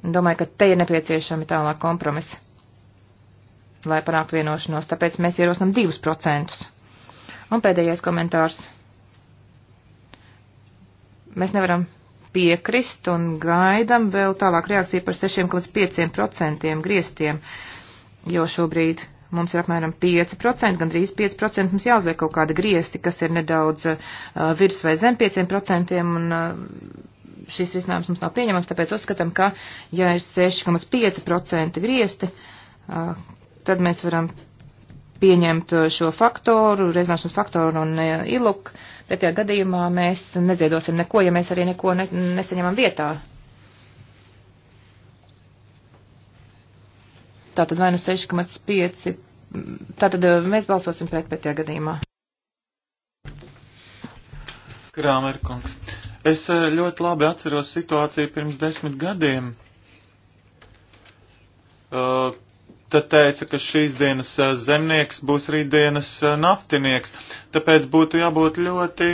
domāju, ka te ir nepieciešami tālāk kompromisi, lai panāktu vienošanos, tāpēc mēs ierosinām divus procentus. Un pēdējais komentārs. Mēs nevaram piekrist un gaidam vēl tālāk reakciju par 6,5% griestiem. Uh, jo šobrīd mums ir apmēram 5%, gandrīz 5% mums jāuzliek kaut kāda griesti, kas ir nedaudz uh, virs vai zem 5%, un uh, šis risinājums mums nav pieņemams, tāpēc uzskatām, ka, ja ir 6,5% griesti, uh, tad mēs varam pieņemt uh, šo faktoru, rezināšanas faktoru un uh, iluk, pretējā gadījumā mēs neziedosim neko, ja mēs arī neko ne, nesaņemam vietā. tātad vai nu 6,5, tātad eh, mēs balsosim pret pētajā gadījumā. Krāmerkungs, es eh, ļoti labi atceros situāciju pirms desmit gadiem. Uh, tad teica, ka šīs dienas zemnieks būs rītdienas naftinieks, tāpēc būtu jābūt ļoti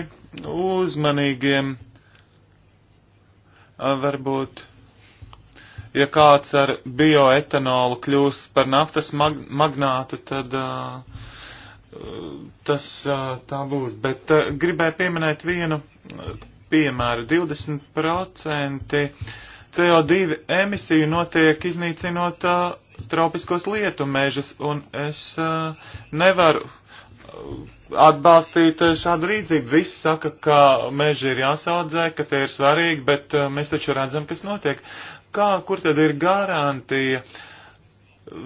uzmanīgiem. Varbūt ja kāds ar bioetanolu kļūs par naftas mag magnātu, tad uh, tas uh, tā būs. Bet uh, gribēju pieminēt vienu piemēru. 20% CO2 emisiju notiek iznīcinot tropiskos lietu mežus, un es nevaru atbalstīt šādu rīcību. Visi saka, ka meži ir jāsaudzē, ka tie ir svarīgi, bet mēs taču redzam, kas notiek kā, kur tad ir garantija?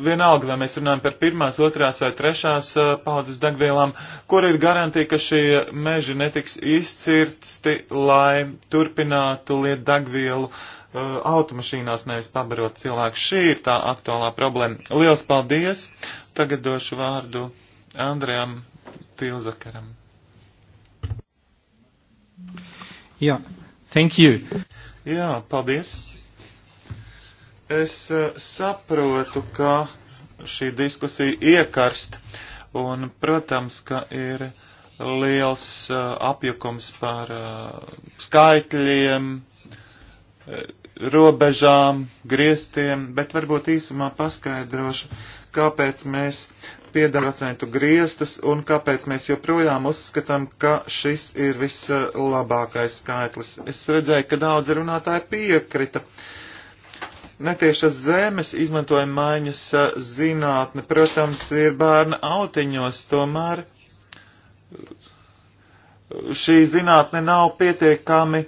Vienalga, vai mēs runājam par pirmās, otrās vai trešās uh, paudzes degvielām, kur ir garantija, ka šie meži netiks izcirsti, lai turpinātu liet degvielu uh, automašīnās, nevis pabarot cilvēku. Šī ir tā aktuālā problēma. Lielas paldies! Tagad došu vārdu Andrejam Tilzakaram. Jā, yeah, thank you! Jā, paldies! Es eh, saprotu, ka šī diskusija iekarst, un, protams, ka ir liels eh, apjukums par eh, skaitļiem, robežām, griestiem, bet varbūt īsumā paskaidrošu, kāpēc mēs piedāvācentu griestus un kāpēc mēs joprojām uzskatām, ka šis ir vislabākais skaitlis. Es redzēju, ka daudz runātāji piekrita. Uh, Netiešas zemes izmantojuma maiņas zinātne, protams, ir bērna autiņos, tomēr šī zinātne nav pietiekami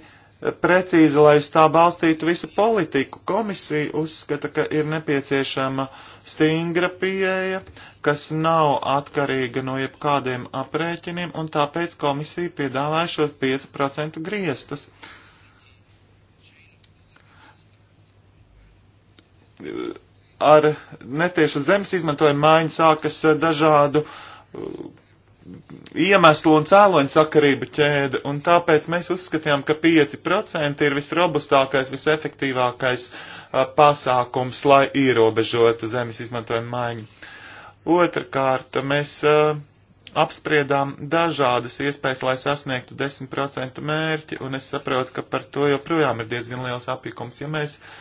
precīzi, lai uz tā balstītu visu politiku. Komisija uzskata, ka ir nepieciešama stingra pieeja, kas nav atkarīga no jebkādiem aprēķiniem, un tāpēc komisija piedāvāja šos 5% griestus. Uh, ar netiešu zemes izmantojumu mājiņu sākas eh, dažādu eh, iemeslu un cēloņu sakarību ķēde, un tāpēc mēs uzskatījām, ka 5% ir visrobustākais, visefektīvākais eh, pasākums, lai ierobežotu zemes izmantojumu mājiņu. Otrakārt, mēs apspriedām dažādas iespējas, lai sasniegtu 10% mērķi, un es saprotu, ka par to joprojām ir diezgan liels apjukums. Ja mēs uh,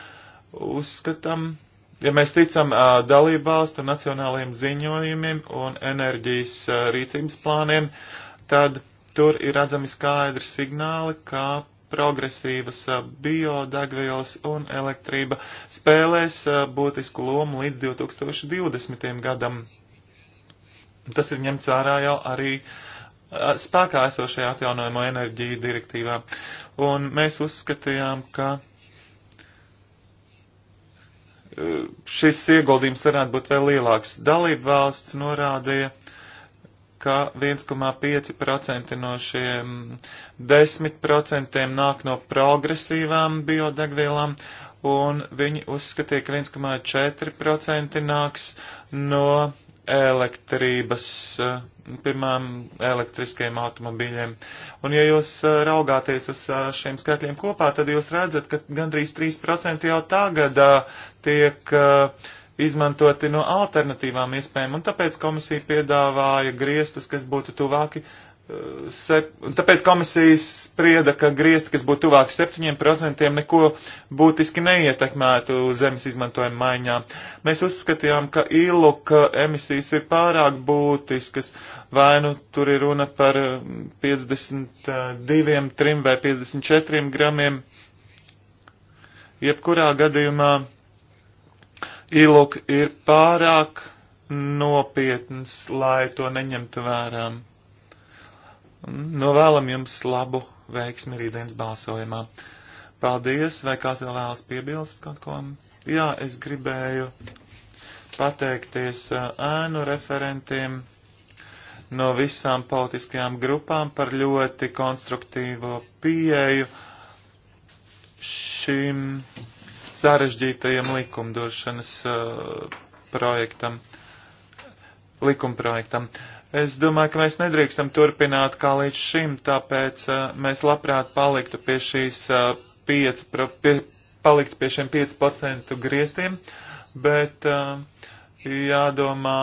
uzskatām, ja mēs ticam dalību valstu nacionālajiem ziņojumiem un enerģijas rīcības plāniem, tad tur ir redzami skaidri signāli, ka progresīvas biodegvielas un elektrība spēlēs būtisku lomu līdz 2020. gadam. Tas ir ņemts vērā jau arī spēkā esošajā atjaunojamo enerģiju direktīvā. Un mēs uzskatījām, ka Eh, šis ieguldījums varētu būt vēl lielāks. Dalība valsts norādīja, ka 1,5% no šiem 10% nāk no progresīvām biodegvielām, un viņi uzskatīja, ka 1,4% nāks no elektrības, eh, pirmām elektriskiem automobīļiem. Un ja jūs eh, raugāties uz eh, šiem skaitļiem kopā, tad jūs redzat, ka gandrīz 3% jau tagad tiek izmantoti no alternatīvām iespējām, un tāpēc komisija piedāvāja griestus, kas būtu tuvāki sep, tāpēc komisijas sprieda, ka griezti, kas būtu tuvāk 7%, neko būtiski neietekmētu zemes izmantojuma maiņā. Mēs uzskatījām, ka iluka emisijas ir pārāk būtiskas, vai nu tur ir runa par 52, 3 vai 54 gramiem. Jebkurā gadījumā iluka ir pārāk nopietns, lai to neņemtu vērām. Novēlam nu, jums labu veiksmi rītdienas balsojumā. Paldies, vai kāds vēl vēlas piebilst kaut ko? Jā, es gribēju pateikties uh, ēnu referentiem no visām politiskajām grupām par ļoti konstruktīvo pieeju šim sarežģītajam likumdošanas uh, projektam, likumprojektam. Uh, Es domāju, ka mēs nedrīkstam turpināt kā līdz šim, tāpēc uh, mēs labprāt paliktu pie šīs uh, 5, pie, paliktu pie šiem 5% griestiem, bet uh, jādomā,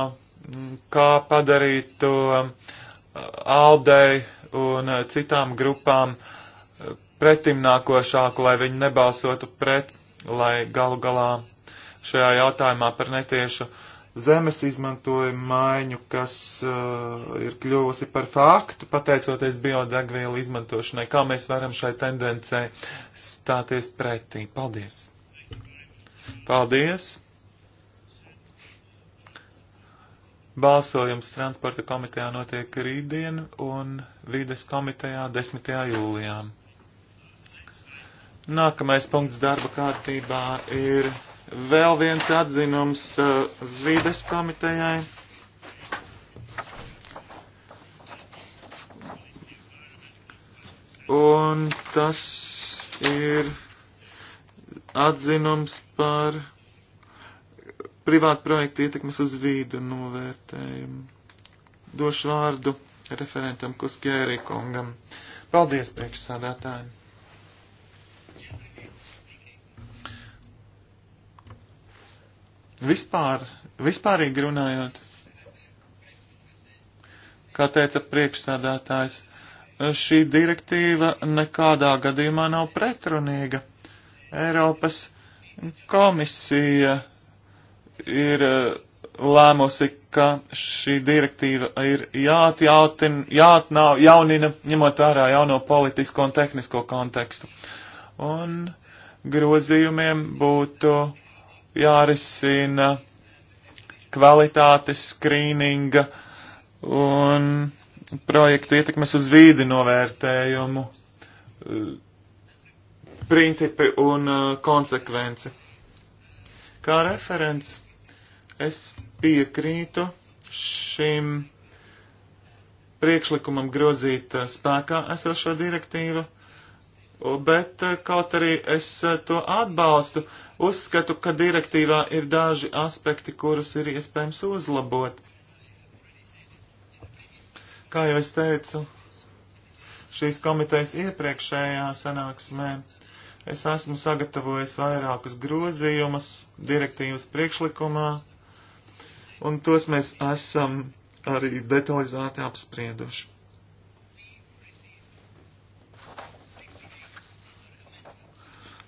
mm, kā padarīt to uh, Aldei un uh, citām grupām uh, pretimnākošāku, lai viņi nebalsotu pret, lai galu galā šajā jautājumā par netiešu uh, zemes izmantojuma maiņu, kas uh, ir kļuvusi par faktu, pateicoties biodegvielu izmantošanai. Kā mēs varam šai tendencē stāties pretī? Paldies! Paldies! Balsojums transporta komitejā notiek rītdien un vides komitejā 10. jūlijā. Nākamais punkts darba kārtībā ir. Vēl viens atzinums uh, vides komitejai. Un tas ir atzinums par privātu projektu ietekmes uz vīdu novērtējumu. Došu vārdu referentam Kuskērī kungam. Paldies, priekšsādātāji! Vispār, vispārīgi runājot, kā teica priekšsādātājs, šī direktīva nekādā gadījumā nav pretrunīga. Eiropas komisija ir eh, lēmusi, ka šī direktīva ir jāatjaunina, ņemot vērā jauno politisko un tehnisko kontekstu. Un grozījumiem būtu jārisina kvalitātes skrīninga un projektu ietekmes uz vīdi novērtējumu principi un uh, konsekvenci. Kā referents es piekrītu šim priekšlikumam grozīt uh, spēkā esošo direktīvu, bet uh, kaut arī es to atbalstu, Uzskatu, ka direktīvā ir daži aspekti, kurus ir iespējams uzlabot. Kā jau es teicu, šīs komitejas iepriekšējā sanāksmē es esmu sagatavojis vairākus grozījumus direktīvas priekšlikumā, un tos mēs esam arī detalizēti apsprieduši.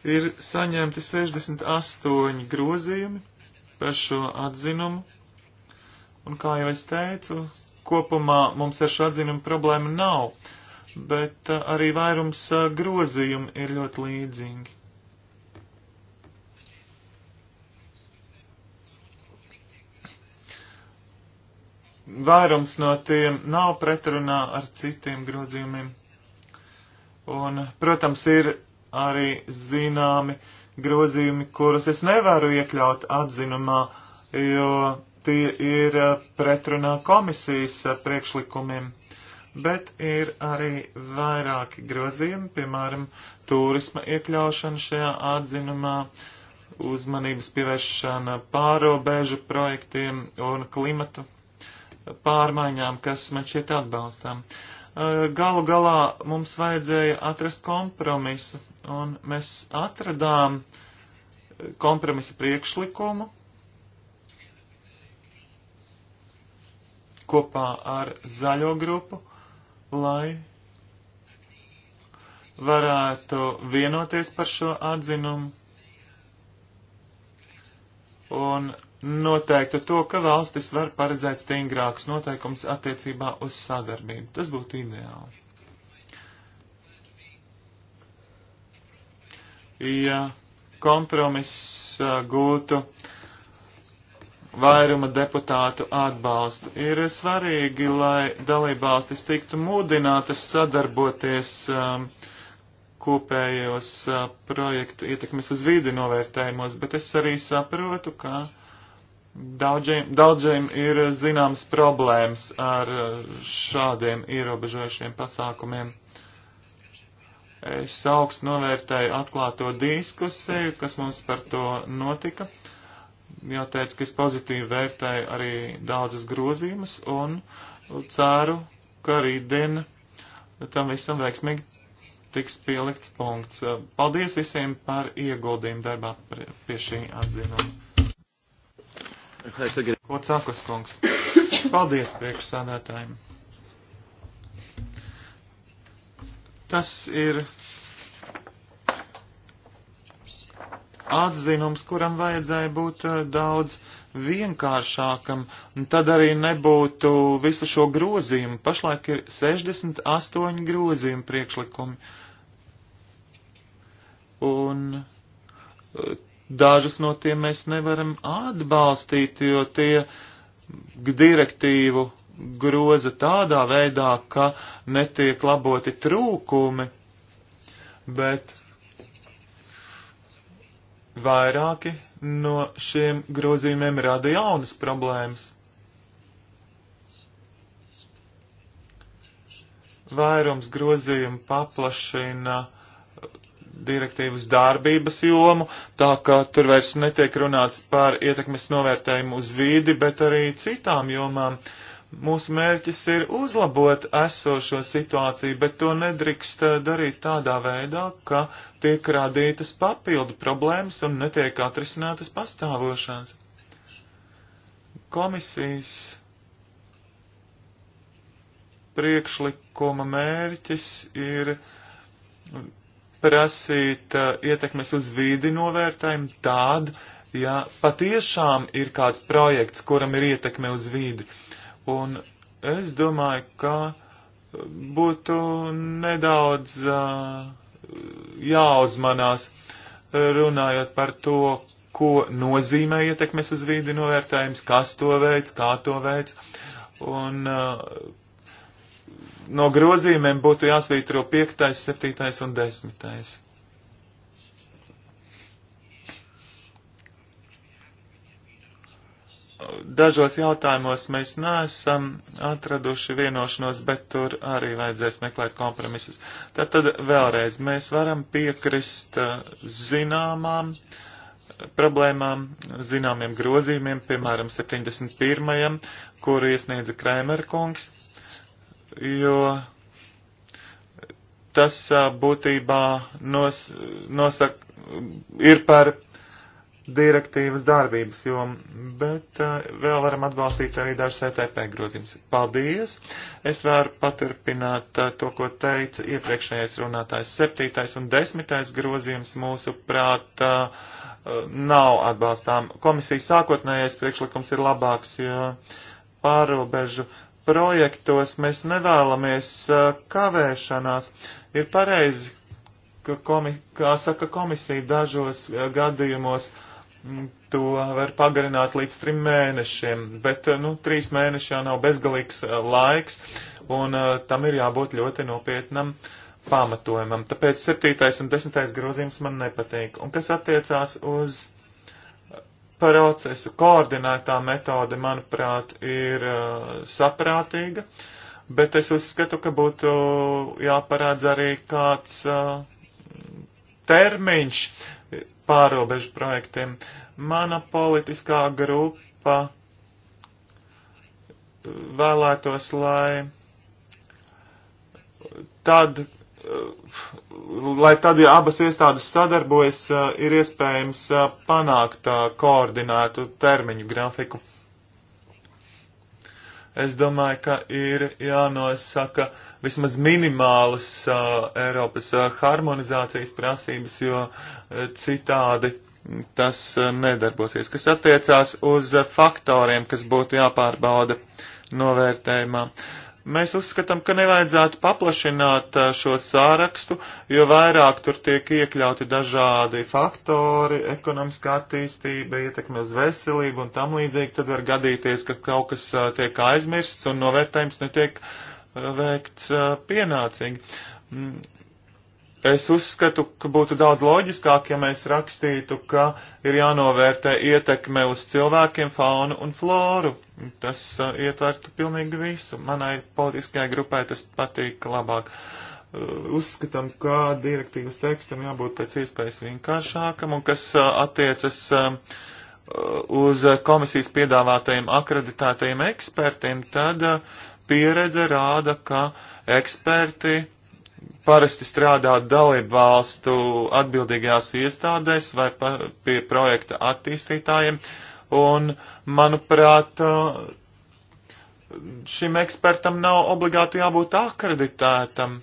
Ir saņemti 68 grozījumi par šo atzinumu, un kā jau es teicu, kopumā mums ar šo atzinumu problēma nav, bet uh, arī vairums uh, grozījumu ir ļoti līdzīgi. vairums no tiem nav pretrunā ar citiem grozījumiem. Un, protams, ir arī zināmi grozījumi, kurus es nevaru iekļaut atzinumā, jo tie ir eh, pretrunā komisijas eh, priekšlikumiem. Bet ir arī vairāki grozījumi, piemēram, turisma iekļaušana šajā atzinumā, uzmanības pievēršana pārobežu projektiem un klimata pārmaiņām, kas man šķiet atbalstām. Eh, galu galā mums vajadzēja atrast kompromisu Un mēs atradām eh, kompromisa priekšlikumu kopā ar zaļo grupu, lai varētu vienoties par šo atzinumu un noteiktu to, ka valstis var paredzēt stingrākus noteikumus attiecībā uz sadarbību. Tas būtu ideāli. ja kompromiss gūtu vairuma deputātu atbalstu. Ir svarīgi, lai dalībvalstis tiktu mudinātas sadarboties um, kopējos uh, projektu ietekmes uz vīdi novērtējumos, bet es arī saprotu, ka daudziem, daudziem ir zināmas problēmas ar šādiem ierobežojušiem pasākumiem. Uh, Es augstu novērtēju atklāto diskusiju, kas mums par to notika. Jau teicu, ka es pozitīvi vērtēju arī daudzas grozījumus un ceru, ka rītdien tam visam veiksmīgi tiks pielikts punkts. Paldies visiem par ieguldījumu darbā pie šī atzinuma. Ko cakus kungs? Paldies priekšsādātājiem! Tas ir atzinums, kuram vajadzēja būt eh, daudz vienkāršākam, un tad arī nebūtu visu šo grozījumu. Pašlaik ir 68 grozījumu priekšlikumi. Un eh, dažus no tiem mēs nevaram atbalstīt, jo tie direktīvu groza tādā veidā, ka netiek laboti trūkumi, bet vairāki no šiem grozījumiem rada jaunas problēmas. Vairums grozījumu paplašina direktīvas darbības jomu, tā ka tur vairs netiek runāts par ietekmes novērtējumu uz vīdi, bet arī citām jomām. Uh, Mūsu mērķis ir uzlabot esošo situāciju, bet to nedrīkst eh, darīt tādā veidā, ka tiek rādītas papildu problēmas un netiek atrisinātas pastāvošanas. Komisijas priekšlikuma mērķis ir prasīt eh, ietekmes uz vīdi novērtējumu tādu, ja patiešām ir kāds projekts, kuram ir ietekme uz vīdi Un es domāju, ka būtu nedaudz uh, jāuzmanās runājot par to, ko nozīmē ietekmes uz vīdi novērtējums, kas to veids, kā to veids. Un uh, no grozījumiem būtu jāsvītro 5., 7. un 10. dažos jautājumos mēs neesam atraduši vienošanos, bet tur arī vajadzēs meklēt kompromisus. Tad, tad vēlreiz mēs varam piekrist uh, zināmām uh, problēmām, zināmiem grozījumiem, piemēram, 71. kuru iesniedza Krēmerkungs, jo tas uh, būtībā nos, nosaka, ir par direktīvas darbības jomu, bet uh, vēl varam atbalstīt arī dažas ETP grozījums. Paldies! Es varu paturpināt uh, to, ko teica iepriekšējais runātājs. Septītais un desmitais grozījums mūsu prāt uh, nav atbalstām. Komisijas sākotnējais priekšlikums ir labāks, jo pārobežu projektos mēs nevēlamies uh, kavēšanās. Ir pareizi, ka komi, kā saka komisija dažos uh, gadījumos, uh, Mm, to var pagarināt līdz trim mēnešiem, bet, eh, nu, trīs mēneši jau nav bezgalīgs eh, laiks, un eh, tam ir jābūt ļoti nopietnam pamatojumam. Tāpēc septītais un desmitais grozījums man nepatīk. Un kas attiecās uz procesu, koordinētā metode, manuprāt, ir saprātīga, bet es uzskatu, ka būtu jāparādz arī kāds termiņš, pārobežu projektiem. Mana politiskā grupa vēlētos, lai tad, lai tad, ja abas iestādes sadarbojas, ir iespējams panākt koordinētu termiņu grafiku es domāju, ka ir jānosaka vismaz minimālas uh, Eiropas uh, harmonizācijas prasības, jo uh, citādi tas uh, nedarbosies. Kas attiecās uz uh, faktoriem, kas būtu jāpārbauda novērtējumā. Uh, Mēs uzskatām, ka nevajadzētu paplašināt eh, šo sārakstu, jo vairāk tur tiek iekļauti dažādi faktori, ekonomiskā attīstība, ietekme uz veselību un tam līdzīgi, tad var gadīties, ka kaut kas eh, tiek aizmirsts un novērtējums netiek eh, veikts pienācīgi mm, Es uzskatu, ka būtu daudz loģiskāk, ja mēs rakstītu, ka ir jānovērtē ietekme uz cilvēkiem, faunu un floru. Tas uh, ietvertu pilnīgi visu. Manai politiskajai grupai tas patīk labāk. Uh, uzskatām, ka direktīvas tekstam jābūt pēc iespējas vienkāršākam un kas uh, attiecas um, uh, uz komisijas piedāvātajiem akreditētajiem ekspertiem, tad uh, pieredze rāda, ka eksperti parasti strādā dalību valstu atbildīgās iestādēs vai pa, pie projekta attīstītājiem. Un, manuprāt, šim ekspertam nav obligāti jābūt akreditētam,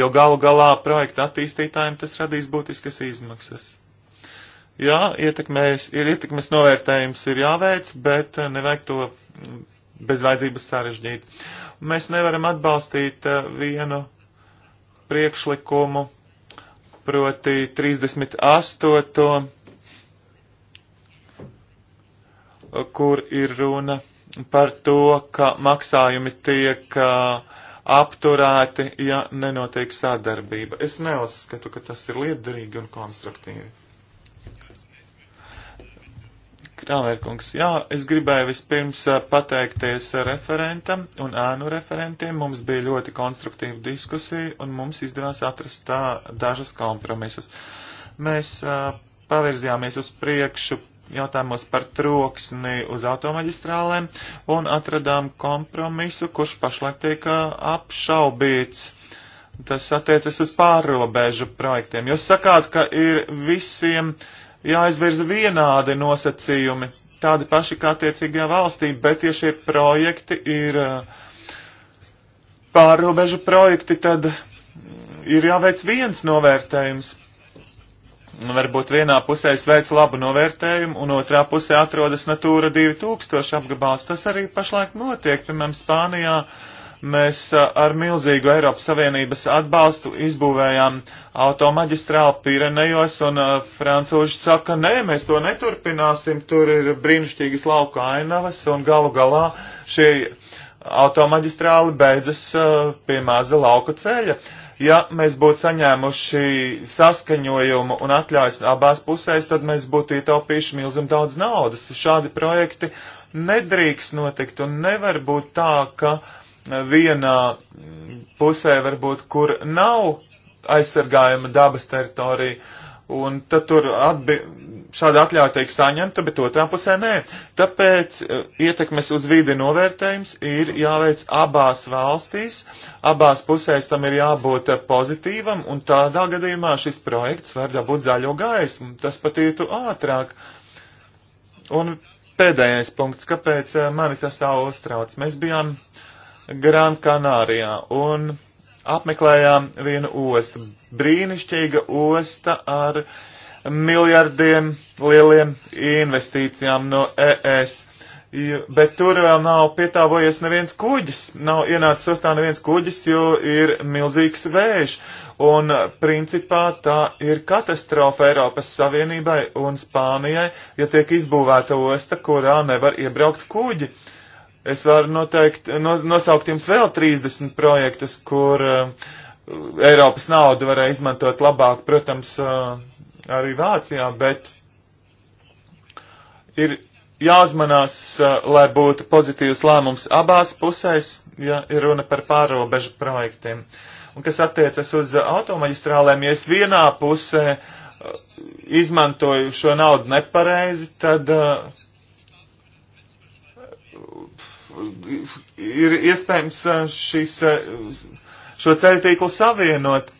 jo galu galā projekta attīstītājiem tas radīs būtiskas izmaksas. Jā, ietekmēs, ir ietekmes novērtējums ir jāveic, bet nevajag to bezvaidzības sarežģīt. Mēs nevaram atbalstīt vienu priekšlikumu, proti 38. kur ir runa par to, ka maksājumi tiek apturēti, ja nenotiek sadarbība. Es neuzskatu, ka tas ir liederīgi un konstruktīvi. Krāvērkungs, jā, es gribēju vispirms pateikties referentam un ēnu referentiem. Mums bija ļoti konstruktīva diskusija un mums izdevās atrast tā dažas kompromisus. Mēs uh, pavirzījāmies uz priekšu jautājumos par troksni uz automaģistrālēm un atradām kompromisu, kurš pašlaik tiek apšaubīts. Tas attiecas uz pārrobežu projektiem. Jūs sakāt, ka ir visiem uh, jāizvirza vienādi nosacījumi, tādi paši kā attiecīgajā valstī, bet ja šie projekti ir pārrobežu projekti, tad ir jāveic viens novērtējums. Varbūt vienā pusē es veicu labu novērtējumu, un otrā pusē atrodas Natūra 2000 apgabals. Tas arī pašlaik notiek, piemēram, Spānijā. Uh, Mēs ar milzīgu Eiropas Savienības atbalstu izbūvējām automaģistrālu Pirenejos, un francūži saka, nē, mēs to neturpināsim, tur ir brīnišķīgas lauka ainavas, un galu galā šie automaģistrāli beidzas pie maza lauka ceļa ja mēs būtu saņēmuši saskaņojumu un atļaujas abās pusēs, tad mēs būtu ietaupījuši milzam daudz naudas. Šādi projekti nedrīkst notikt un nevar būt tā, ka vienā pusē varbūt, kur nav aizsargājama dabas teritorija, un tad tur atbi, šāda atļauja tiek saņemta, bet otrā pusē nē. Tāpēc e, ietekmes uz vidi novērtējums ir jāveic abās valstīs, abās pusēs tam ir jābūt e, pozitīvam, un tādā gadījumā šis projekts var dabūt zaļo gaismu, tas pat ietu ātrāk. Un pēdējais punkts, kāpēc e, mani tas tā uztrauc. Mēs bijām uh, Gran Kanārijā un apmeklējām vienu ostu. Brīnišķīga osta ar miljardiem lieliem investīcijām no ES. Bet tur vēl nav pietāvojies neviens kuģis, nav ienācis ostā neviens kuģis, jo ir milzīgs vējš. Un principā tā ir katastrofa Eiropas Savienībai un Spānijai, ja tiek izbūvēta osta, kurā nevar iebraukt kuģi. Uh, Es varu noteikt, no, nosaukt jums vēl 30 projektus, kur uh, Eiropas naudu varēja izmantot labāk, protams, uh, arī Vācijā, bet ir jāuzmanās, uh, lai būtu pozitīvs lēmums abās pusēs, ja ir runa par pārobežu projektiem. Un kas attiecas uz automaģistrālēm, ja es vienā pusē uh, izmantoju šo naudu nepareizi, tad uh, ir iespējams uh, šis, uh, šo ceļu tīklu savienot.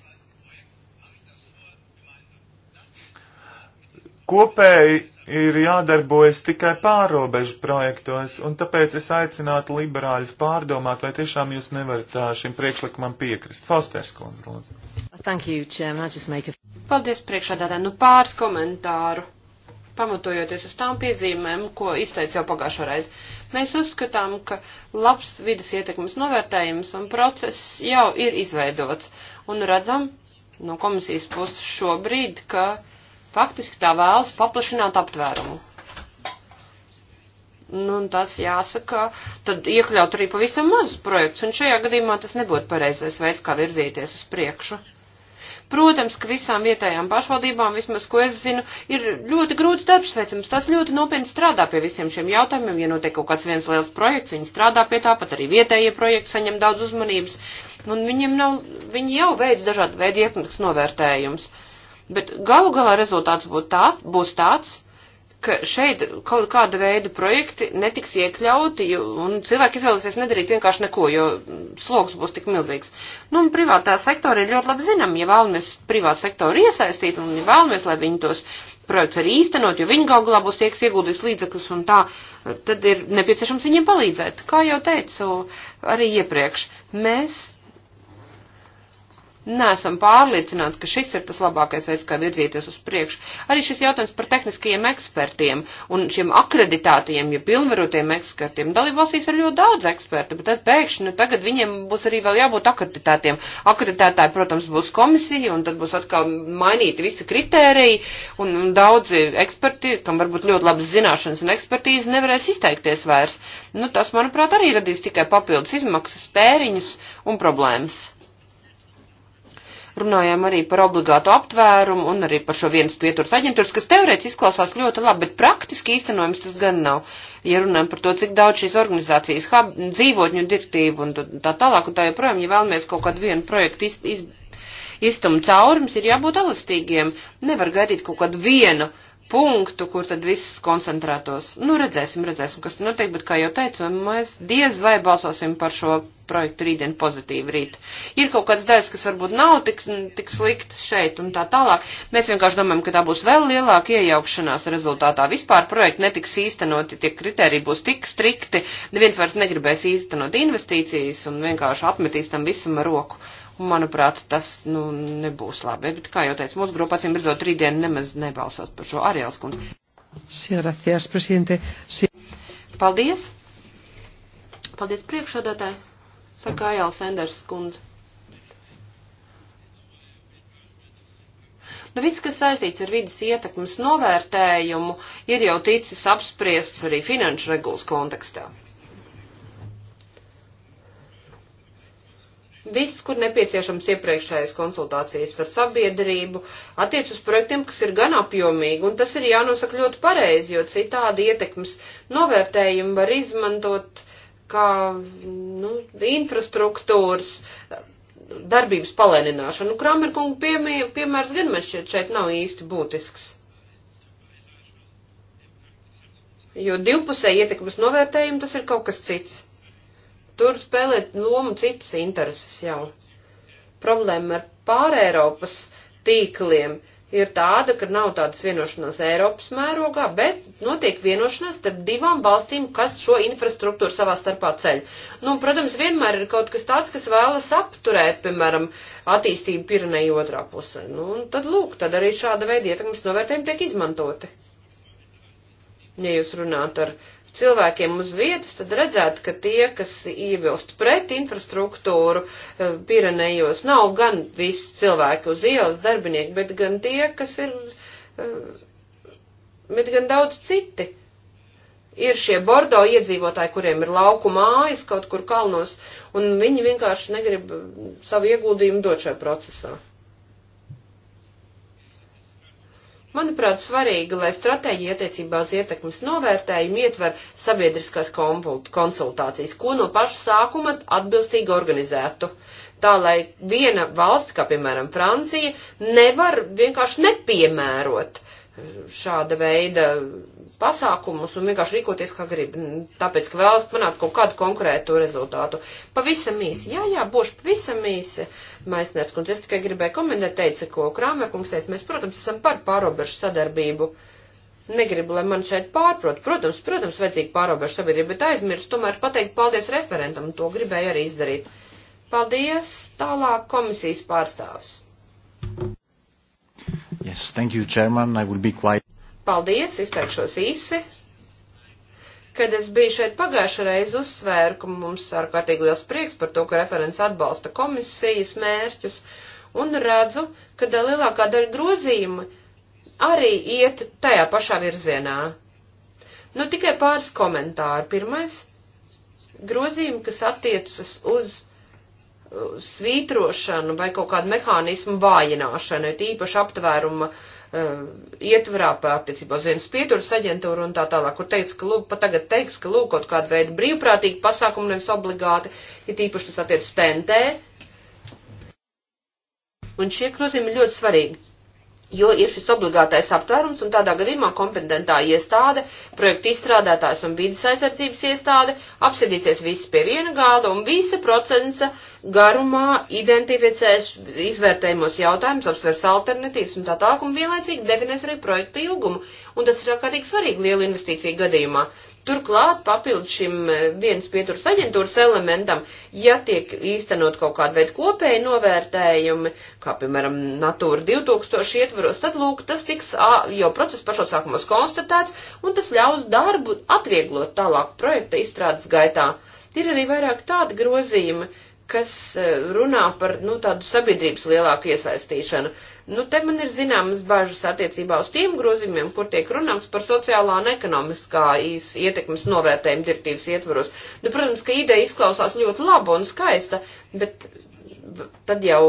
Kopēji ir jādarbojas tikai pārobežu projektos, un tāpēc es aicinātu liberāļus pārdomāt, vai tiešām jūs nevarat uh, šim priekšlikumam piekrist. Fausters Kondz, lūdzu. Thank you, Chairman. I just make a... Paldies priekšādātā. Nu, pāris komentāru pamatojoties uz tām piezīmēm, ko izteica jau pagājušo reizi. Mēs uzskatām, ka labs vidas ietekmes novērtējums un process jau ir izveidots, un redzam no komisijas puses šobrīd, ka faktiski tā vēlas paplašināt aptvērumu. Nu, un tas jāsaka, tad iekļaut arī pavisam mazus projektus, un šajā gadījumā tas nebūtu pareizais veids, kā virzīties uz priekšu. Protams, ka visām vietējām pašvaldībām, vismaz ko es zinu, ir ļoti grūts darbs veicams. Tas ļoti nopietni strādā pie visiem šiem jautājumiem. Ja notiek kaut kāds viens liels projekts, viņi strādā pie tā, pat arī vietējie projekti saņem daudz uzmanības. Un viņiem nav, viņi jau veids dažādu veidu ietekmes novērtējums. Bet galu galā rezultāts būtu tā, būs tāds, ka šeit kaut kāda veida projekti netiks iekļauti, jo, un cilvēki izvēlēsies nedarīt vienkārši neko, jo sloks būs tik milzīgs. Nu, un privātā sektora ir ļoti labi zinām, ja vēlamies privātu sektoru iesaistīt, un ja vēlamies, lai viņi tos projekts arī īstenot, jo viņi gal galā būs tie, kas ieguldīs līdzekļus un tā, tad ir nepieciešams viņiem palīdzēt. Kā jau teicu arī iepriekš, mēs Nesam pārliecināti, ka šis ir tas labākais veids, kā virzīties uz priekšu. Arī šis jautājums par tehniskajiem ekspertiem un šiem akreditētajiem, ja pilnvarotiem ekspertiem. Dalībvalstīs ir ļoti daudz ekspertu, bet tad pēkšņi nu, tagad viņiem būs arī vēl jābūt akreditētiem. Akreditētāji, protams, būs komisija un tad būs atkal mainīti visi kritēriji un, un daudzi eksperti, kam varbūt ļoti labas zināšanas un ekspertīze, nevarēs izteikties vairs. Nu, tas, manuprāt, arī radīs tikai papildus izmaksas, tēriņus un problēmas runājām arī par obligātu aptvērumu un arī par šo vienas pieturas aģentūras, kas teorētiski izklausās ļoti labi, bet praktiski īstenojums tas gan nav. Ja runājam par to, cik daudz šīs organizācijas hab, dzīvotņu direktīvu un tā tālāk un tā joprojām, ja vēlamies kaut kādu vienu projektu iz, iz, iztumt caurums, ir jābūt elastīgiem. Nevar gaidīt kaut kādu vienu uh, punktu, kur tad viss koncentrētos. Nu, redzēsim, redzēsim, kas tur notiek, bet, kā jau teicu, mēs diez vai balsosim par šo projektu rītdien pozitīvi rīt. Ir kaut kāds daļas, kas varbūt nav tik, tik slikts šeit un tā tālāk. Mēs vienkārši domājam, ka tā būs vēl lielāka iejaukšanās rezultātā. Vispār projekti netiks īstenoti, tie kriteriji būs tik strikti, neviens vairs negribēs īstenot investīcijas un vienkārši apmetīs tam visam ar roku. Uh, Manuprāt, tas nu, nebūs labi. Bet, kā jau teicu, mūsu grupa acīm redzot, rītdien nemaz nebalsos par šo Ariels kundzi. Paldies! Paldies priekšādātāji, saka Ajāls Enders kundze. Nu, viss, kas saistīts ar vidas ietekmes novērtējumu, ir jau ticis apspriests arī finanšu regulas kontekstā. Viss, kur nepieciešams iepriekšējas konsultācijas ar sabiedrību, attiec uz projektiem, kas ir gan apjomīgi, un tas ir jānosaka ļoti pareizi, jo citādi ietekmes novērtējumu var izmantot kā nu, infrastruktūras darbības palēnināšanu. Nu, Kramerkunga piemērs gan man šķiet šeit nav īsti būtisks. Jo divpusēji ietekmes novērtējumi tas ir kaut kas cits. Tur spēlē lomu citas intereses jau. Problēma ar pārēropas tīkliem ir tāda, ka nav tādas vienošanās Eiropas mērogā, bet notiek vienošanās starp divām valstīm, kas šo infrastruktūru savā starpā ceļ. Nu, protams, vienmēr ir kaut kas tāds, kas vēlas apturēt, piemēram, attīstību Pirenei otrā pusē. Nu, un tad, lūk, tad arī šāda veida ietekmes novērtējumi tiek izmantoti. Ja jūs runājat ar cilvēkiem uz vietas, tad redzētu, ka tie, kas iebilst pret infrastruktūru e, Pirenejos, nav gan visi cilvēki uz ielas darbinieki, bet gan tie, kas ir, e, bet gan daudz citi. Ir šie Bordo iedzīvotāji, kuriem ir lauku mājas kaut kur kalnos, un viņi vienkārši negrib savu ieguldījumu dot šajā procesā. Manuprāt, svarīgi, lai stratēģija attiecībā uz ietekmes novērtējumu ietver sabiedriskās konsultācijas, ko no paša sākuma atbilstīgi organizētu. Tā, lai viena valsts, kā piemēram Francija, nevar vienkārši nepiemērot šāda veida pasākumus un vienkārši rīkoties, kā grib, tāpēc, ka vēlas panākt kaut kādu konkrētu rezultātu. Pavisam īsi, jā, jā, būšu pavisam īsi, Maisnēts kundze, es tikai gribēju komentēt, teica, ko Krāmerkungs teica, mēs, protams, esam par pārobežu sadarbību. Negribu, lai man šeit pārprot. Protams, protams, vajadzīga pārobežu sabiedrība, bet aizmirst tomēr pateikt paldies referentam, to gribēju arī izdarīt. Paldies, tālāk komisijas pārstāvs. Yes, thank you, Chairman. I will be quite. Paldies, izteikšos īsi. Kad es biju šeit pagājušajā reizē, uzsvēru, ka mums ārkārtīgi liels prieks par to, ka referents atbalsta komisijas mērķus, un redzu, ka da lielākā daļa grozījumu arī iet tajā pašā virzienā. Nu, tikai pāris komentāri. Pirmais - grozījumi, kas attiecas uz svītrošanu vai kaut kādu mehānismu vājināšanu, ir īpaši aptvēruma uh, ietvarā attiecībā uz vienas pieturas aģentūru un tā tālāk, kur teica, ka lūk, pat tagad teiks, ka lūk, kaut kāda veida brīvprātīgi pasākumi nevis obligāti, ir īpaši tas attiec uz TNT. Un šie grozījumi ir ļoti svarīgi jo ir šis obligātais aptvērums, un tādā gadījumā kompetentā iestāde, projekta izstrādātājs un vidas aizsardzības iestāde apsēdīsies visi pie viena gāda un visa procesa garumā identificēs izvērtējumos jautājumus, apsvers alternatīvas un tā tālāk, un vienlaicīgi definēs arī projekta ilgumu. Un tas ir ārkārtīgi svarīgi lielu investīciju gadījumā. Turklāt, papildus šim e, viens pieturas aģentūras elementam, ja tiek īstenot kaut kāda veida kopēji novērtējumi, kā piemēram Natūra 2000 ietvaros, tad lūk, tas tiks jau process pašos sākumos konstatēts, un tas ļaus darbu atvieglot tālāk projekta izstrādes gaitā. Ir arī vairāk tādi grozījumi, kas e, runā par, nu, tādu sabiedrības lielāku iesaistīšanu. Uh, Nu, te man ir zināmas bažas attiecībā uz tiem grozījumiem, kur tiek runāts par sociālā un ekonomiskā ietekmes novērtējumu direktīvas ietvaros. Nu, protams, ka ideja izklausās ļoti laba un skaista, bet tad jau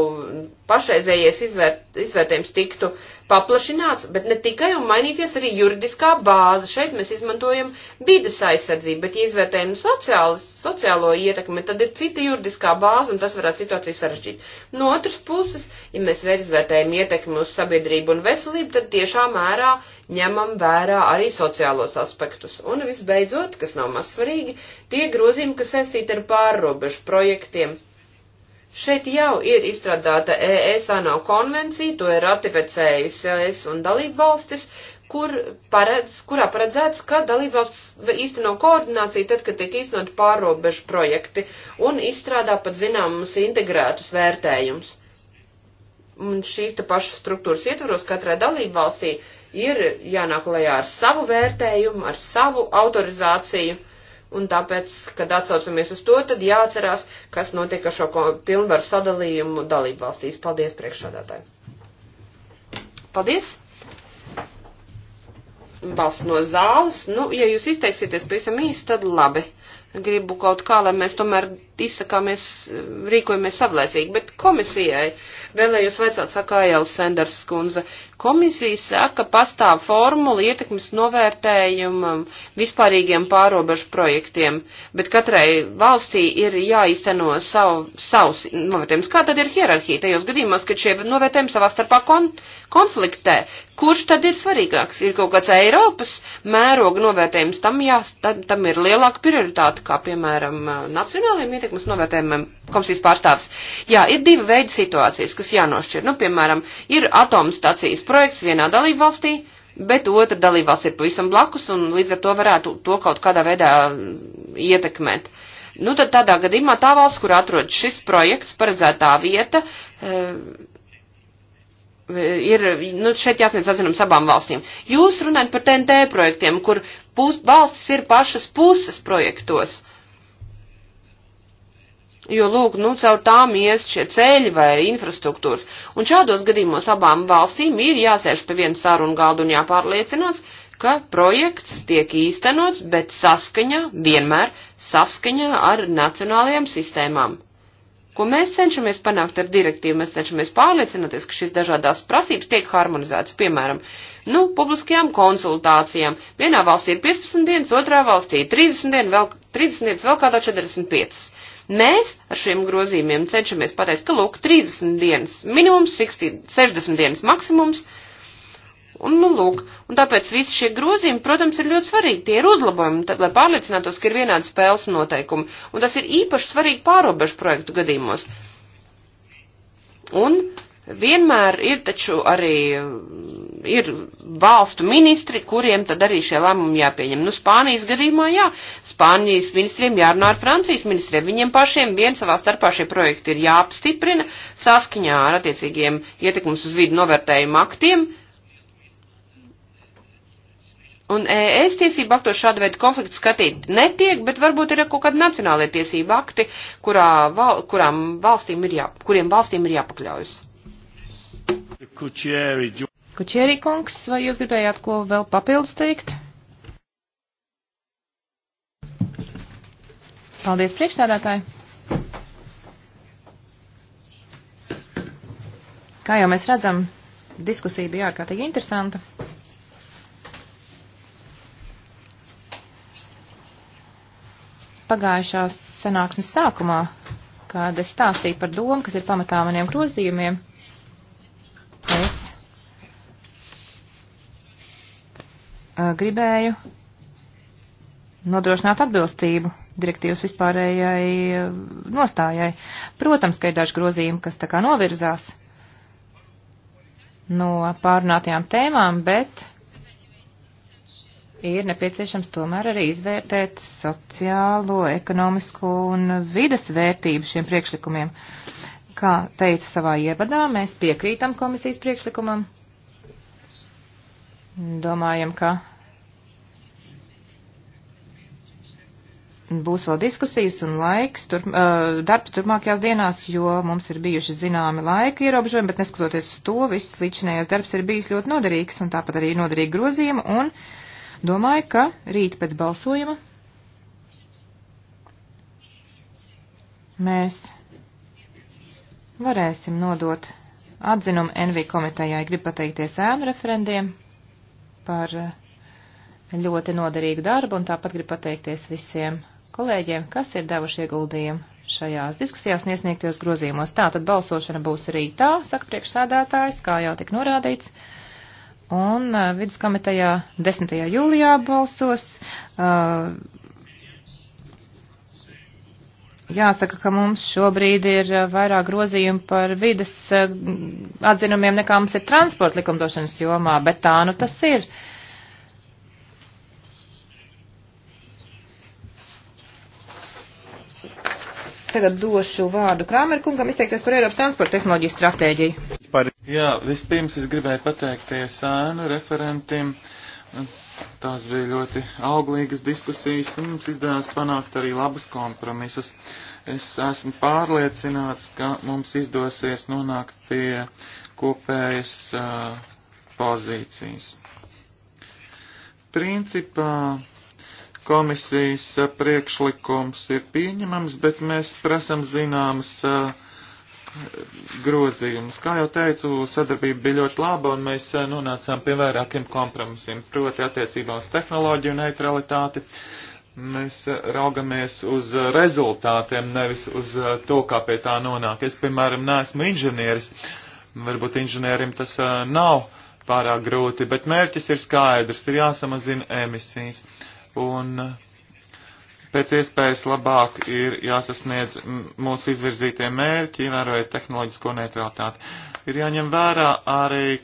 pašreizējais izvērt, izvērtējums tiktu paplašināts, bet ne tikai un mainīties arī juridiskā bāze. Šeit mēs izmantojam vides aizsardzību, bet ja izvērtējam sociāli, sociālo ietekmi, tad ir cita juridiskā bāze un tas varētu situāciju sarežģīt. No otras puses, ja mēs vēl izvērtējam ietekmi uz sabiedrību un veselību, tad tiešā mērā ņemam vērā arī sociālos aspektus. Un visbeidzot, kas nav maz svarīgi, tie grozījumi, kas saistīti ar pārrobežu projektiem Šeit jau ir izstrādāta ES ANO konvencija, to ir ratificējusi ES un dalību valstis, kur paredz, kurā paredzēts, ka dalībvalsts īsteno koordināciju tad, kad tiek īstenot pārobežu projekti un izstrādā pat zināmus integrētus vērtējumus. Un šīs te pašas struktūras ietvaros katrai dalībvalstī ir jānāk lejā ar savu vērtējumu, ar savu autorizāciju un tāpēc, kad atsaucamies uz to, tad jāatcerās, kas notiek ar šo pilnvaru sadalījumu dalību valstīs. Paldies priekšādātāji. Paldies! Balsts no zāles. Nu, ja jūs izteiksieties pavisam īsti, tad labi. Gribu kaut kā, lai mēs tomēr izsakāmies, rīkojamies savlaicīgi, bet komisijai vēlējos vaicāt, saka Aijals Senders skundze, komisija saka, pastāv formula ietekmes novērtējumam vispārīgiem pārobežu projektiem, bet katrai valstī ir jāizteno savu, savus novērtējumus. Kā tad ir hierarhija tajos gadījumos, kad šie novērtējumi savā starpā kon, konfliktē? Kurš tad ir svarīgāks? Ir kaut kāds Eiropas mēroga novērtējums, tam, jā, tam, tam ir lielāka prioritāte, kā piemēram nacionāliem ietekmes ietekmes novērtējumiem komisijas pārstāvis. Jā, ir divi veidi situācijas, kas jānošķir. Nu, piemēram, ir atomstacijas projekts vienā dalību valstī, bet otra dalību valsts ir pavisam blakus un līdz ar to varētu to kaut kādā veidā mm, ietekmēt. Nu, tad tādā gadījumā tā valsts, kur atrodas šis projekts, paredzētā vieta, eh, ir, nu, šeit jāsniedz atzinums abām valstīm. Jūs runājat par TNT projektiem, kur pus, valstis ir pašas puses projektos. Jo, lūk, nu, caur tām ies šie ceļi vai infrastruktūras. Un šādos gadījumos abām valstīm ir jāsēž pie viena sarunu galda un jāpārliecinās, ka projekts tiek īstenots, bet saskaņā, vienmēr saskaņā ar nacionālajām sistēmām. Ko mēs cenšamies panākt ar direktīvu, mēs cenšamies pārliecināties, ka šīs dažādās prasības tiek harmonizētas, piemēram, nu, publiskajām konsultācijām. Vienā valstī ir 15 dienas, otrā valstī 30 dienas, vēl, 30 dienas, vēl kādā 45 Mēs ar šiem grozījumiem cenšamies pateikt, ka lūk, 30 dienas minimums, 60, 60 dienas maksimums. Un, nu, lūk, un tāpēc visi šie grozījumi, protams, ir ļoti svarīgi. Tie ir uzlabojumi, tad, lai pārliecinātos, ka ir vienādi spēles noteikumi. Un tas ir īpaši svarīgi pārobežu projektu gadījumos. Un Vienmēr ir taču arī ir valstu ministri, kuriem tad arī šie lēmumi jāpieņem. Nu, Spānijas gadījumā jā, Spānijas ministriem jārunā ar Francijas ministriem. Viņiem pašiem vien savā starpā šie projekti ir jāapstiprina saskaņā ar attiecīgiem ietekmes uz vidu novērtējumu aktiem. Un ES tiesību aktos šāda veida konflikts skatīt netiek, bet varbūt ir kaut kādi nacionālie tiesību akti, kurā, val, kurām valstīm ir jā, kuriem valstīm ir jāpakļaujas. Kučieri. Kučieri kungs, vai jūs gribējāt ko vēl papildus teikt? Paldies, priekšstādātāji! Kā jau mēs redzam, diskusija bija ārkārtīgi interesanta. Pagājušās sanāksmes sākumā, kad es stāstīju par domu, kas ir pamatā maniem grozījumiem, Es gribēju nodrošināt atbilstību direktīvas vispārējai nostājai. Protams, ka ir daži grozījumi, kas tā kā novirzās no pārunātajām tēmām, bet ir nepieciešams tomēr arī izvērtēt sociālo, ekonomisko un vidas vērtību šiem priekšlikumiem. Uh, Kā teicu savā ievadā, mēs piekrītam komisijas priekšlikumam. Domājam, ka būs vēl diskusijas un laiks, tur, uh, darbs turpmākajās dienās, jo mums ir bijuši zināmi laika ierobežojumi, bet neskatoties uz to, viss līdzinējais darbs ir bijis ļoti noderīgs un tāpat arī noderīgi grozījumi un domāju, ka rīt pēc balsojuma mēs varēsim nodot atzinumu NV komitejai. Gribu pateikties ēnu referendiem par eh, ļoti noderīgu darbu un tāpat gribu pateikties visiem kolēģiem, kas ir devuši ieguldījumu šajās diskusijās un iesniegtajos grozījumos. Tā tad balsošana būs rītā, saka priekšsēdētājs, kā jau tik norādīts. Un eh, viduskomitejā 10. jūlijā balsos. Uh, Jāsaka, ka mums šobrīd ir eh, vairāk grozījumu par vides eh, atzinumiem nekā mums ir transporta likumdošanas jomā, bet tā nu tas ir. Tagad došu vārdu Krāmerkungam izteikties par Eiropas transporta tehnoloģiju stratēģiju. Par, jā, vispirms es gribēju pateikties ēnu referentiem Tās bija ļoti auglīgas diskusijas, un mums izdevās panākt arī labus kompromisus. Es esmu pārliecināts, ka mums izdosies nonākt pie kopējas uh, pozīcijas. Principā komisijas uh, priekšlikums ir pieņemams, bet mēs prasam zināmas uh, grozījumus. Kā jau teicu, sadarbība bija ļoti laba un mēs eh, nonācām pie vairākiem kompromisiem, proti attiecībā uz tehnoloģiju neutralitāti. Mēs eh, raugamies uz eh, rezultātiem, nevis uz to, kā pie tā nonāk. Es, piemēram, neesmu inženieris. Varbūt inženierim tas nav pārāk grūti, bet mērķis ir skaidrs, ir jāsamazina emisijas. Un uh, Pēc iespējas labāk ir jāsasniedz mūsu izvirzītie mērķi, ievērojot tehnoloģisko neutralitāti. Ir jāņem vērā arī,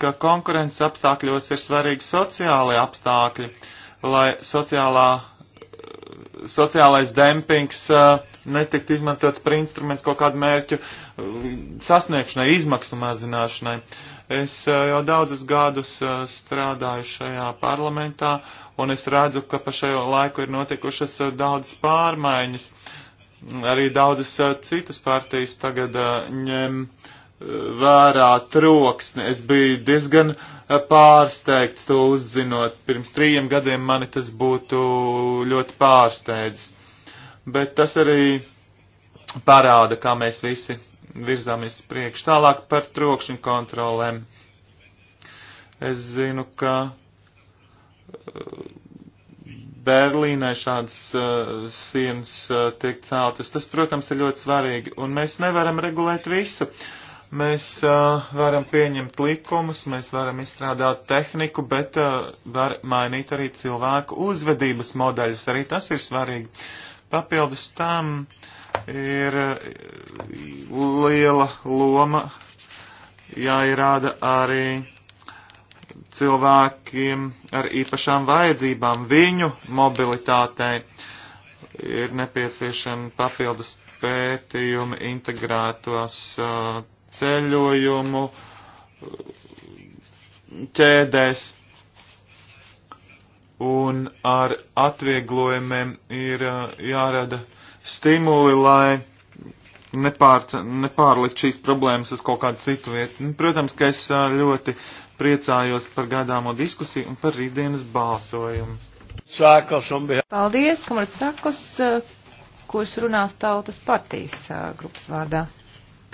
ka konkurences apstākļos ir svarīgi sociālie apstākļi, lai sociālā sociālais dempings e, netikt izmantots par instruments kaut kādu mērķu e, sasniegšanai, izmaksu mazināšanai. Es e, jau daudzus gadus strādāju šajā parlamentā un es redzu, ka pa šajo laiku ir notikušas eh, daudzas pārmaiņas. Arī daudzas eh, citas partijas tagad eh, ņem vērā troksni. Es biju diezgan pārsteigts to uzzinot. Pirms trījiem gadiem mani tas būtu ļoti pārsteidzis. Bet tas arī parāda, kā mēs visi virzāmies priekš. Tālāk par trokšņu kontrolēm. Es zinu, ka Berlīnai šādas uh, sienas uh, tiek celtas. Tas, protams, ir ļoti svarīgi, un mēs nevaram regulēt visu. Mēs uh, varam pieņemt likumus, mēs varam izstrādāt tehniku, bet uh, var mainīt arī cilvēku uzvedības modeļus. Arī tas ir svarīgi. Papildus tam ir uh, liela loma jāierāda arī cilvēkiem ar īpašām vajadzībām, viņu mobilitātei ir nepieciešama papildus pētījuma, integrētos uh, ceļojumu ķēdēs. Un ar atvieglojumiem ir uh, jārada stimuli, lai nepār, nepārlikt šīs problēmas uz kaut kādu citu vietu. Nu, protams, ka es uh, ļoti priecājos par gaidāmo diskusiju un par rītdienas balsojumu. Sākos un bija. Paldies, Kamarats Sakus, kurš runās tautas partijas grupas vārdā.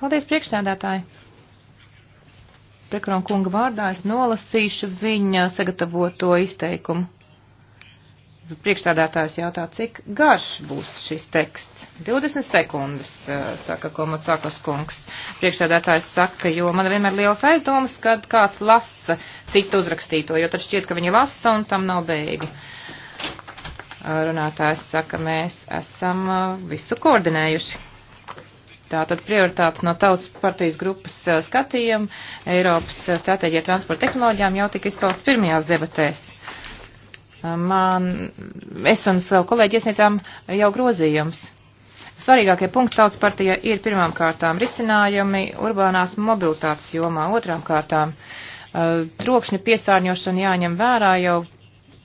Paldies, priekšsēdētāji. Prekrona kunga vārdā es nolasīšu viņa sagatavoto izteikumu. Priekšstādātājs jautā, cik garš būs šis teksts. 20 sekundes, saka Komacakas kungs. Priekšstādātājs saka, jo man vienmēr liels aizdomas, kad kāds lasa citu uzrakstīto, jo tad šķiet, ka viņi lasa un tam nav beigu. Runātājs saka, mēs esam visu koordinējuši. Tātad prioritātes no tautas partijas grupas skatījuma Eiropas stratēģija transporta tehnoloģijām jau tika izpausts pirmajās debatēs. Man, es un savu kolēģi iesniedzām jau grozījums. Svarīgākie punkti tautas partijā ir pirmām kārtām risinājumi urbānās mobilitātes jomā, otrām kārtām eh, trokšņa piesārņošana jāņem vērā jau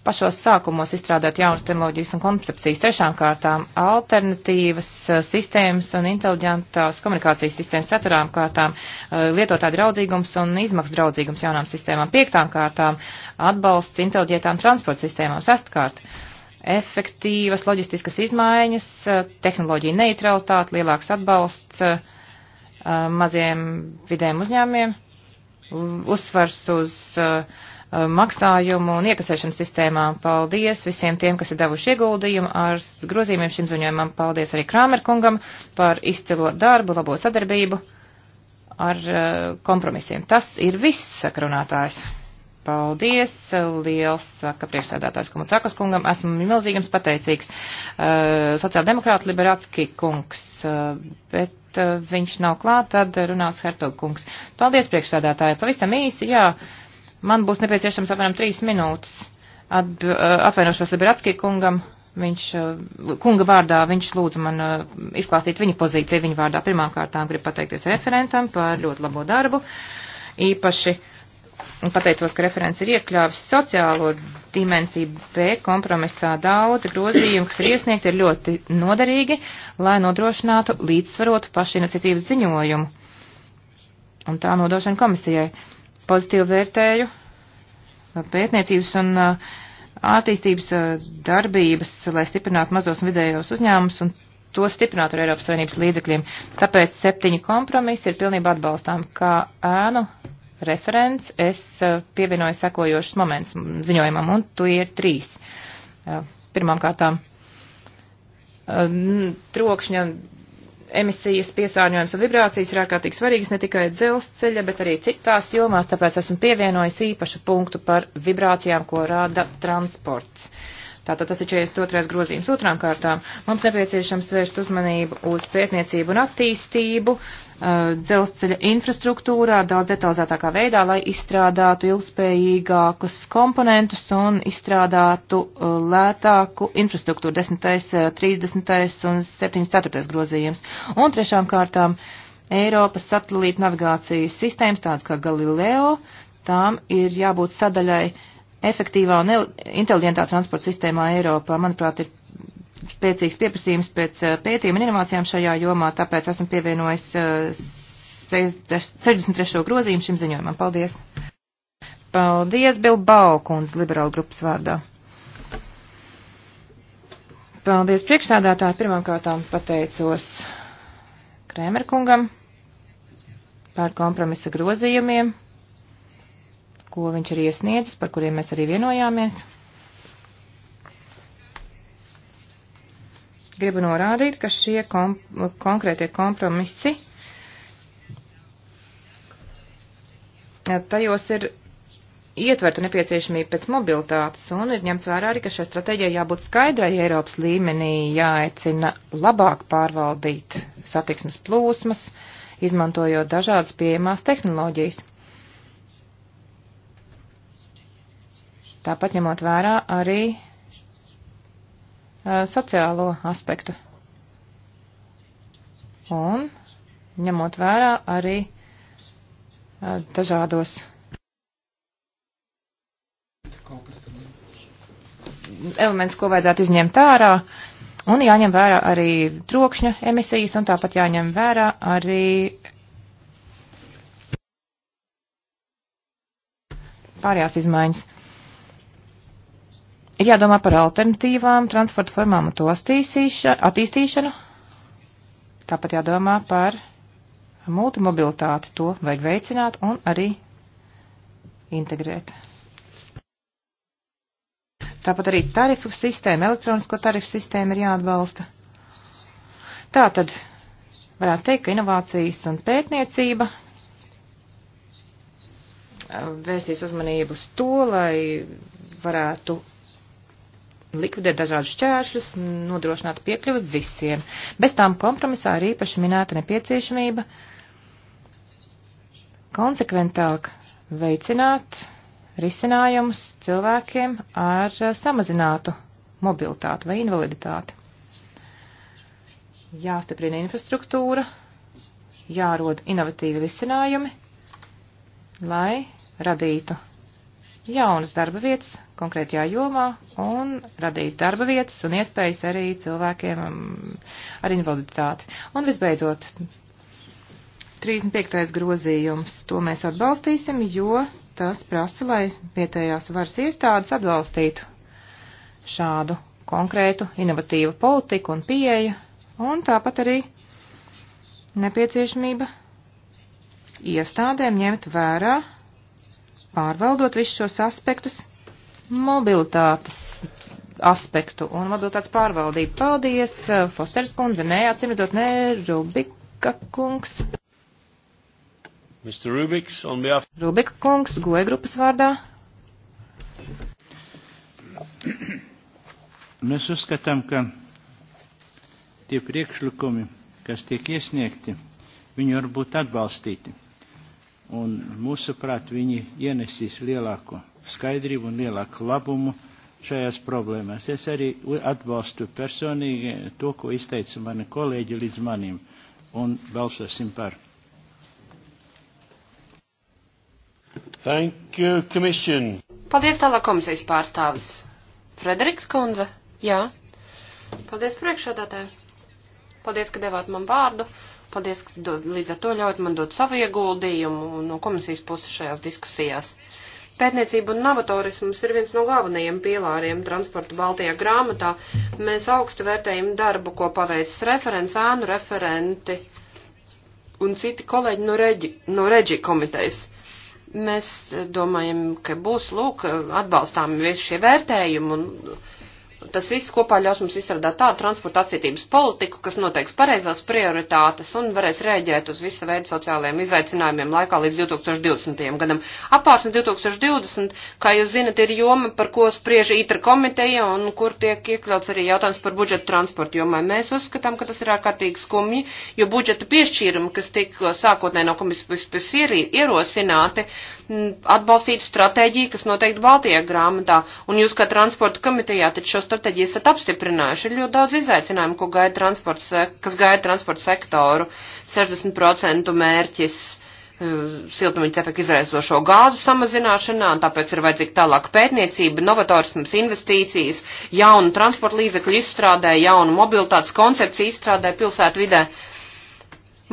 pašos sākumos izstrādāt jaunas tehnoloģijas un koncepcijas. Trešām kārtām alternatīvas eh, sistēmas un inteliģentās komunikācijas sistēmas. Ceturām kārtām eh, lietotāja draudzīgums un izmaksu draudzīgums jaunām sistēmām. Piektām kārtām atbalsts inteliģentām transporta sistēmām. Sestkārt efektīvas loģistiskas izmaiņas, eh, tehnoloģija neutralitāte, lielāks atbalsts maziem vidiem uzņēmiem, uzsvars uz uh, Um, maksājumu un iekasēšanas sistēmām. Paldies visiem tiem, kas ir devuši ieguldījumu ar grozījumiem šim ziņojumam. Paldies arī Krāmerkungam par izcilo darbu, labo sadarbību ar uh, kompromisiem. Tas ir viss, saka runātājs. Paldies, liels, saka priekšsēdētājs Kumucakas kungam, esmu milzīgams pateicīgs. Uh, Sociāldemokrāta Liberatski kungs, uh, bet uh, viņš nav klāt, tad runās Hertog kungs. Paldies, priekšsēdētāji, pavisam īsi, jā. Uh, Man būs nepieciešams apmēram trīs minūtes. At, uh, atvainošos Liberatskī kungam. Viņš, uh, kunga vārdā viņš lūdza man uh, izklāstīt viņa pozīciju. Viņa vārdā pirmām kārtām grib pateikties referentam par ļoti labo darbu. Īpaši pateicos, ka referents ir iekļāvis sociālo dimensiju B kompromisā daudzi grozījumi, kas ir iesniegti, ir ļoti noderīgi, lai nodrošinātu līdzsvarotu pašiniciatīvas ziņojumu. Un tā nodošana komisijai. Uh, pozitīvi vērtēju uh, pētniecības un uh, attīstības uh, darbības, lai stiprinātu mazos un vidējos uzņēmumus un to stiprināt ar Eiropas Savienības līdzekļiem. Tāpēc septiņi kompromisi ir pilnībā atbalstām. Kā ēnu referents es pievienoju sekojošus moments ziņojumam, un tu ir trīs. Pirmām kārtām trokšņa emisijas, piesārņojums un vibrācijas ir ārkārtīgi svarīgas ne tikai dzelzceļa, bet arī citās jomās, tāpēc esmu pievienojis īpašu punktu par vibrācijām, ko rāda transports. Tātad tas ir 42. grozījums otrām kārtām. Mums nepieciešams vērst uzmanību uz pētniecību un attīstību, Uh, dzelzceļa infrastruktūrā daudz detalizētākā veidā, lai izstrādātu ilgspējīgākus komponentus un izstrādātu uh, lētāku infrastruktūru 10., 30. Uh, un 74. grozījums. Un trešām kārtām Eiropas satelīta navigācijas sistēmas, tāds kā Galileo, tām ir jābūt sadaļai efektīvā un inteliģentā transporta sistēmā Eiropā. Manuprāt, ir spēcīgs pieprasījums pēc eh, pētījuma un inovācijām šajā jomā, tāpēc esmu pievienojis 63. Eh, grozījumu šim ziņojumam. Paldies! Paldies, Bilbao kundze, liberāla grupas vārdā. Paldies priekšsādātāji. Pirmkārtām pateicos Krēmerkungam par kompromisa grozījumiem, ko viņš ir iesniedzis, par kuriem mēs arī vienojāmies. Gribu norādīt, ka šie kom konkrētie kompromisi eh, tajos ir ietverta nepieciešamība pēc mobilitātes un ir ņemts vērā arī, ka šai stratēģijai jābūt skaidrai Eiropas līmenī, jāaicina labāk pārvaldīt satiksmes plūsmas, izmantojot dažādas pieejamās tehnoloģijas. Tāpat ņemot vērā arī Uh, sociālo aspektu. Un ņemot vērā arī uh, dažādos elements, ko vajadzētu izņemt ārā, un jāņem vērā arī trokšņa emisijas, un tāpat jāņem vērā arī pārējās izmaiņas. Ir jādomā par alternatīvām transporta formām un to attīstīšanu. Tāpat jādomā par multimobilitāti. To vajag veicināt un arī integrēt. Tāpat arī tarifu sistēma, elektronisko tarifu sistēma ir jāatbalsta. Tā tad varētu teikt, ka inovācijas un pētniecība eh, vērsīs uzmanību uz to, lai varētu likvidēt dažādus šķēršļus, nodrošināt piekļuvi visiem. Bez tām kompromisā ir īpaši minēta nepieciešamība konsekventāk veicināt risinājumus cilvēkiem ar eh, samazinātu mobilitāti vai invaliditāti. Jāstiprina infrastruktūra, jārod inovatīvi risinājumi, lai radītu jaunas darba vietas konkrētajā jomā un radīt darba vietas un iespējas arī cilvēkiem um, ar invaliditāti. Un visbeidzot, 35. grozījums, to mēs atbalstīsim, jo tas prasa, lai vietējās varas iestādes atbalstītu šādu konkrētu inovatīvu politiku un pieeju, un tāpat arī nepieciešamība iestādēm ņemt vērā pārvaldot visus šos aspektus, mobilitātes aspektu un mobilitātes pārvaldību. Paldies, uh, Fosters kundze, nē, atsimredzot, nē, Rubika kungs. Mr. Rubiks, on behalf. Rubika kungs, goja grupas vārdā. Mēs nu, uzskatām, ka tie priekšlikumi, kas tiek iesniegti, viņi var būt atbalstīti un mūsuprāt viņi ienesīs lielāku skaidrību un lielāku labumu šajās problēmās. Es arī atbalstu personīgi to, ko izteica mani kolēģi līdz manim, un balsosim par. Thank you, Commission. Paldies tālāk komisijas pārstāvis. Frederiks Kunze, jā. Paldies priekšādātē. Paldies, ka devāt man vārdu. Uh, Paldies, ka do, līdz ar to ļaut man dot savu ieguldījumu no komisijas puses šajās diskusijās. Pētniecība un novatorisms ir viens no galvenajiem pielāriem transporta Baltijā grāmatā. Mēs augstu vērtējam darbu, ko paveicis referents, ānu referenti un citi kolēģi no reģi, no reģi komitejas. Mēs eh, domājam, ka būs, lūk, atbalstām visi šie vērtējumi un tas viss kopā ļaus mums izstrādāt tādu transporta attīstības politiku, kas noteiks pareizās prioritātes un varēs rēģēt uz visa veida sociālajiem izaicinājumiem laikā līdz 2020. gadam. Apārsnes 2020, kā jūs zinat, ir joma, par ko spriež ITR komiteja un kur tiek iekļauts arī jautājums par budžetu transporta jomai. Mēs uzskatām, ka tas ir ārkārtīgi skumji, jo budžeta piešķīrumi, kas tika sākotnē no komisijas ierosināti, atbalstītu stratēģiju, kas noteikti Baltijā grāmatā, un jūs kā transporta komitejā taču šo stratēģiju esat apstiprinājuši. Ir ļoti daudz izaicinājumu, ko gaida transports, kas gaida transporta sektoru, 60% mērķis eh, siltumnīca efektu izraisošo gāzu samazināšanā, un tāpēc ir vajadzīga tālāka pētniecība, novatorisms, investīcijas, jaunu transporta līdzekļu izstrādē, jaunu mobilitātes koncepciju izstrādē pilsētu vidē. Uh,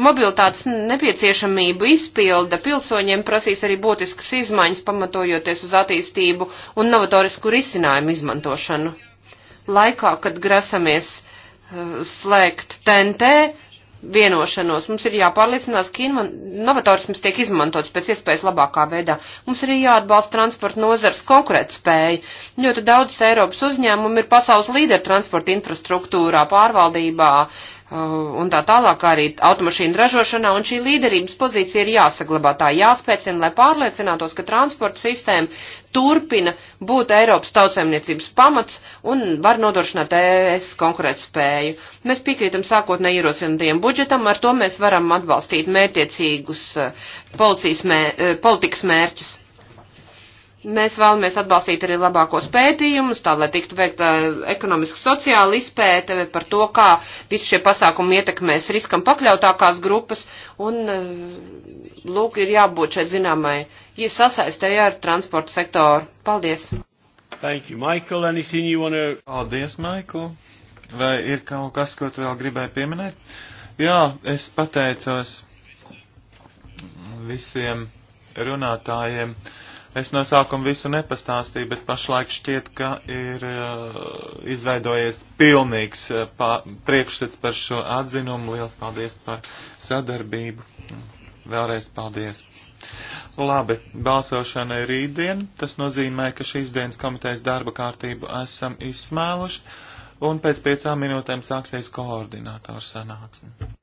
Mobiltātes nepieciešamību izpilda pilsoņiem prasīs arī būtiskas izmaiņas, pamatojoties uz attīstību un novatorisku risinājumu izmantošanu. Laikā, kad grasamies uh, slēgt TNT vienošanos, mums ir jāpārliecinās, ka novatorisms tiek izmantots pēc iespējas labākā veidā. Mums ir jāatbalsta transporta nozars konkurētspēja. Ļoti daudzas Eiropas uzņēmumi ir pasaules līderi transporta infrastruktūrā, pārvaldībā, uh, Uh, un tā tālāk arī automašīnu ražošanā, un šī līderības pozīcija ir jāsaglabā, tā jāspēcina, lai pārliecinātos, ka transporta sistēma turpina būt Eiropas tautsēmniecības pamats un var nodrošināt ES konkurētspēju. Mēs piekrītam sākotnēji ierosinātajiem budžetam, ar to mēs varam atbalstīt mērķiecīgus uh, mē, uh, politikas mērķus. Mēs vēlamies atbalstīt arī labākos pētījumus, tā lai tiktu veikta ekonomiska sociāla izpēte par to, kā visi šie pasākumi ietekmēs riskam pakļautākās grupas, un eh, lūk, ir jābūt šeit zināmai ja sasaistēji ar transporta sektoru. Paldies! Thank you, Michael. Anything you wanna... Paldies, Michael. Vai ir kaut kas, ko tu vēl gribēji pieminēt? Jā, es pateicos visiem runātājiem. Uh, Es no sākuma visu nepastāstīju, bet pašlaik šķiet, ka ir uh, izveidojies pilnīgs uh, pā, priekšstats par šo atzinumu. Liels paldies par sadarbību. Vēlreiz paldies. Labi, balsošana ir rītdien. Tas nozīmē, ka šīs dienas komitejas darba kārtību esam izsmēluši, un pēc piecām minūtēm sāksies koordinātors sanāksme.